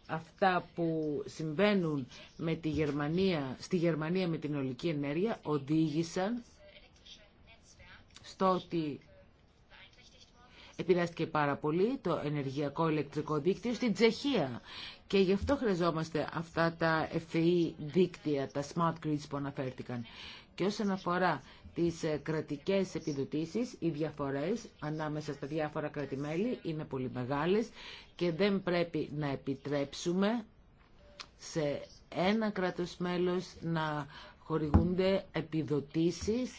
αυτά που συμβαίνουν με τη Γερμανία, στη Γερμανία με την ολική ενέργεια οδήγησαν στο ότι επηρεάστηκε πάρα πολύ το ενεργειακό ηλεκτρικό δίκτυο στην Τσεχία. Και γι' αυτό χρειαζόμαστε αυτά τα FEE δίκτυα, τα smart grids που αναφέρθηκαν. Και όσον αφορά τις ε, κρατικές επιδοτήσεις, οι διαφορές ανάμεσα στα διάφορα κρατημέλη είναι πολύ μεγάλες και δεν πρέπει να επιτρέψουμε σε ένα κράτος μέλος να χορηγούνται επιδοτήσεις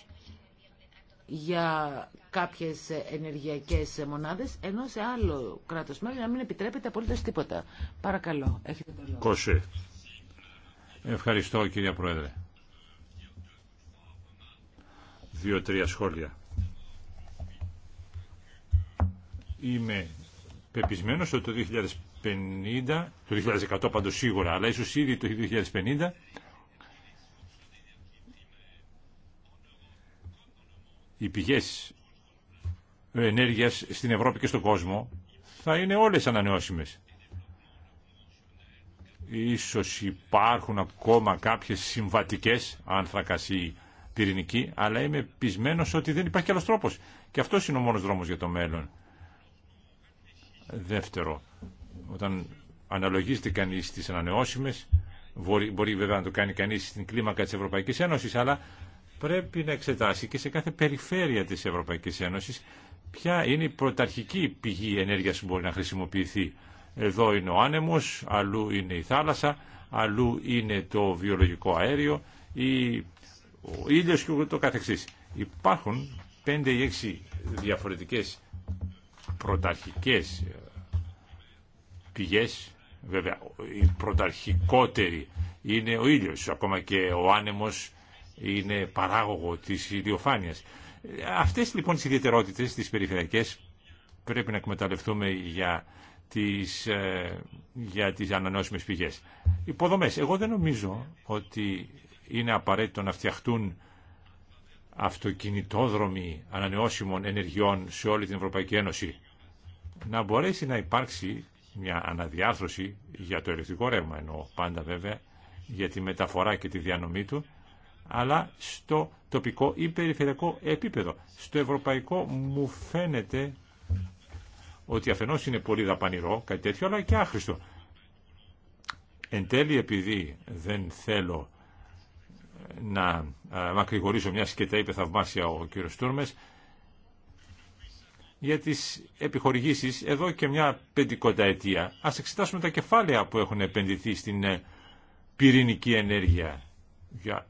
για κάποιες ενεργειακές μονάδες, ενώ σε άλλο κράτος μέλος να μην επιτρέπεται απολύτως τίποτα. Παρακαλώ. Έχετε το λόγο. Ευχαριστώ κυρία Πρόεδρε δύο-τρία σχόλια. Είμαι πεπισμένος ότι το 2050, το 2100 πάντως σίγουρα, αλλά ίσως ήδη το 2050, οι πηγές ενέργειας στην Ευρώπη και στον κόσμο θα είναι όλες ανανεώσιμες. Ίσως υπάρχουν ακόμα κάποιες συμβατικές άνθρακας ή πυρηνική, αλλά είμαι πεισμένος ότι δεν υπάρχει άλλος τρόπος. Και αυτό είναι ο μόνος δρόμος για το μέλλον. Δεύτερο, όταν αναλογίζεται κανείς τι ανανεώσιμες, μπορεί, μπορεί βέβαια να το κάνει κανείς στην κλίμακα της Ευρωπαϊκής Ένωσης, αλλά πρέπει να εξετάσει και σε κάθε περιφέρεια της Ευρωπαϊκής Ένωσης ποια είναι η πρωταρχική πηγή ενέργειας που μπορεί να χρησιμοποιηθεί. Εδώ είναι ο άνεμος, αλλού είναι η θάλασσα, αλλού είναι το βιολογικό αέριο ή ο ήλιος και ούτω καθεξής. Υπάρχουν πρωταρχικές ε, πηγές. Βέβαια, η εξι διαφορετικες πρωταρχικες πηγες είναι ο ήλιος, ακόμα και ο άνεμος είναι παράγωγο της ηλιοφάνειας. Αυτές λοιπόν τις ιδιαιτερότητες, τις περιφερειακές, πρέπει να εκμεταλλευτούμε για τις, ε, για τις ανανεώσιμες πηγές. Υποδομές. Εγώ δεν νομίζω ότι είναι απαραίτητο να φτιαχτούν αυτοκινητόδρομοι ανανεώσιμων ενεργειών σε όλη την Ευρωπαϊκή Ένωση. Να μπορέσει να υπάρξει μια αναδιάρθρωση για το ηλεκτρικό ρεύμα, ενώ πάντα βέβαια, για τη μεταφορά και τη διανομή του, αλλά στο τοπικό ή περιφερειακό επίπεδο. Στο ευρωπαϊκό μου φαίνεται ότι αφενός είναι πολύ δαπανηρό, κάτι τέτοιο, αλλά και άχρηστο. Εν τέλει, επειδή δεν θέλω να μακρηγορήσω μια και τα είπε θαυμάσια ο κύριο Τουρμέ για τι επιχορηγήσει εδώ και μια πεντηκονταετία. α εξετάσουμε τα κεφάλαια που έχουν επενδυθεί στην ε, πυρηνική ενέργεια για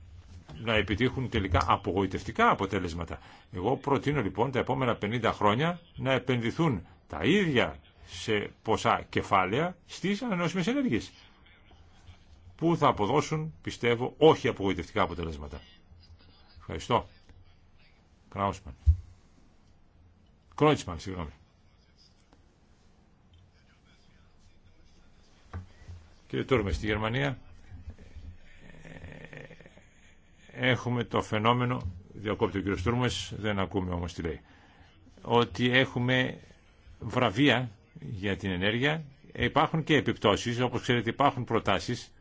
να επιτύχουν τελικά απογοητευτικά αποτέλεσματα. Εγώ προτείνω λοιπόν τα επόμενα 50 χρόνια να επενδυθούν τα ίδια σε ποσά κεφάλαια στις ανανεώσιμες ενέργειες που θα αποδώσουν, πιστεύω, όχι απογοητευτικά αποτελέσματα. Ευχαριστώ. Κράουσμαν. Κρότσμαν, συγγνώμη. Κύριε Τούρμε, στη Γερμανία ε, έχουμε το φαινόμενο, διακόπτει ο κύριος Τούρμες, δεν ακούμε όμως τι λέει, ότι έχουμε βραβεία για την ενέργεια, υπάρχουν και επιπτώσεις, όπως ξέρετε υπάρχουν προτάσεις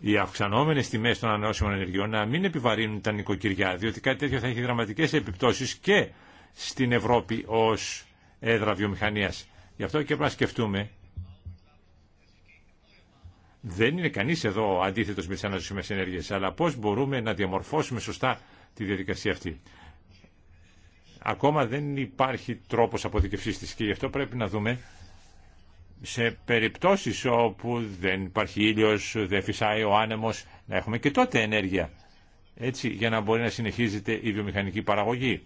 οι αυξανόμενε τιμέ των ανανεώσιμων ενεργειών να μην επιβαρύνουν τα νοικοκυριά, διότι κάτι τέτοιο θα έχει δραματικέ επιπτώσει και στην Ευρώπη ω έδρα βιομηχανία. Γι' αυτό και πρέπει να σκεφτούμε. Δεν είναι κανεί εδώ αντίθετο με τι ανανεώσιμε ενέργειε, αλλά πώ μπορούμε να διαμορφώσουμε σωστά τη διαδικασία αυτή. Ακόμα δεν υπάρχει τρόπο αποδικευσή τη και γι' αυτό πρέπει να δούμε σε περιπτώσεις όπου δεν υπάρχει ήλιος, δεν φυσάει ο άνεμος, να έχουμε και τότε ενέργεια, έτσι, για να μπορεί να συνεχίζεται η βιομηχανική παραγωγή.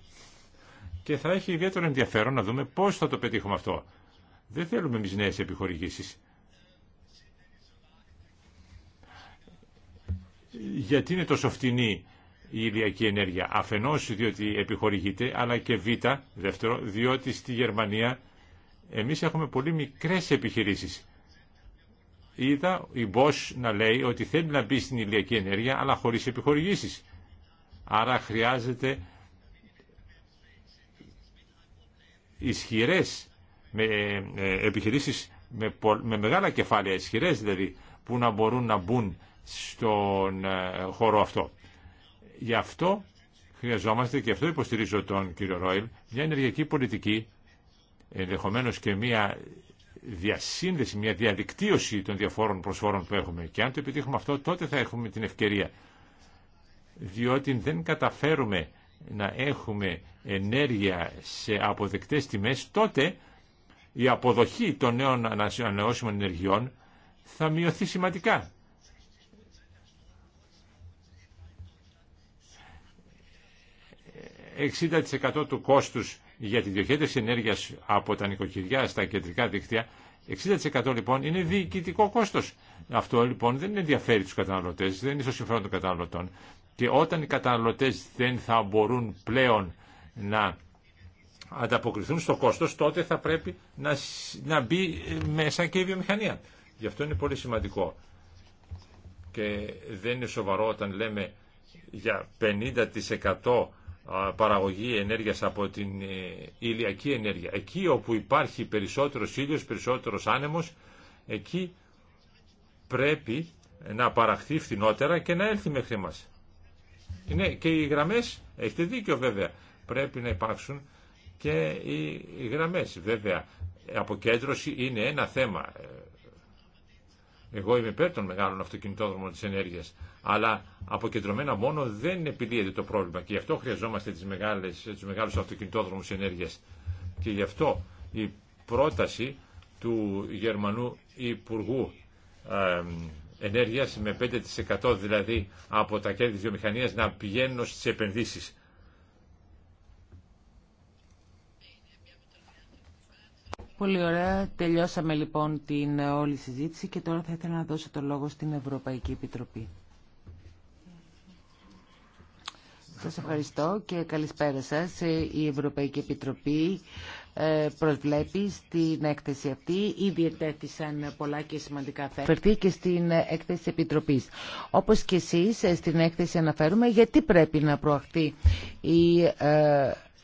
Και θα έχει ιδιαίτερο ενδιαφέρον να δούμε πώς θα το πετύχουμε αυτό. Δεν θέλουμε εμείς νέες επιχορηγήσεις. Γιατί είναι τόσο φτηνή η ηλιακή ενέργεια. Αφενός διότι επιχορηγείται, αλλά και β, δεύτερο, διότι στη Γερμανία εμείς έχουμε πολύ μικρές επιχειρήσεις. Είδα η Bosch να λέει ότι θέλει να μπει στην ηλιακή ενέργεια, αλλά χωρίς επιχορηγήσεις. Άρα χρειάζεται ισχυρές με, ε, ε, επιχειρήσεις με, με μεγάλα κεφάλαια, ισχυρές δηλαδή, που να μπορούν να μπουν στον ε, χώρο αυτό. Γι' αυτό χρειαζόμαστε, και αυτό υποστηρίζω τον κύριο Ρόιλ, μια ενεργειακή πολιτική ενδεχομένως και μια διασύνδεση, μια διαδικτύωση των διαφόρων προσφόρων που έχουμε. Και αν το επιτύχουμε αυτό, τότε θα έχουμε την ευκαιρία. Διότι δεν καταφέρουμε να έχουμε ενέργεια σε αποδεκτές τιμές, τότε η αποδοχή των νέων ανανεώσιμων ενεργειών θα μειωθεί σημαντικά. ...60% του κόστους για τη διοχέτευση ενέργειας από τα νοικοκυριά στα κεντρικά δίκτυα, 60% λοιπόν είναι διοικητικό κόστος. Αυτό λοιπόν δεν ενδιαφέρει του καταναλωτές, δεν είναι στο συμφέρον των καταναλωτών. Και όταν οι καταναλωτές δεν θα μπορούν πλέον να ανταποκριθούν στο κόστος, τότε θα πρέπει να, να μπει ε, μέσα και η βιομηχανία. Γι' αυτό είναι πολύ σημαντικό. Και δεν είναι σοβαρό όταν λέμε για 50% παραγωγή ενέργειας από την ε, ηλιακή ενέργεια. Εκεί όπου υπάρχει περισσότερος ήλιος, περισσότερος άνεμος, εκεί πρέπει να παραχθεί φθηνότερα και να έρθει μέχρι μας. Είναι και οι γραμμές, έχετε δίκιο βέβαια, πρέπει να υπάρξουν και οι γραμμές. Βέβαια, αποκέντρωση είναι ένα θέμα. Ε, εγώ είμαι υπέρ των μεγάλων αυτοκινητόδρομων τη ενέργειας, αλλά αποκεντρωμένα μόνο δεν επιλύεται το πρόβλημα και γι' αυτό χρειαζόμαστε του μεγάλου τους μεγάλους αυτοκινητόδρομους ενέργειας. Και γι' αυτό η πρόταση του Γερμανού Υπουργού ε, Ενέργειας με 5% δηλαδή από τα κέρδη της βιομηχανίας να πηγαίνουν στις επενδύσεις. Πολύ ωραία. Τελειώσαμε λοιπόν την ε, όλη συζήτηση και τώρα θα ήθελα να δώσω το λόγο στην Ευρωπαϊκή Επιτροπή. Σας ευχαριστώ και καλησπέρα σας. Ε, η Ευρωπαϊκή Επιτροπή ε, προσβλέπει στην έκθεση αυτή. Ήδη ετέθησαν πολλά και σημαντικά θέματα. Φερθεί και στην έκθεση Επιτροπής. Όπως και εσείς στην έκθεση αναφέρουμε γιατί πρέπει να προαχθεί η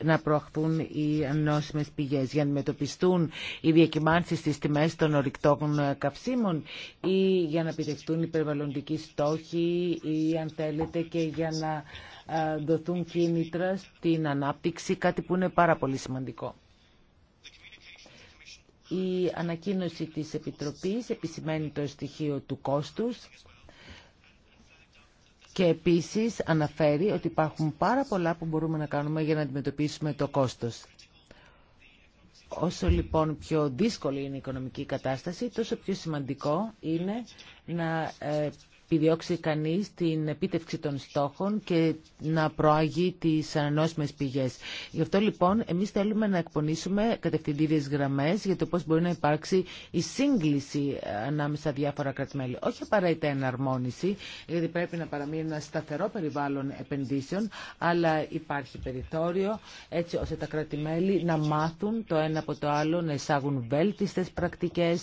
να προαχθούν οι ανώσιμες πηγές για να αντιμετωπιστούν οι διακυμάνσεις στις τιμές των ορυκτών καυσίμων ή για να επιτευχθούν οι περιβαλλοντικοί στόχοι ή αν θέλετε και για να δοθούν κίνητρα στην ανάπτυξη, κάτι που είναι πάρα πολύ σημαντικό. Η ανακοίνωση της Επιτροπής επισημαίνει το στοιχείο του κόστους και επίσης αναφέρει ότι υπάρχουν πάρα πολλά που μπορούμε να κάνουμε για να αντιμετωπίσουμε το κόστος. Όσο λοιπόν πιο δύσκολη είναι η οικονομική κατάσταση, τόσο πιο σημαντικό είναι να ε, επιδιώξει κανείς την επίτευξη των στόχων και να προάγει τις ανανόσιμες πηγές. Γι' αυτό λοιπόν εμείς θέλουμε να εκπονήσουμε κατευθυντήριε γραμμές για το πώς μπορεί να υπάρξει η σύγκληση ανάμεσα διάφορα κρατημέλη. Όχι απαραίτητα εναρμόνιση, γιατί πρέπει να παραμείνει ένα σταθερό περιβάλλον επενδύσεων, αλλά υπάρχει περιθώριο έτσι ώστε τα κρατημέλη να μάθουν το ένα από το άλλο, να εισάγουν βέλτιστες πρακτικέ,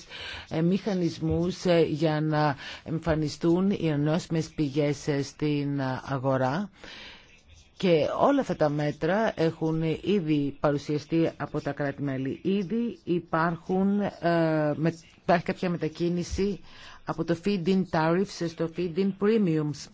ε, μηχανισμού ε, για να εμφανιστούν οι ενώσιμες πηγές στην αγορά και όλα αυτά τα μέτρα έχουν ήδη παρουσιαστεί από τα κράτη-μέλη. Ήδη υπάρχουν, ε, υπάρχει κάποια μετακίνηση από το feed-in tariffs στο feed-in premiums.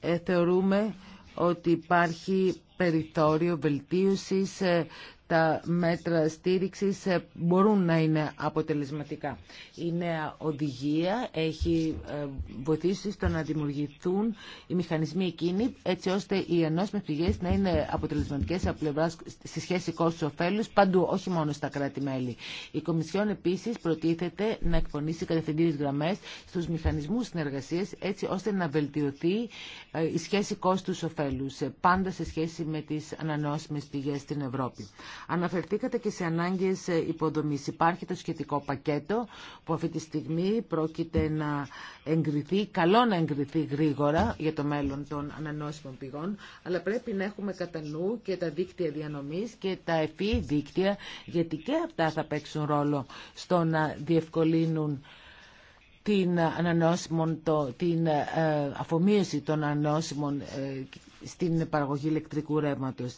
Ε, θεωρούμε ότι υπάρχει περιθώριο βελτίωσης ε, τα μέτρα στήριξης ε, μπορούν να είναι αποτελεσματικά. Η νέα οδηγία έχει ε, βοηθήσει στο να δημιουργηθούν οι μηχανισμοί εκείνοι έτσι ώστε οι ενώσιμες πηγές να είναι αποτελεσματικές στη σχέση κόστος-οφέλους παντού, όχι μόνο στα κράτη-μέλη. Η Κομισιόν επίσης προτίθεται να εκπονήσει κατευθυντήριες γραμμές στους μηχανισμούς συνεργασίας έτσι ώστε να βελτιωθεί ε, η σχέση κόστους-οφέλους πάντα σε σχέση με τις ανανεώσιμες πηγές στην Ευρώπη. Αναφερθήκατε και σε ανάγκες ε, υποδομής. Υπάρχει το σχετικό πακέτο που αυτή τη στιγμή πρόκειται να εγκριθεί, καλό να εγκριθεί γρήγορα για το μέλλον των ανανόσιμων πηγών, αλλά πρέπει να έχουμε κατά νου και τα δίκτυα διανομής και τα ευφύ δίκτυα, γιατί και αυτά θα παίξουν ρόλο στο να διευκολύνουν την, το, την ε, των ανανεώσιμων ε, στην παραγωγή ηλεκτρικού ρεύματος.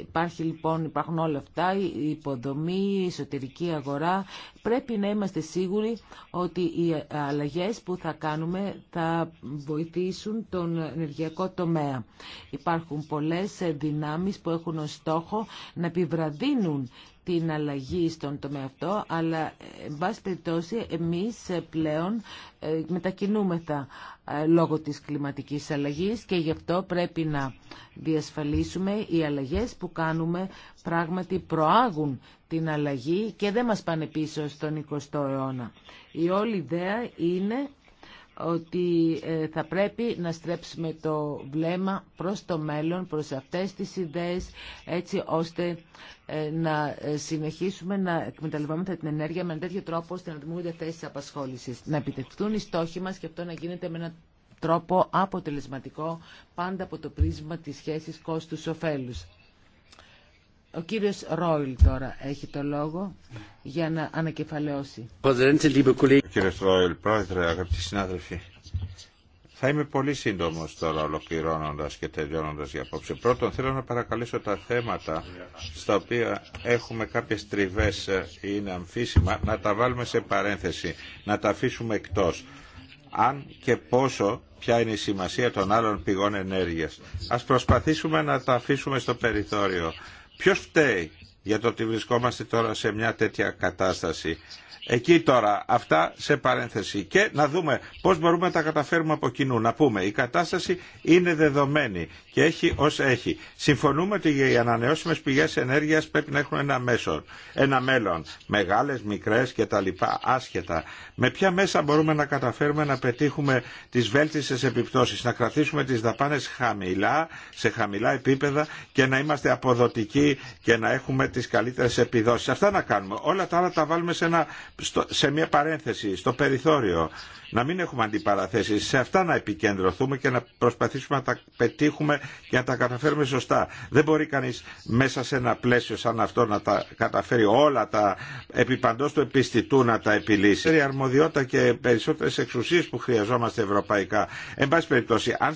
Υπάρχει λοιπόν, υπάρχουν όλα αυτά, η υποδομή, η εσωτερική αγορά. Πρέπει να είμαστε σίγουροι ότι οι αλλαγές που θα κάνουμε θα βοηθήσουν τον ενεργειακό τομέα. Υπάρχουν πολλές δυνάμεις που έχουν ως στόχο να επιβραδύνουν την αλλαγή στον τομέα αυτό, αλλά εν πάση περιπτώσει εμείς ε, πλέον ε, μετακινούμεθα ε, λόγω της κλιματικής αλλαγής και γι' αυτό πρέπει να διασφαλίσουμε οι αλλαγές που κάνουμε πράγματι προάγουν την αλλαγή και δεν μας πάνε πίσω στον 20ο αιώνα. Η όλη ιδέα είναι ότι ε, θα πρέπει να στρέψουμε το βλέμμα προς το μέλλον, προς αυτές τις ιδέες, έτσι ώστε ε, να ε, συνεχίσουμε να εκμεταλλευόμαστε την ενέργεια με τέτοιο τρόπο ώστε να δημιουργούνται θέσει απασχόλησης. Να επιτευχθούν οι στόχοι μας και αυτό να γίνεται με έναν τρόπο αποτελεσματικό, πάντα από το πρίσμα της σχεση κοστους κόστους-οφέλους. Ο κύριος Ρόιλ τώρα έχει το λόγο για να ανακεφαλαιώσει. Κύριε Ρόιλ, πρόεδρε, αγαπητοί συνάδελφοι, θα είμαι πολύ σύντομο τώρα ολοκληρώνοντα και τελειώνοντα για απόψε. Πρώτον, θέλω να παρακαλέσω τα θέματα στα οποία έχουμε κάποιε τριβέ ή ε, είναι αμφίσιμα να τα βάλουμε σε παρένθεση, να τα αφήσουμε εκτό. Αν και πόσο, ποια είναι η σημασία των άλλων πηγών ενέργεια. Α προσπαθήσουμε να τα αφήσουμε στο περιθώριο Ποιος φταίει για το ότι βρισκόμαστε τώρα σε μια τέτοια κατάσταση. Εκεί τώρα, αυτά σε παρένθεση. Και να δούμε πώς μπορούμε να τα καταφέρουμε από κοινού. Να πούμε, η κατάσταση είναι δεδομένη και έχει ως έχει. Συμφωνούμε ότι οι ανανεώσιμε πηγέ ενέργεια πρέπει να έχουν ένα, μέσο, ένα μέλλον, μεγάλε, μικρέ και τα λοιπά, άσχετα. Με ποια μέσα μπορούμε να καταφέρουμε να πετύχουμε τις βέλτιστες επιπτώσει, να κρατήσουμε τι δαπάνε χαμηλά, σε χαμηλά επίπεδα και να είμαστε αποδοτικοί και να έχουμε τι καλύτερε επιδόσει. Αυτά να κάνουμε. Όλα τα άλλα τα βάλουμε σε μια παρένθεση, στο περιθώριο να μην έχουμε αντιπαραθέσει, σε αυτά να επικεντρωθούμε και να προσπαθήσουμε να τα πετύχουμε και να τα καταφέρουμε σωστά. Δεν μπορεί κανεί μέσα σε ένα πλαίσιο σαν αυτό να τα καταφέρει όλα τα επιπαντό του επιστητού να τα επιλύσει. Η αρμοδιότητα και περισσότερε εξουσίε που χρειαζόμαστε ευρωπαϊκά. Εν πάση περιπτώσει, αν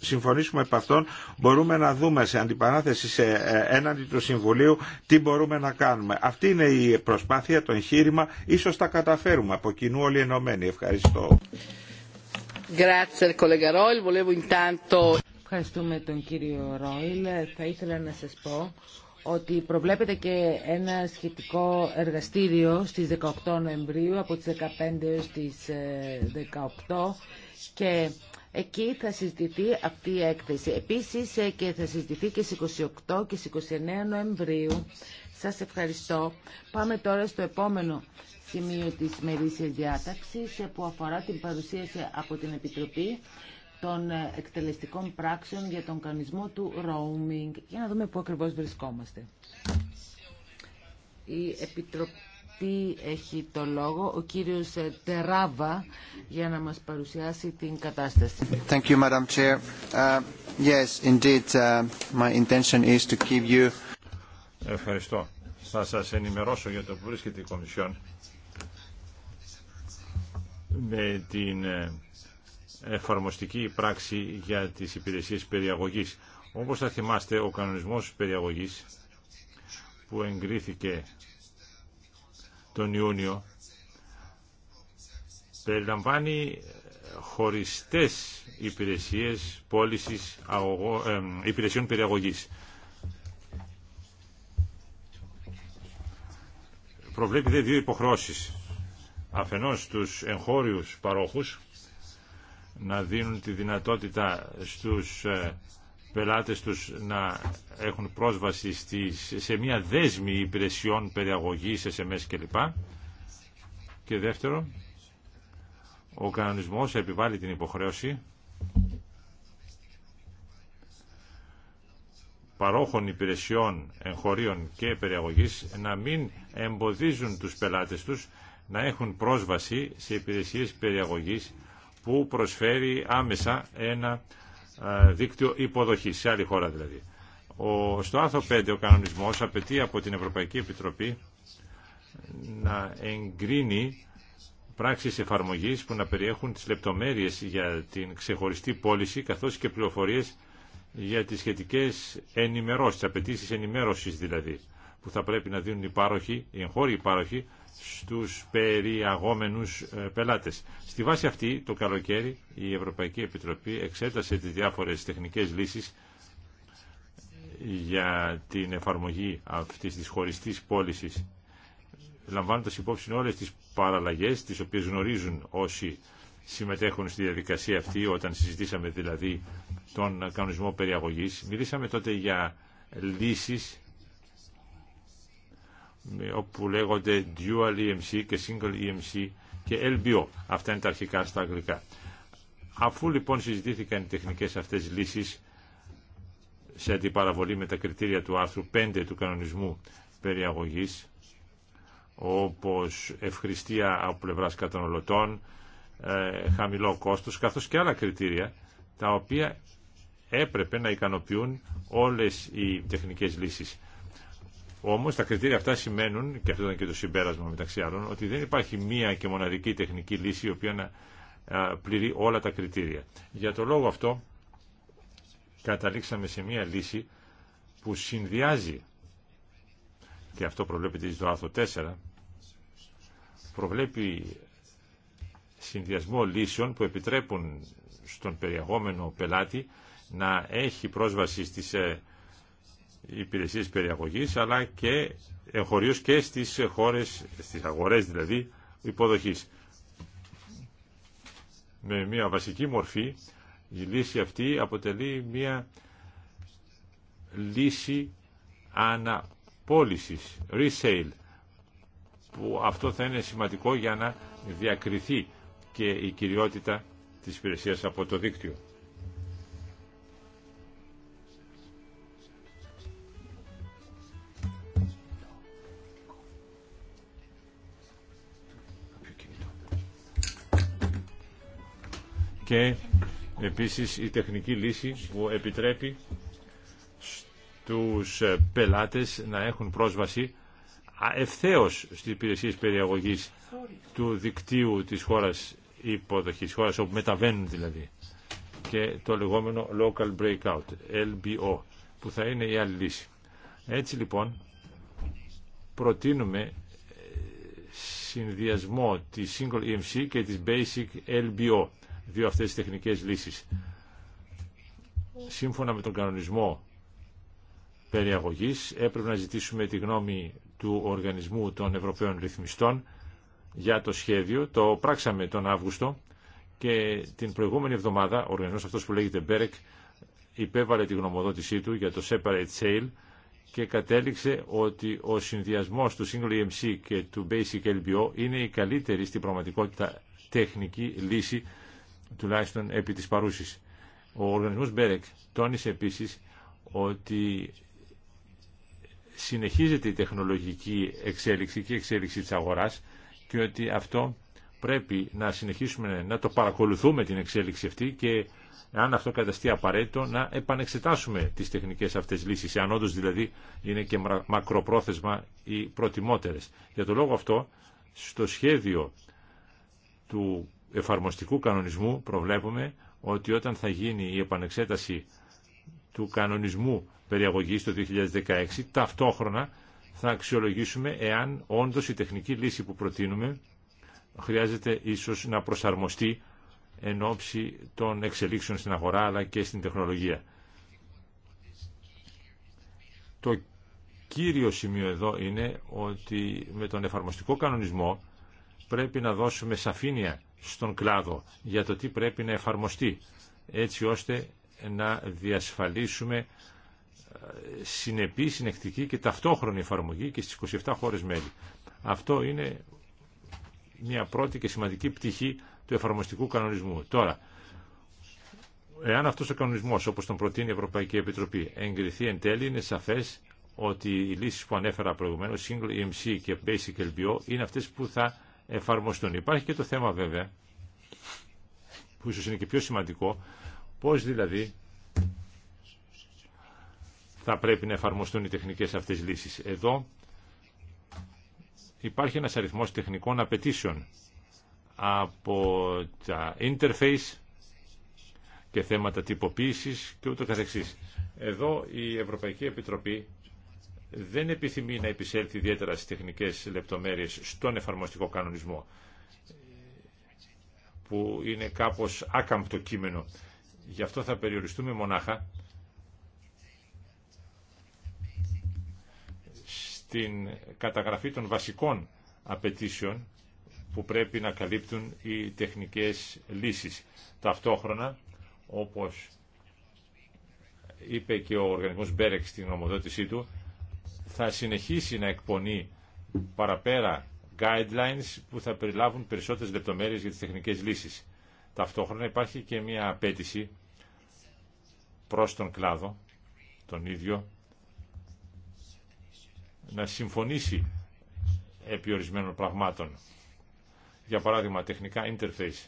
συμφωνήσουμε επ' αυτόν, μπορούμε να δούμε σε αντιπαράθεση σε, ε, έναντι του Συμβουλίου τι μπορούμε να κάνουμε. Αυτή είναι η προσπάθεια, το εγχείρημα. σω τα καταφέρουμε από κοινού όλοι ενωμένοι. Ευχαριστώ. Ευχαριστούμε τον κύριο Ρόιλ. Θα ήθελα να σας πω ότι προβλέπεται και ένα σχετικό εργαστήριο στις 18 Νοεμβρίου από τις 15 έως τις 18 ε, και εκεί θα συζητηθεί αυτή η έκθεση. Επίσης ε, και θα συζητηθεί και στις 28 και στις 29 Νοεμβρίου. Σας ευχαριστώ. Πάμε τώρα στο επόμενο σημείο της μερίσιας διάταξης που αφορά την παρουσίαση από την Επιτροπή των εκτελεστικών πράξεων για τον κανονισμό του roaming. Για να δούμε πού ακριβώς βρισκόμαστε. Η Επιτροπή έχει το λόγο, ο κύριος Τεράβα, για να μας παρουσιάσει την κατάσταση. Thank you, Madam Chair. Uh, yes, indeed, uh, my intention is to give you... Ευχαριστώ. Θα σας ενημερώσω για το που βρίσκεται η Κομισιόν με την ε, εφαρμοστική πράξη για τις υπηρεσίες περιαγωγής. Όπως θα θυμάστε, ο κανονισμός περιαγωγής που εγκρίθηκε τον Ιούνιο περιλαμβάνει χωριστές υπηρεσίες πώλησης ε, υπηρεσιών περιαγωγής. Προβλέπει δύο υποχρώσεις αφενός τους εγχώριους παρόχους να δίνουν τη δυνατότητα στους ε, πελάτες τους να έχουν πρόσβαση στις, σε μια δέσμη υπηρεσιών περιαγωγής, SMS κλπ. Και δεύτερο, ο κανονισμός επιβάλλει την υποχρέωση παρόχων υπηρεσιών εγχωρίων και περιαγωγής να μην εμποδίζουν τους πελάτες τους να έχουν πρόσβαση σε υπηρεσίες περιαγωγής που προσφέρει άμεσα ένα δίκτυο υποδοχής, σε άλλη χώρα δηλαδή. Ο, στο άρθρο 5 ο κανονισμός απαιτεί από την Ευρωπαϊκή Επιτροπή να εγκρίνει πράξεις εφαρμογής που να περιέχουν τις λεπτομέρειες για την ξεχωριστή πώληση καθώς και πληροφορίες για τις σχετικές ενημερώσεις, τις απαιτήσεις ενημέρωσης δηλαδή, που θα πρέπει να δίνουν οι πάροχοι, οι εγχώροι πάροχοι στους περιαγόμενους ε, πελάτες. Στη βάση αυτή, το καλοκαίρι, η Ευρωπαϊκή Επιτροπή εξέτασε τις διάφορες τεχνικές λύσεις για την εφαρμογή αυτής της χωριστής πώλησης, λαμβάνοντας υπόψη όλες τις παραλλαγές, τις οποίες γνωρίζουν όσοι συμμετέχουν στη διαδικασία αυτή, όταν συζητήσαμε δηλαδή τον κανονισμό περιαγωγής. Μιλήσαμε τότε για λύσεις όπου λέγονται Dual EMC και Single EMC και LBO. Αυτά είναι τα αρχικά στα αγγλικά. Αφού λοιπόν συζητήθηκαν οι τεχνικές αυτές λύσεις σε αντιπαραβολή με τα κριτήρια του άρθρου 5 του κανονισμού περιαγωγής όπως ευχρηστία από πλευράς κατανολωτών, ε, χαμηλό κόστος καθώς και άλλα κριτήρια τα οποία έπρεπε να ικανοποιούν όλες οι τεχνικές λύσεις. Όμως τα κριτήρια αυτά σημαίνουν, και αυτό ήταν και το συμπέρασμα μεταξύ άλλων, ότι δεν υπάρχει μία και μοναδική τεχνική λύση η οποία να πληρεί όλα τα κριτήρια. Για το λόγο αυτό καταλήξαμε σε μία λύση που συνδυάζει και αυτό προβλέπεται στο άρθρο 4 προβλέπει συνδυασμό λύσεων που επιτρέπουν στον περιεχόμενο πελάτη να έχει πρόσβαση στις ε, υπηρεσίες περιαγωγής αλλά και εγχωρίως και στις χώρες, στις αγορές δηλαδή υποδοχής. Με μια βασική μορφή η λύση αυτή αποτελεί μια λύση αναπόλυσης, resale, που αυτό θα είναι σημαντικό για να διακριθεί και η κυριότητα της υπηρεσία από το δίκτυο. και επίσης η τεχνική λύση που επιτρέπει στους πελάτες να έχουν πρόσβαση ευθέως στις υπηρεσίες περιαγωγής του δικτύου της χώρας υποδοχής, χώρας όπου μεταβαίνουν δηλαδή και το λεγόμενο Local Breakout, LBO, που θα είναι η άλλη λύση. Έτσι λοιπόν προτείνουμε ε, συνδυασμό της Single EMC και της Basic LBO δύο αυτές τις τεχνικές λύσεις. Σύμφωνα με τον κανονισμό περιαγωγής έπρεπε να ζητήσουμε τη γνώμη του Οργανισμού των Ευρωπαίων Ρυθμιστών για το σχέδιο. Το πράξαμε τον Αύγουστο και την προηγούμενη εβδομάδα ο οργανισμός αυτός που λέγεται BEREC υπέβαλε τη γνωμοδότησή του για το Separate Sale και κατέληξε ότι ο συνδυασμός του Single EMC και του Basic LBO είναι η καλύτερη στην πραγματικότητα τεχνική λύση τουλάχιστον επί της παρούσης. Ο οργανισμός Μπέρεκ τόνισε επίσης ότι συνεχίζεται η τεχνολογική εξέλιξη και η εξέλιξη της αγοράς και ότι αυτό πρέπει να συνεχίσουμε να το παρακολουθούμε την εξέλιξη αυτή και αν αυτό καταστεί απαραίτητο να επανεξετάσουμε τις τεχνικές αυτές λύσεις αν όντως δηλαδή είναι και μακροπρόθεσμα οι προτιμότερες. Για το λόγο αυτό στο σχέδιο του εφαρμοστικού κανονισμού προβλέπουμε ότι όταν θα γίνει η επανεξέταση του κανονισμού περιαγωγής το 2016, ταυτόχρονα θα αξιολογήσουμε εάν όντως η τεχνική λύση που προτείνουμε χρειάζεται ίσως να προσαρμοστεί εν ώψη των εξελίξεων στην αγορά αλλά και στην τεχνολογία. Το κύριο σημείο εδώ είναι ότι με τον εφαρμοστικό κανονισμό πρέπει να δώσουμε σαφήνεια στον κλάδο για το τι πρέπει να εφαρμοστεί έτσι ώστε να διασφαλίσουμε ε, συνεπή, συνεκτική και ταυτόχρονη εφαρμογή και στις 27 χώρες μέλη. Αυτό είναι μια πρώτη και σημαντική πτυχή του εφαρμοστικού κανονισμού. Τώρα, εάν αυτός ο κανονισμός, όπως τον προτείνει η Ευρωπαϊκή Επιτροπή, εγκριθεί εν τέλει, είναι σαφές ότι οι λύσεις που ανέφερα προηγουμένως, Single EMC και Basic LBO, είναι αυτές που θα εφαρμοστούν. Υπάρχει και το θέμα βέβαια, που ίσως είναι και πιο σημαντικό, πώς δηλαδή θα πρέπει να εφαρμοστούν οι τεχνικές αυτές λύσεις. Εδώ υπάρχει ένας αριθμός τεχνικών απαιτήσεων από τα interface και θέματα τυποποίησης και ούτω καθεξής. Εδώ η Ευρωπαϊκή Επιτροπή δεν επιθυμεί να επισέλθει ιδιαίτερα στις τεχνικές λεπτομέρειες στον εφαρμοστικό κανονισμό που είναι κάπως άκαμπτο κείμενο. Γι' αυτό θα περιοριστούμε μονάχα στην καταγραφή των βασικών απαιτήσεων που πρέπει να καλύπτουν οι τεχνικές λύσεις. Ταυτόχρονα, όπως είπε και ο οργανισμός Μπέρεξ στην ομοδότησή του, θα συνεχίσει να εκπονεί παραπέρα guidelines που θα περιλάβουν περισσότερες λεπτομέρειες για τις τεχνικές λύσεις. Ταυτόχρονα υπάρχει και μια απέτηση προς τον κλάδο, τον ίδιο, να συμφωνήσει επί ορισμένων πραγμάτων. Για παράδειγμα, τεχνικά interface.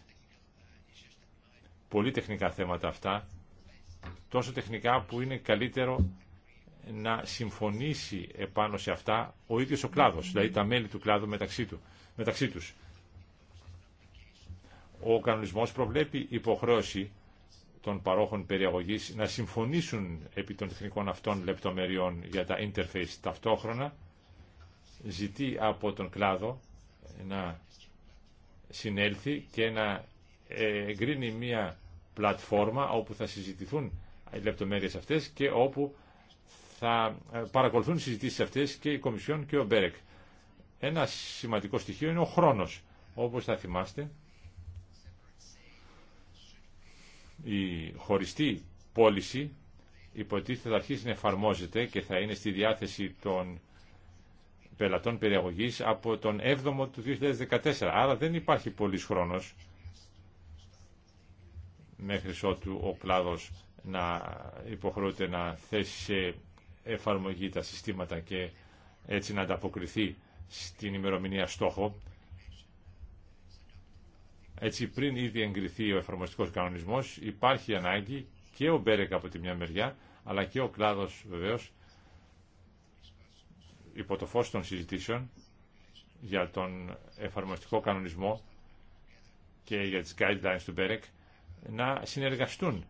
Πολύ τεχνικά θέματα αυτά, τόσο τεχνικά που είναι καλύτερο να συμφωνήσει επάνω σε αυτά ο ίδιος ο κλάδος, δηλαδή τα μέλη του κλάδου μεταξύ, του, τους. Ο κανονισμός προβλέπει υποχρέωση των παρόχων περιαγωγής να συμφωνήσουν επί των τεχνικών αυτών λεπτομεριών για τα interface ταυτόχρονα, ζητεί από τον κλάδο να συνέλθει και να ε, εγκρίνει μία πλατφόρμα όπου θα συζητηθούν οι λεπτομέρειες αυτές και όπου θα ε, παρακολουθούν οι συζητήσεις αυτές και η Κομισιόν και ο Μπέρεκ. Ένα σημαντικό στοιχείο είναι ο χρόνος. Όπως θα θυμάστε, η χωριστή πώληση υποτίθεται θα αρχίσει να εφαρμόζεται και θα είναι στη διάθεση των πελατών περιαγωγή από τον 7ο του 2014. Άρα δεν υπάρχει πολύ χρόνος μέχρι ότου ο κλάδο να υποχρεούται να θέσει σε εφαρμογή τα συστήματα και έτσι να ανταποκριθεί στην ημερομηνία στόχο. Έτσι πριν ήδη εγκριθεί ο εφαρμοστικός κανονισμός υπάρχει ανάγκη και ο Μπέρεκ από τη μια μεριά αλλά και ο κλάδος βεβαίως υπό το φως των συζητήσεων για τον εφαρμοστικό κανονισμό και για τις guidelines του Μπέρεκ να συνεργαστούν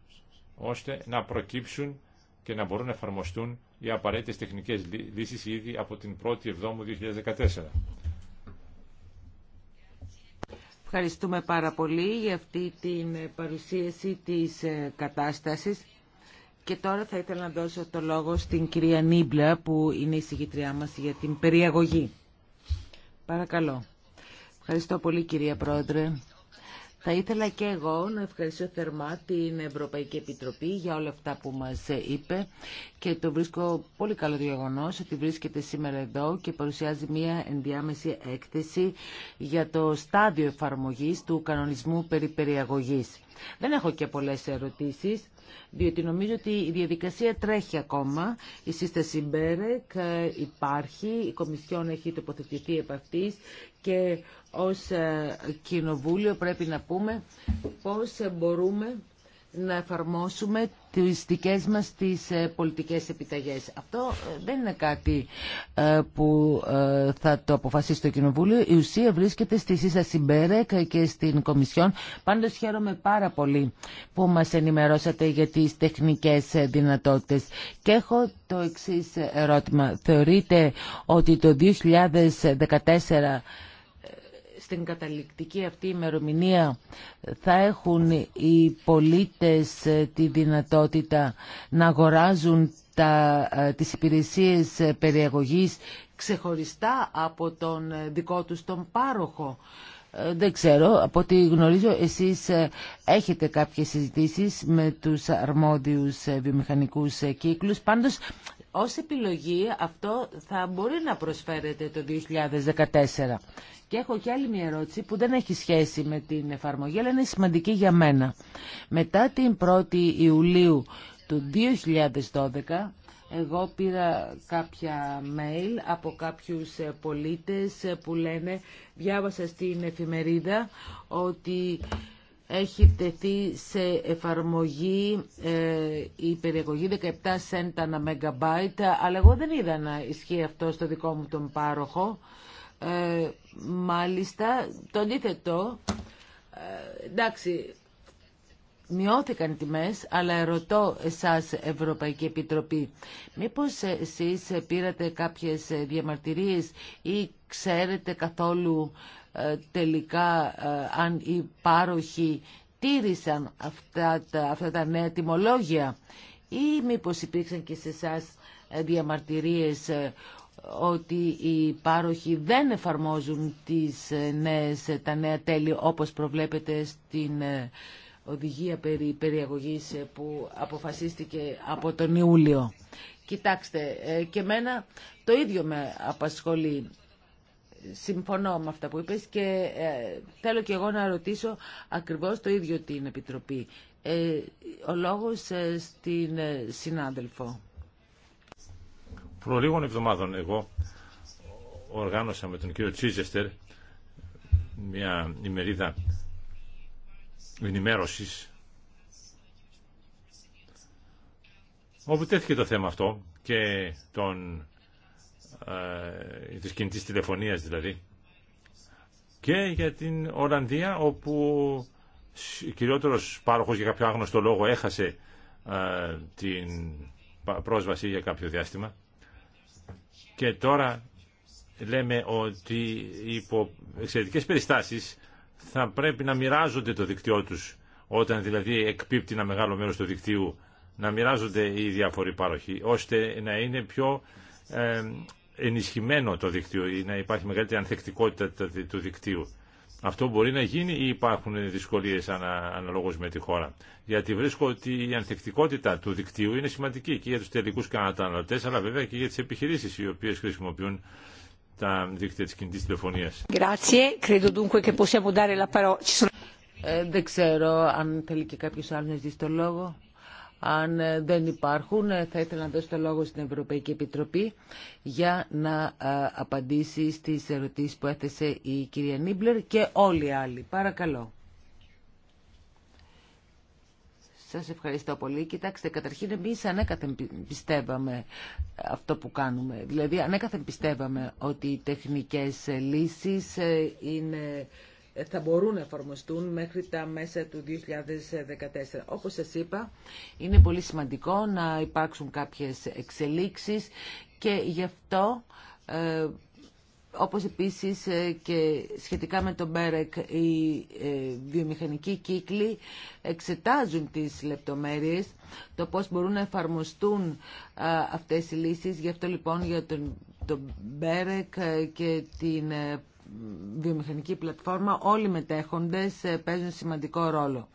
ώστε να προκύψουν και να μπορούν να εφαρμοστούν οι απαραίτητε τεχνικέ λύσεις ήδη από την 1η Εβδόμου 2014. Ευχαριστούμε πάρα πολύ για αυτή την παρουσίαση της ε, κατάστασης. Και τώρα θα ήθελα να δώσω το λόγο στην κυρία Νίμπλα που είναι η συγγητριά μας για την περιαγωγή. Παρακαλώ. Ευχαριστώ πολύ κυρία Πρόεδρε. Θα ήθελα και εγώ να ευχαριστήσω θερμά την Ευρωπαϊκή Επιτροπή για όλα αυτά που μας είπε και το βρίσκω πολύ καλό γεγονό ότι βρίσκεται σήμερα εδώ και παρουσιάζει μια ενδιάμεση έκθεση για το στάδιο εφαρμογής του κανονισμού περί δεν έχω και πολλές ερωτήσεις, διότι νομίζω ότι η διαδικασία τρέχει ακόμα. Η σύσταση Μπέρεκ ε, υπάρχει, η Κομισιόν έχει τοποθετηθεί επ' και ως ε, Κοινοβούλιο πρέπει να πούμε πώς μπορούμε να εφαρμόσουμε τις δικές μας τις ε, πολιτικές επιταγές. Αυτό ε, δεν είναι κάτι ε, που θα το αποφασίσει το Κοινοβούλιο. Η ουσία βρίσκεται στη ΣΥΣΑ Συμπέρεκ και στην Κομισιόν. Πάντως χαίρομαι πάρα πολύ που μας ενημερώσατε για τις τεχνικές δυνατότητες. Και έχω το εξής ερώτημα. Θεωρείτε ότι το 2014 στην καταληκτική αυτή ημερομηνία θα έχουν οι πολίτες ε, τη δυνατότητα να αγοράζουν τα, ε, τις υπηρεσίες ε, περιαγωγής ξεχωριστά από τον δικό τους τον πάροχο. Δεν ξέρω, από ό,τι γνωρίζω εσείς έχετε κάποιες συζητήσεις με τους αρμόδιους βιομηχανικούς κύκλους. Πάντως ως επιλογή αυτό θα μπορεί να προσφέρεται το 2014. Και έχω και άλλη μια ερώτηση που δεν έχει σχέση με την εφαρμογή, αλλά είναι σημαντική για μένα. Μετά την 1η Ιουλίου του 2012, εγώ πήρα κάποια mail από κάποιους πολίτες που λένε, διάβασα στην εφημερίδα ότι έχει τεθεί σε εφαρμογή ε, η περιεγωγή 17 cent ανά μεγαμπάιτ, αλλά εγώ δεν είδα να ισχύει αυτό στο δικό μου τον πάροχο. Ε, μάλιστα, το αντίθετο, ε, εντάξει, μειώθηκαν οι τιμές, αλλά ερωτώ εσάς Ευρωπαϊκή Επιτροπή, μήπως εσείς πήρατε κάποιες διαμαρτυρίες ή ξέρετε καθόλου ε, τελικά ε, αν οι πάροχοι τήρησαν αυτά τα, αυτά τα νέα τιμολόγια ή μήπως υπήρξαν και σε εσά διαμαρτυρίες ε, ότι οι πάροχοι δεν εφαρμόζουν τις νέες, τα νέα τέλη όπως προβλέπεται στην οδηγία περί περιαγωγής που αποφασίστηκε από τον Ιούλιο. Κοιτάξτε, και μένα το ίδιο με απασχολεί συμφωνώ με αυτά που είπες και ε, θέλω και εγώ να ρωτήσω ακριβώς το ίδιο την Επιτροπή. Ε, ο λόγος ε, στην συνάδελφο. Προ λίγων εβδομάδων εγώ οργάνωσα με τον κύριο Τσίζεστερ μια ημερίδα ενημέρωσης όπου τέθηκε το θέμα αυτό και τον... Ε, της κινητής τηλεφωνίας δηλαδή και για την Ολλανδία όπου ο κυριότερος πάροχος για κάποιο άγνωστο λόγο έχασε ε, την πρόσβαση για κάποιο διάστημα και τώρα λέμε ότι υπό εξαιρετικές περιστάσεις θα πρέπει να μοιράζονται το δικτυό τους όταν δηλαδή εκπίπτει ένα μεγάλο μέρος του δικτύου να μοιράζονται οι διάφοροι πάροχοι ώστε να είναι πιο ε, ενισχυμένο το δίκτυο ή να υπάρχει μεγαλύτερη ανθεκτικότητα του δικτύου. Αυτό μπορεί να γίνει ή υπάρχουν δυσκολίες αναλόγως με τη χώρα. Γιατί βρίσκω ότι η ανθεκτικότητα του δικτύου είναι σημαντική και για τους τελικούς καταναλωτέ, αλλά βέβαια και για τις επιχειρήσεις οι οποίες χρησιμοποιούν τα δίκτυα της κινητής τηλεφωνίας. Ε, δεν ξέρω αν θέλει και κάποιος άλλος να ζητήσει το λόγο. Αν ε, δεν υπάρχουν, ε, θα ήθελα να δώσω το λόγο στην Ευρωπαϊκή Επιτροπή για να ε, απαντήσει στις ερωτήσεις που έθεσε η κυρία Νίμπλερ και όλοι οι άλλοι. Παρακαλώ. Σας ευχαριστώ πολύ. Κοιτάξτε, καταρχήν εμείς ανέκαθεν πιστεύαμε αυτό που κάνουμε. Δηλαδή, ανέκαθεν πιστεύαμε ότι οι τεχνικές λύσεις είναι θα μπορούν να εφαρμοστούν μέχρι τα μέσα του 2014. Όπως σας είπα, είναι πολύ σημαντικό να υπάρξουν κάποιες εξελίξεις και γι' αυτό ε, όπως επίσης ε, και σχετικά με τον Μπέρεκ, οι ε, βιομηχανικοί κύκλοι εξετάζουν τις λεπτομέρειες, το πώς μπορούν να εφαρμοστούν αυτές οι λύσεις. Γι' αυτό λοιπόν για τον, τον Μπέρεκ και την βιομηχανική πλατφόρμα όλοι οι μετέχοντες ε, παίζουν σημαντικό ρόλο.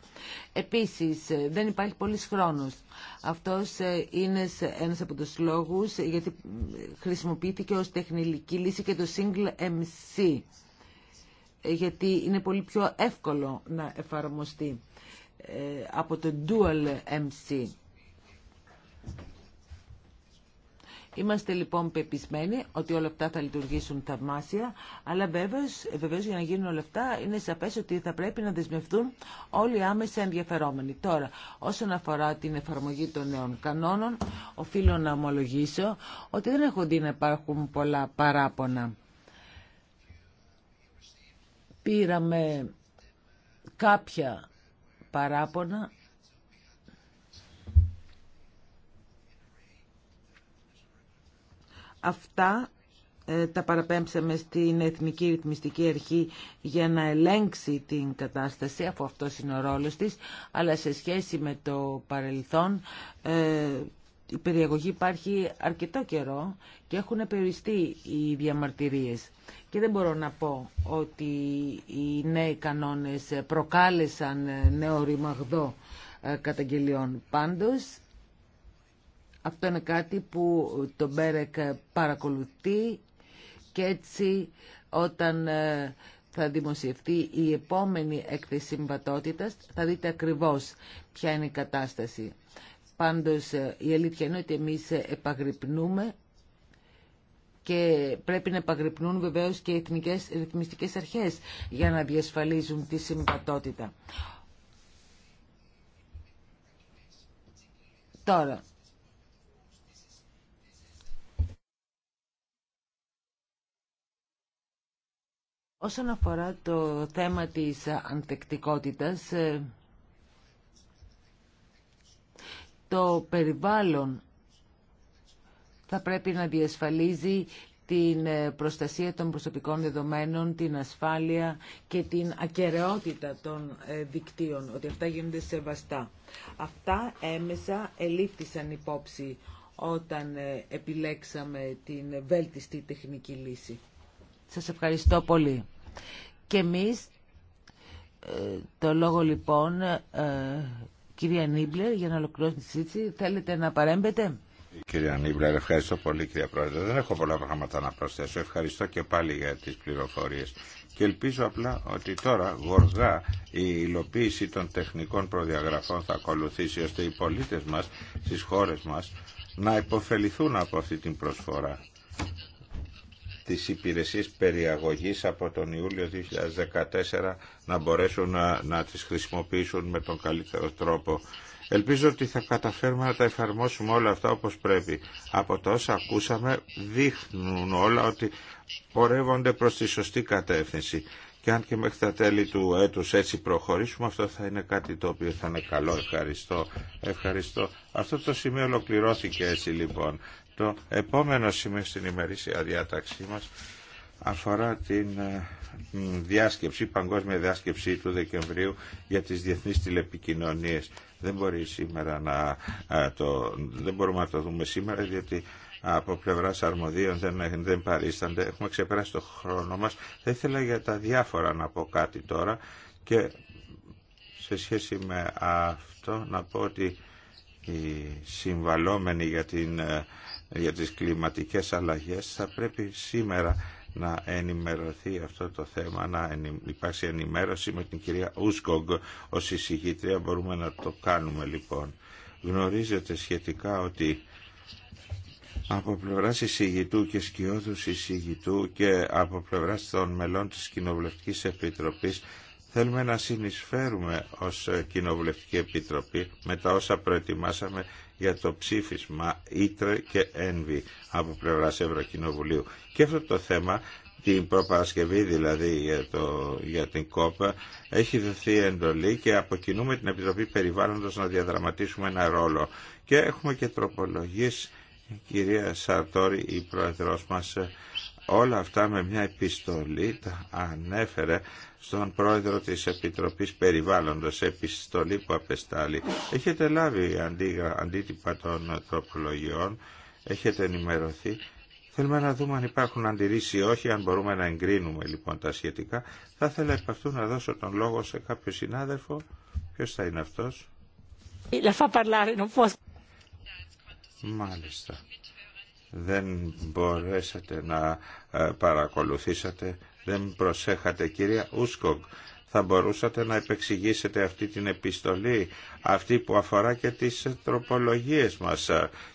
Επίσης ε, δεν υπάρχει πολύς χρόνος. Αυτός ε, είναι ένας από τους λόγους γιατί χρησιμοποιήθηκε ως τεχνική λύση και το single MC γιατί είναι πολύ πιο εύκολο να εφαρμοστεί από το dual MC. Είμαστε λοιπόν πεπισμένοι ότι όλα αυτά θα λειτουργήσουν θαυμάσια, αλλά βεβαίω για να γίνουν όλα αυτά είναι σαφέ ότι θα πρέπει να δεσμευτούν όλοι άμεσα ενδιαφερόμενοι. Τώρα, όσον αφορά την εφαρμογή των νέων κανόνων, οφείλω να ομολογήσω ότι δεν έχω δει να υπάρχουν πολλά παράπονα. Πήραμε κάποια παράπονα Αυτά ε, τα παραπέμψαμε στην Εθνική Ρυθμιστική Αρχή για να ελέγξει την κατάσταση, αφού αυτό είναι ο ρόλος της, αλλά σε σχέση με το παρελθόν ε, η περιαγωγή υπάρχει αρκετό καιρό και έχουν περιστεί οι διαμαρτυρίες. Και δεν μπορώ να πω ότι οι νέοι κανόνες προκάλεσαν ε, νέο ρημαγδό καταγγελιών. Πάντως, αυτό είναι κάτι που το Μπέρεκ παρακολουθεί και έτσι όταν ε, θα δημοσιευτεί η επόμενη έκθεση συμβατότητας θα δείτε ακριβώς ποια είναι η κατάσταση. Πάντως ε, η αλήθεια είναι ότι εμείς ε, επαγρυπνούμε και πρέπει να επαγρυπνούν βεβαίως και οι εθνικές ρυθμιστικές αρχές για να διασφαλίζουν τη συμβατότητα. Τώρα, Όσον αφορά το θέμα της αντεκτικότητας, ε, το περιβάλλον θα πρέπει να διασφαλίζει την ε, προστασία των προσωπικών δεδομένων, την ασφάλεια και την ακαιρεότητα των ε, δικτύων, ότι αυτά γίνονται σεβαστά. Αυτά έμεσα ελήφθησαν υπόψη όταν επιλέξαμε την βέλτιστη τεχνική λύση. Σας ευχαριστώ πολύ. Και εμείς, ε, το λόγο λοιπόν, ε, κυρία Νίμπλερ, για να ολοκληρώσουμε τη συζήτηση, θέλετε να παρέμβετε. Κυρία Νίμπλερ, ευχαριστώ πολύ κυρία Πρόεδρε. Δεν έχω πολλά πράγματα να προσθέσω. Ευχαριστώ και πάλι για τις πληροφορίες. Και ελπίζω απλά ότι τώρα γοργά η υλοποίηση των τεχνικών προδιαγραφών θα ακολουθήσει ώστε οι πολίτες μας στις χώρες μας να υποφεληθούν από αυτή την προσφορά της υπηρεσίας περιαγωγής από τον Ιούλιο 2014 να μπορέσουν να, να τις χρησιμοποιήσουν με τον καλύτερο τρόπο. Ελπίζω ότι θα καταφέρουμε να τα εφαρμόσουμε όλα αυτά όπως πρέπει. Από τα όσα ακούσαμε δείχνουν όλα ότι πορεύονται προς τη σωστή κατεύθυνση. Και αν και μέχρι τα τέλη του έτους έτσι προχωρήσουμε, αυτό θα είναι κάτι το οποίο θα είναι καλό. Ευχαριστώ. Ευχαριστώ. Αυτό το σημείο ολοκληρώθηκε έτσι λοιπόν. Το επόμενο σημείο στην ημερήσια διάταξή μας αφορά την ε, διάσκεψη, παγκόσμια διάσκεψη του Δεκεμβρίου για τις διεθνείς τηλεπικοινωνίες. Δεν, μπορεί σήμερα να, ε, το, δεν μπορούμε να το δούμε σήμερα γιατί από πλευρά αρμοδίων δεν, δεν παρίστανται. Έχουμε ξεπεράσει το χρόνο μας. Θα ήθελα για τα διάφορα να πω κάτι τώρα και σε σχέση με αυτό να πω ότι οι συμβαλόμενοι για την ε, για τις κλιματικές αλλαγές θα πρέπει σήμερα να ενημερωθεί αυτό το θέμα, να υπάρξει ενημέρωση με την κυρία Ούσκογκ ως εισηγήτρια, μπορούμε να το κάνουμε λοιπόν. Γνωρίζετε σχετικά ότι από πλευρά εισηγητού και σκιώδους εισηγητού και από πλευρά των μελών της κοινοβουλευτική Επιτροπής θέλουμε να συνεισφέρουμε ως Κοινοβουλευτική Επιτροπή με τα όσα προετοιμάσαμε για το ψήφισμα Ήτρε και Ένβη από πλευρά Ευρωκοινοβουλίου. Και αυτό το θέμα την προπαρασκευή δηλαδή για, το, για την ΚΟΠ έχει δοθεί εντολή και αποκινούμε την Επιτροπή Περιβάλλοντος να διαδραματίσουμε ένα ρόλο. Και έχουμε και τροπολογίες, κυρία Σαρτόρη, η πρόεδρός μας, όλα αυτά με μια επιστολή τα ανέφερε στον πρόεδρο της Επιτροπής Περιβάλλοντος, επιστολή που απεστάλλει. Έχετε λάβει αντί, αντίτυπα των τροπολογιών, έχετε ενημερωθεί. Θέλουμε να δούμε αν υπάρχουν αντιρρήσει ή όχι, αν μπορούμε να εγκρίνουμε λοιπόν τα σχετικά. Θα ήθελα επ' αυτού να δώσω τον λόγο σε κάποιο συνάδελφο. Ποιος θα είναι αυτός? Μάλιστα. Δεν μπορέσατε να ε, παρακολουθήσατε δεν προσέχατε. Κυρία Ούσκογκ, θα μπορούσατε να επεξηγήσετε αυτή την επιστολή, αυτή που αφορά και τις τροπολογίες μας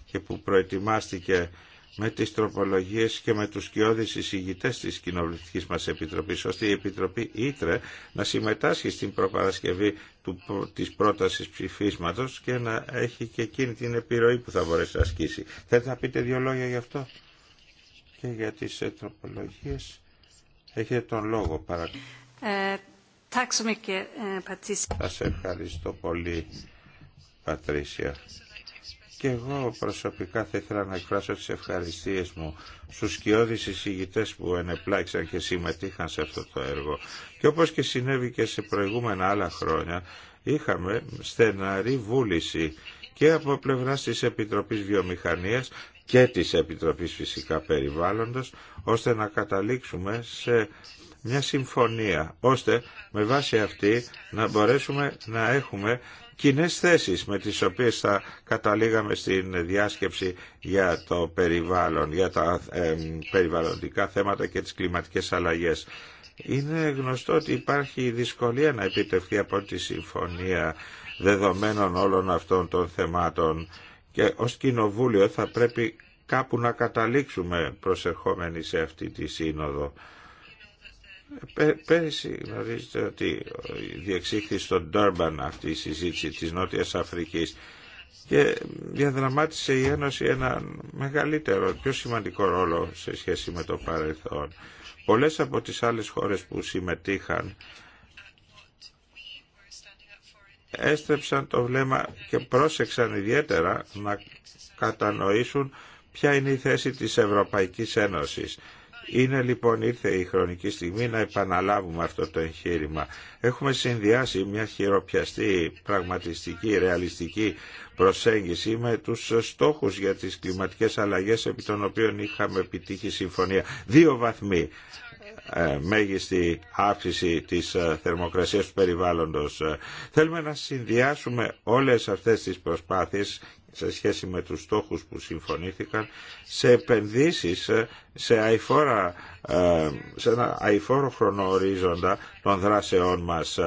και που προετοιμάστηκε με τις τροπολογίες και με τους κοιόδης εισηγητές της Κοινοβουλευτικής μας Επιτροπής, ώστε η Επιτροπή Ήτρε να συμμετάσχει στην προπαρασκευή του, της πρότασης ψηφίσματος και να έχει και εκείνη την επιρροή που θα μπορέσει να ασκήσει. Θέλετε να πείτε δύο λόγια γι' αυτό και για τις ε, τροπολογίες. Έχετε τον λόγο παρακαλώ. Ε, ε Σας ευχαριστώ πολύ Πατρίσια. Και εγώ προσωπικά θα ήθελα να εκφράσω τις ευχαριστίες μου στους σκιώδεις εισηγητές που ενεπλάξαν και συμμετείχαν σε αυτό το έργο. Και όπως και συνέβη και σε προηγούμενα άλλα χρόνια, είχαμε στεναρή βούληση και από πλευρά της Επιτροπής Βιομηχανίας και της Επιτροπής Φυσικά Περιβάλλοντος, ώστε να καταλήξουμε σε μια συμφωνία, ώστε με βάση αυτή να μπορέσουμε να έχουμε κοινέ θέσεις με τις οποίες θα καταλήγαμε στην διάσκεψη για το περιβάλλον, για τα περιβαλλοντικά θέματα και τις κλιματικές αλλαγές. Είναι γνωστό ότι υπάρχει δυσκολία να επιτευχθεί από τη συμφωνία δεδομένων όλων αυτών των θεμάτων και ως κοινοβούλιο θα πρέπει κάπου να καταλήξουμε προσερχόμενοι σε αυτή τη σύνοδο. Πέρυσι γνωρίζετε ότι διεξήχθη στο Ντέρμπαν αυτή η συζήτηση της Νότιας Αφρικής και διαδραμάτισε η Ένωση ένα μεγαλύτερο, πιο σημαντικό ρόλο σε σχέση με το παρελθόν. Πολλές από τις άλλες χώρες που συμμετείχαν έστρεψαν το βλέμμα και πρόσεξαν ιδιαίτερα να κατανοήσουν ποια είναι η θέση της Ευρωπαϊκής Ένωσης. Είναι λοιπόν ήρθε η χρονική στιγμή να επαναλάβουμε αυτό το εγχείρημα. Έχουμε συνδυάσει μια χειροπιαστή, πραγματιστική, ρεαλιστική προσέγγιση με τους στόχους για τις κλιματικές αλλαγές επί των οποίων είχαμε επιτύχει συμφωνία. Δύο βαθμοί ε, μέγιστη αύξηση της ε, θερμοκρασίας του περιβάλλοντος. Ε, θέλουμε να συνδυάσουμε όλες αυτές τις προσπάθειες σε σχέση με τους στόχους που συμφωνήθηκαν σε επενδύσεις σε, αηφόρα, σε ένα αηφόρο χρονοορίζοντα των δράσεών μας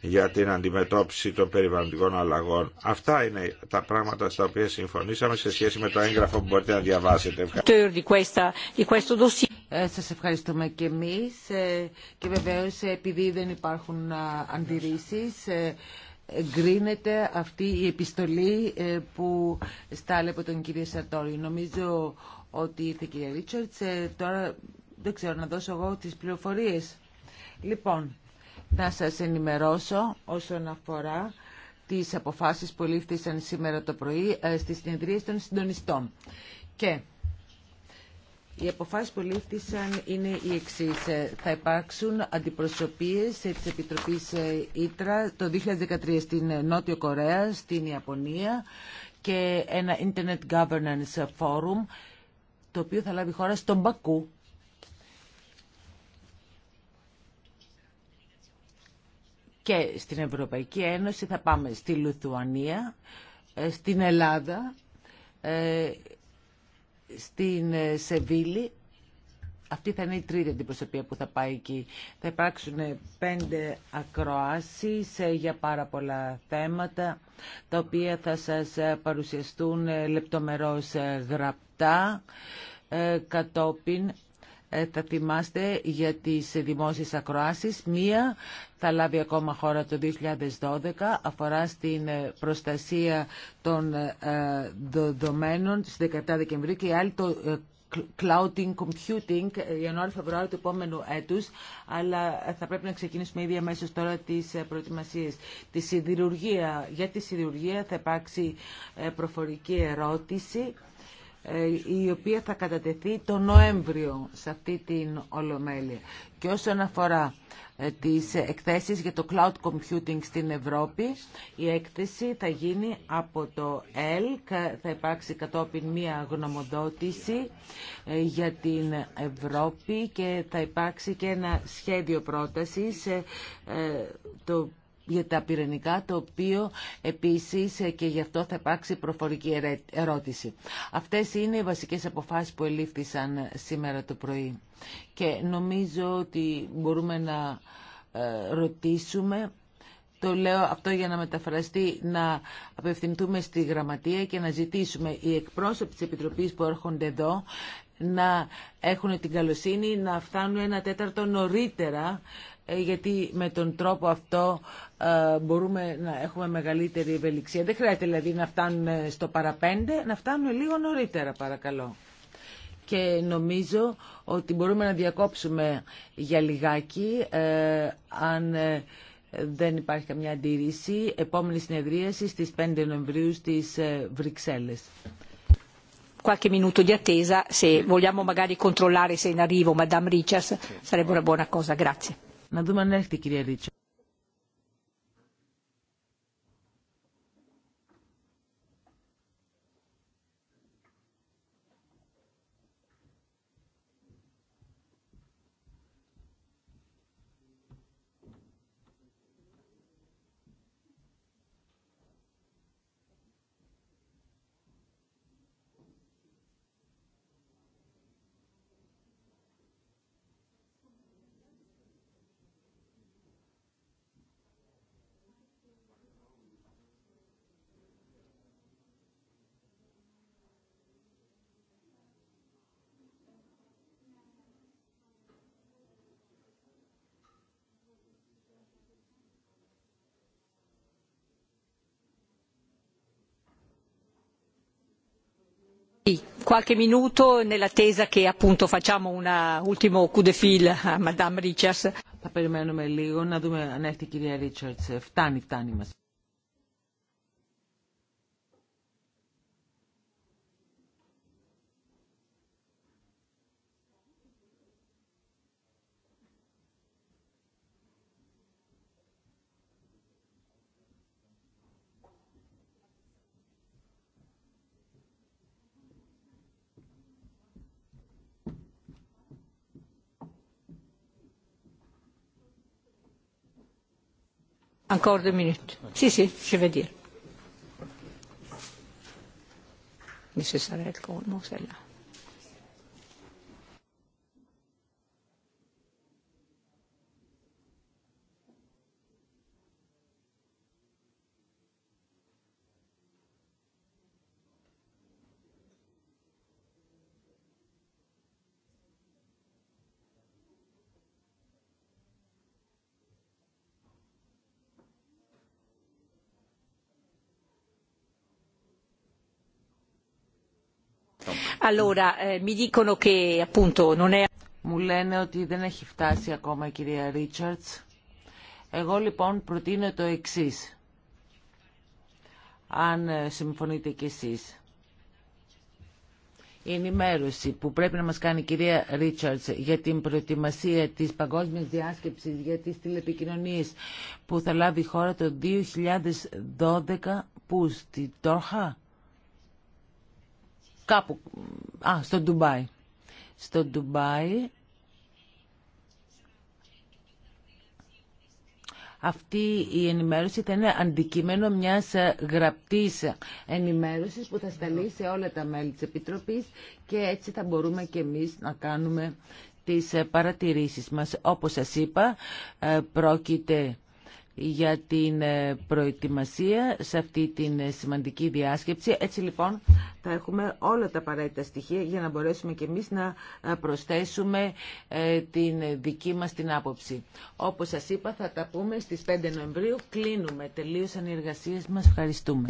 για την αντιμετώπιση των περιβαλλοντικών αλλαγών. Αυτά είναι τα πράγματα στα οποία συμφωνήσαμε σε σχέση με το έγγραφο που μπορείτε να διαβάσετε. Ε, σας ευχαριστούμε και εμείς ε, και βεβαίως ε, επειδή δεν υπάρχουν αντιρρήσεις γκρίνεται αυτή η επιστολή που στάλε από τον κύριο Σαρτόρη. Νομίζω ότι ήρθε η κυρία Ρίτσορτς. Τώρα δεν ξέρω να δώσω εγώ τις πληροφορίες. Λοιπόν, να σας ενημερώσω όσον αφορά τις αποφάσεις που λήφθησαν σήμερα το πρωί στις συνεδρίες των συντονιστών. Και οι αποφάσει που λήφθησαν είναι οι εξή. Ε, θα υπάρξουν αντιπροσωπείε τη Επιτροπή ε, Ήτρα το 2013 στην ε, Νότιο Κορέα, στην Ιαπωνία και ένα Internet Governance Forum το οποίο θα λάβει χώρα στον Μπακού. Και στην Ευρωπαϊκή Ένωση θα πάμε στη Λουθουανία, στην Ελλάδα στην ε, Σεβίλη. Αυτή θα είναι η τρίτη αντιπροσωπεία που θα πάει εκεί. Θα υπάρξουν ε, πέντε ακροάσεις ε, για πάρα πολλά θέματα, τα οποία θα σας παρουσιαστούν λεπτομερώς γραπτά, κατόπιν ε, θα θυμάστε για τις δημόσιες ακροάσεις. Μία θα λάβει ακόμα χώρα το 2012, αφορά στην ε, προστασία των ε, δεδομένων στις 17 Δεκεμβρίου και η άλλη το clouding computing Ιανουάριο-Φεβρουάριο του επόμενου έτους αλλά θα πρέπει να ξεκινήσουμε ήδη αμέσως τώρα τις προετοιμασίες τη σιδηρουργία. για τη σιδηρουργία θα υπάρξει προφορική ερώτηση ε, η οποία θα κατατεθεί τον Νοέμβριο σε αυτή την Ολομέλεια. Και όσον αφορά ε, τις εκθέσεις για το cloud computing στην Ευρώπη, η έκθεση θα γίνει από το ΕΛΚ, θα υπάρξει κατόπιν μία γνωμοδότηση ε, για την Ευρώπη και θα υπάρξει και ένα σχέδιο πρότασης το για τα πυρηνικά, το οποίο επίσης ε, και γι' αυτό θα υπάρξει προφορική ερώτηση. Αυτές είναι οι βασικές αποφάσεις που ελήφθησαν ε, σήμερα το πρωί. Και νομίζω ότι μπορούμε να ε, ρωτήσουμε το λέω αυτό για να μεταφραστεί, να απευθυνθούμε στη γραμματεία και να ζητήσουμε οι εκπρόσωποι της Επιτροπής που έρχονται εδώ να έχουν την καλοσύνη να φτάνουν ένα τέταρτο νωρίτερα ε, γιατί με τον τρόπο αυτό ε, μπορούμε να έχουμε μεγαλύτερη ευελιξία. Δεν χρειάζεται δηλαδή να φτάνουν στο παραπέντε, να φτάνουν λίγο νωρίτερα παρακαλώ. Και νομίζω ότι μπορούμε να διακόψουμε για λιγάκι ε, αν δεν υπάρχει καμιά αντίρρηση. Επόμενη συνεδρίαση στις 5 Νοεμβρίου στις Βρυξέλλες. Qualche minuto di attesa, se να δούμε αν έρχεται η κυρία Ρίτσο. qualche minuto nell'attesa che appunto facciamo un ultimo coup de fil a Madame Richards. Θα περιμένουμε λίγο να δούμε αν έρθει η κυρία Richards. Φτάνει, φτάνει μας. Encore deux minutes. Si, si, je vais dire. Mais ce s'arrête comment celle-là. Eh, Μου λένε ότι δεν έχει φτάσει ακόμα η κυρία Ρίτσαρτς. Εγώ λοιπόν προτείνω το εξής. Αν ε, συμφωνείτε κι εσείς. Η ενημέρωση που πρέπει να μας κάνει η κυρία Ρίτσαρτς για την προετοιμασία της παγκόσμιας διάσκεψης για τις τηλεπικοινωνίες που θα λάβει η χώρα το 2012 που στη Τόρχα Α, στο Ντουμπάι. Στο Ντουμπάι αυτή η ενημέρωση θα είναι αντικείμενο μιας γραπτής ενημέρωσης που θα σταλεί σε όλα τα μέλη της Επιτροπής και έτσι θα μπορούμε και εμείς να κάνουμε τις παρατηρήσεις μας. Όπως σας είπα, ε, πρόκειται για την ε, προετοιμασία σε αυτή την ε, σημαντική διάσκεψη. Έτσι λοιπόν θα έχουμε όλα τα απαραίτητα στοιχεία για να μπορέσουμε και εμείς να ε, προσθέσουμε την δική μας την άποψη. Όπως σας είπα θα τα πούμε στις 5 Νοεμβρίου. Κλείνουμε τελείωσαν οι εργασίες μας. Ευχαριστούμε.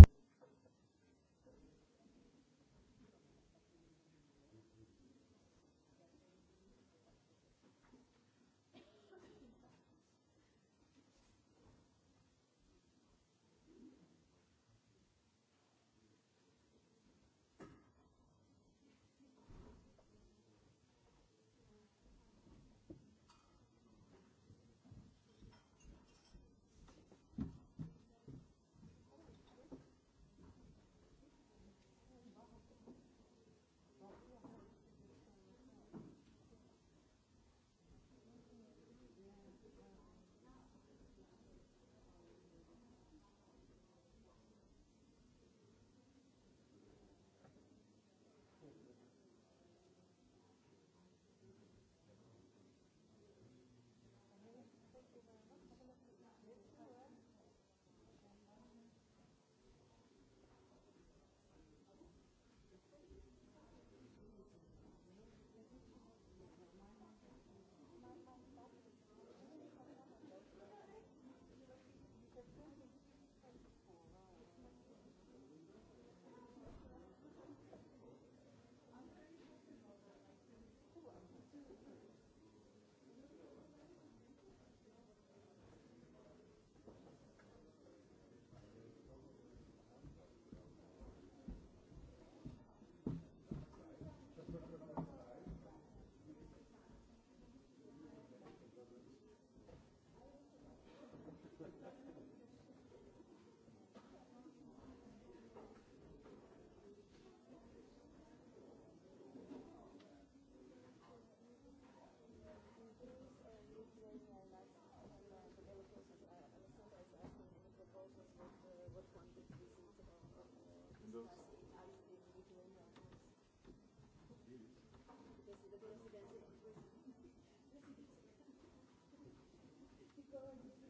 Υπότιτλοι AUTHORWAVE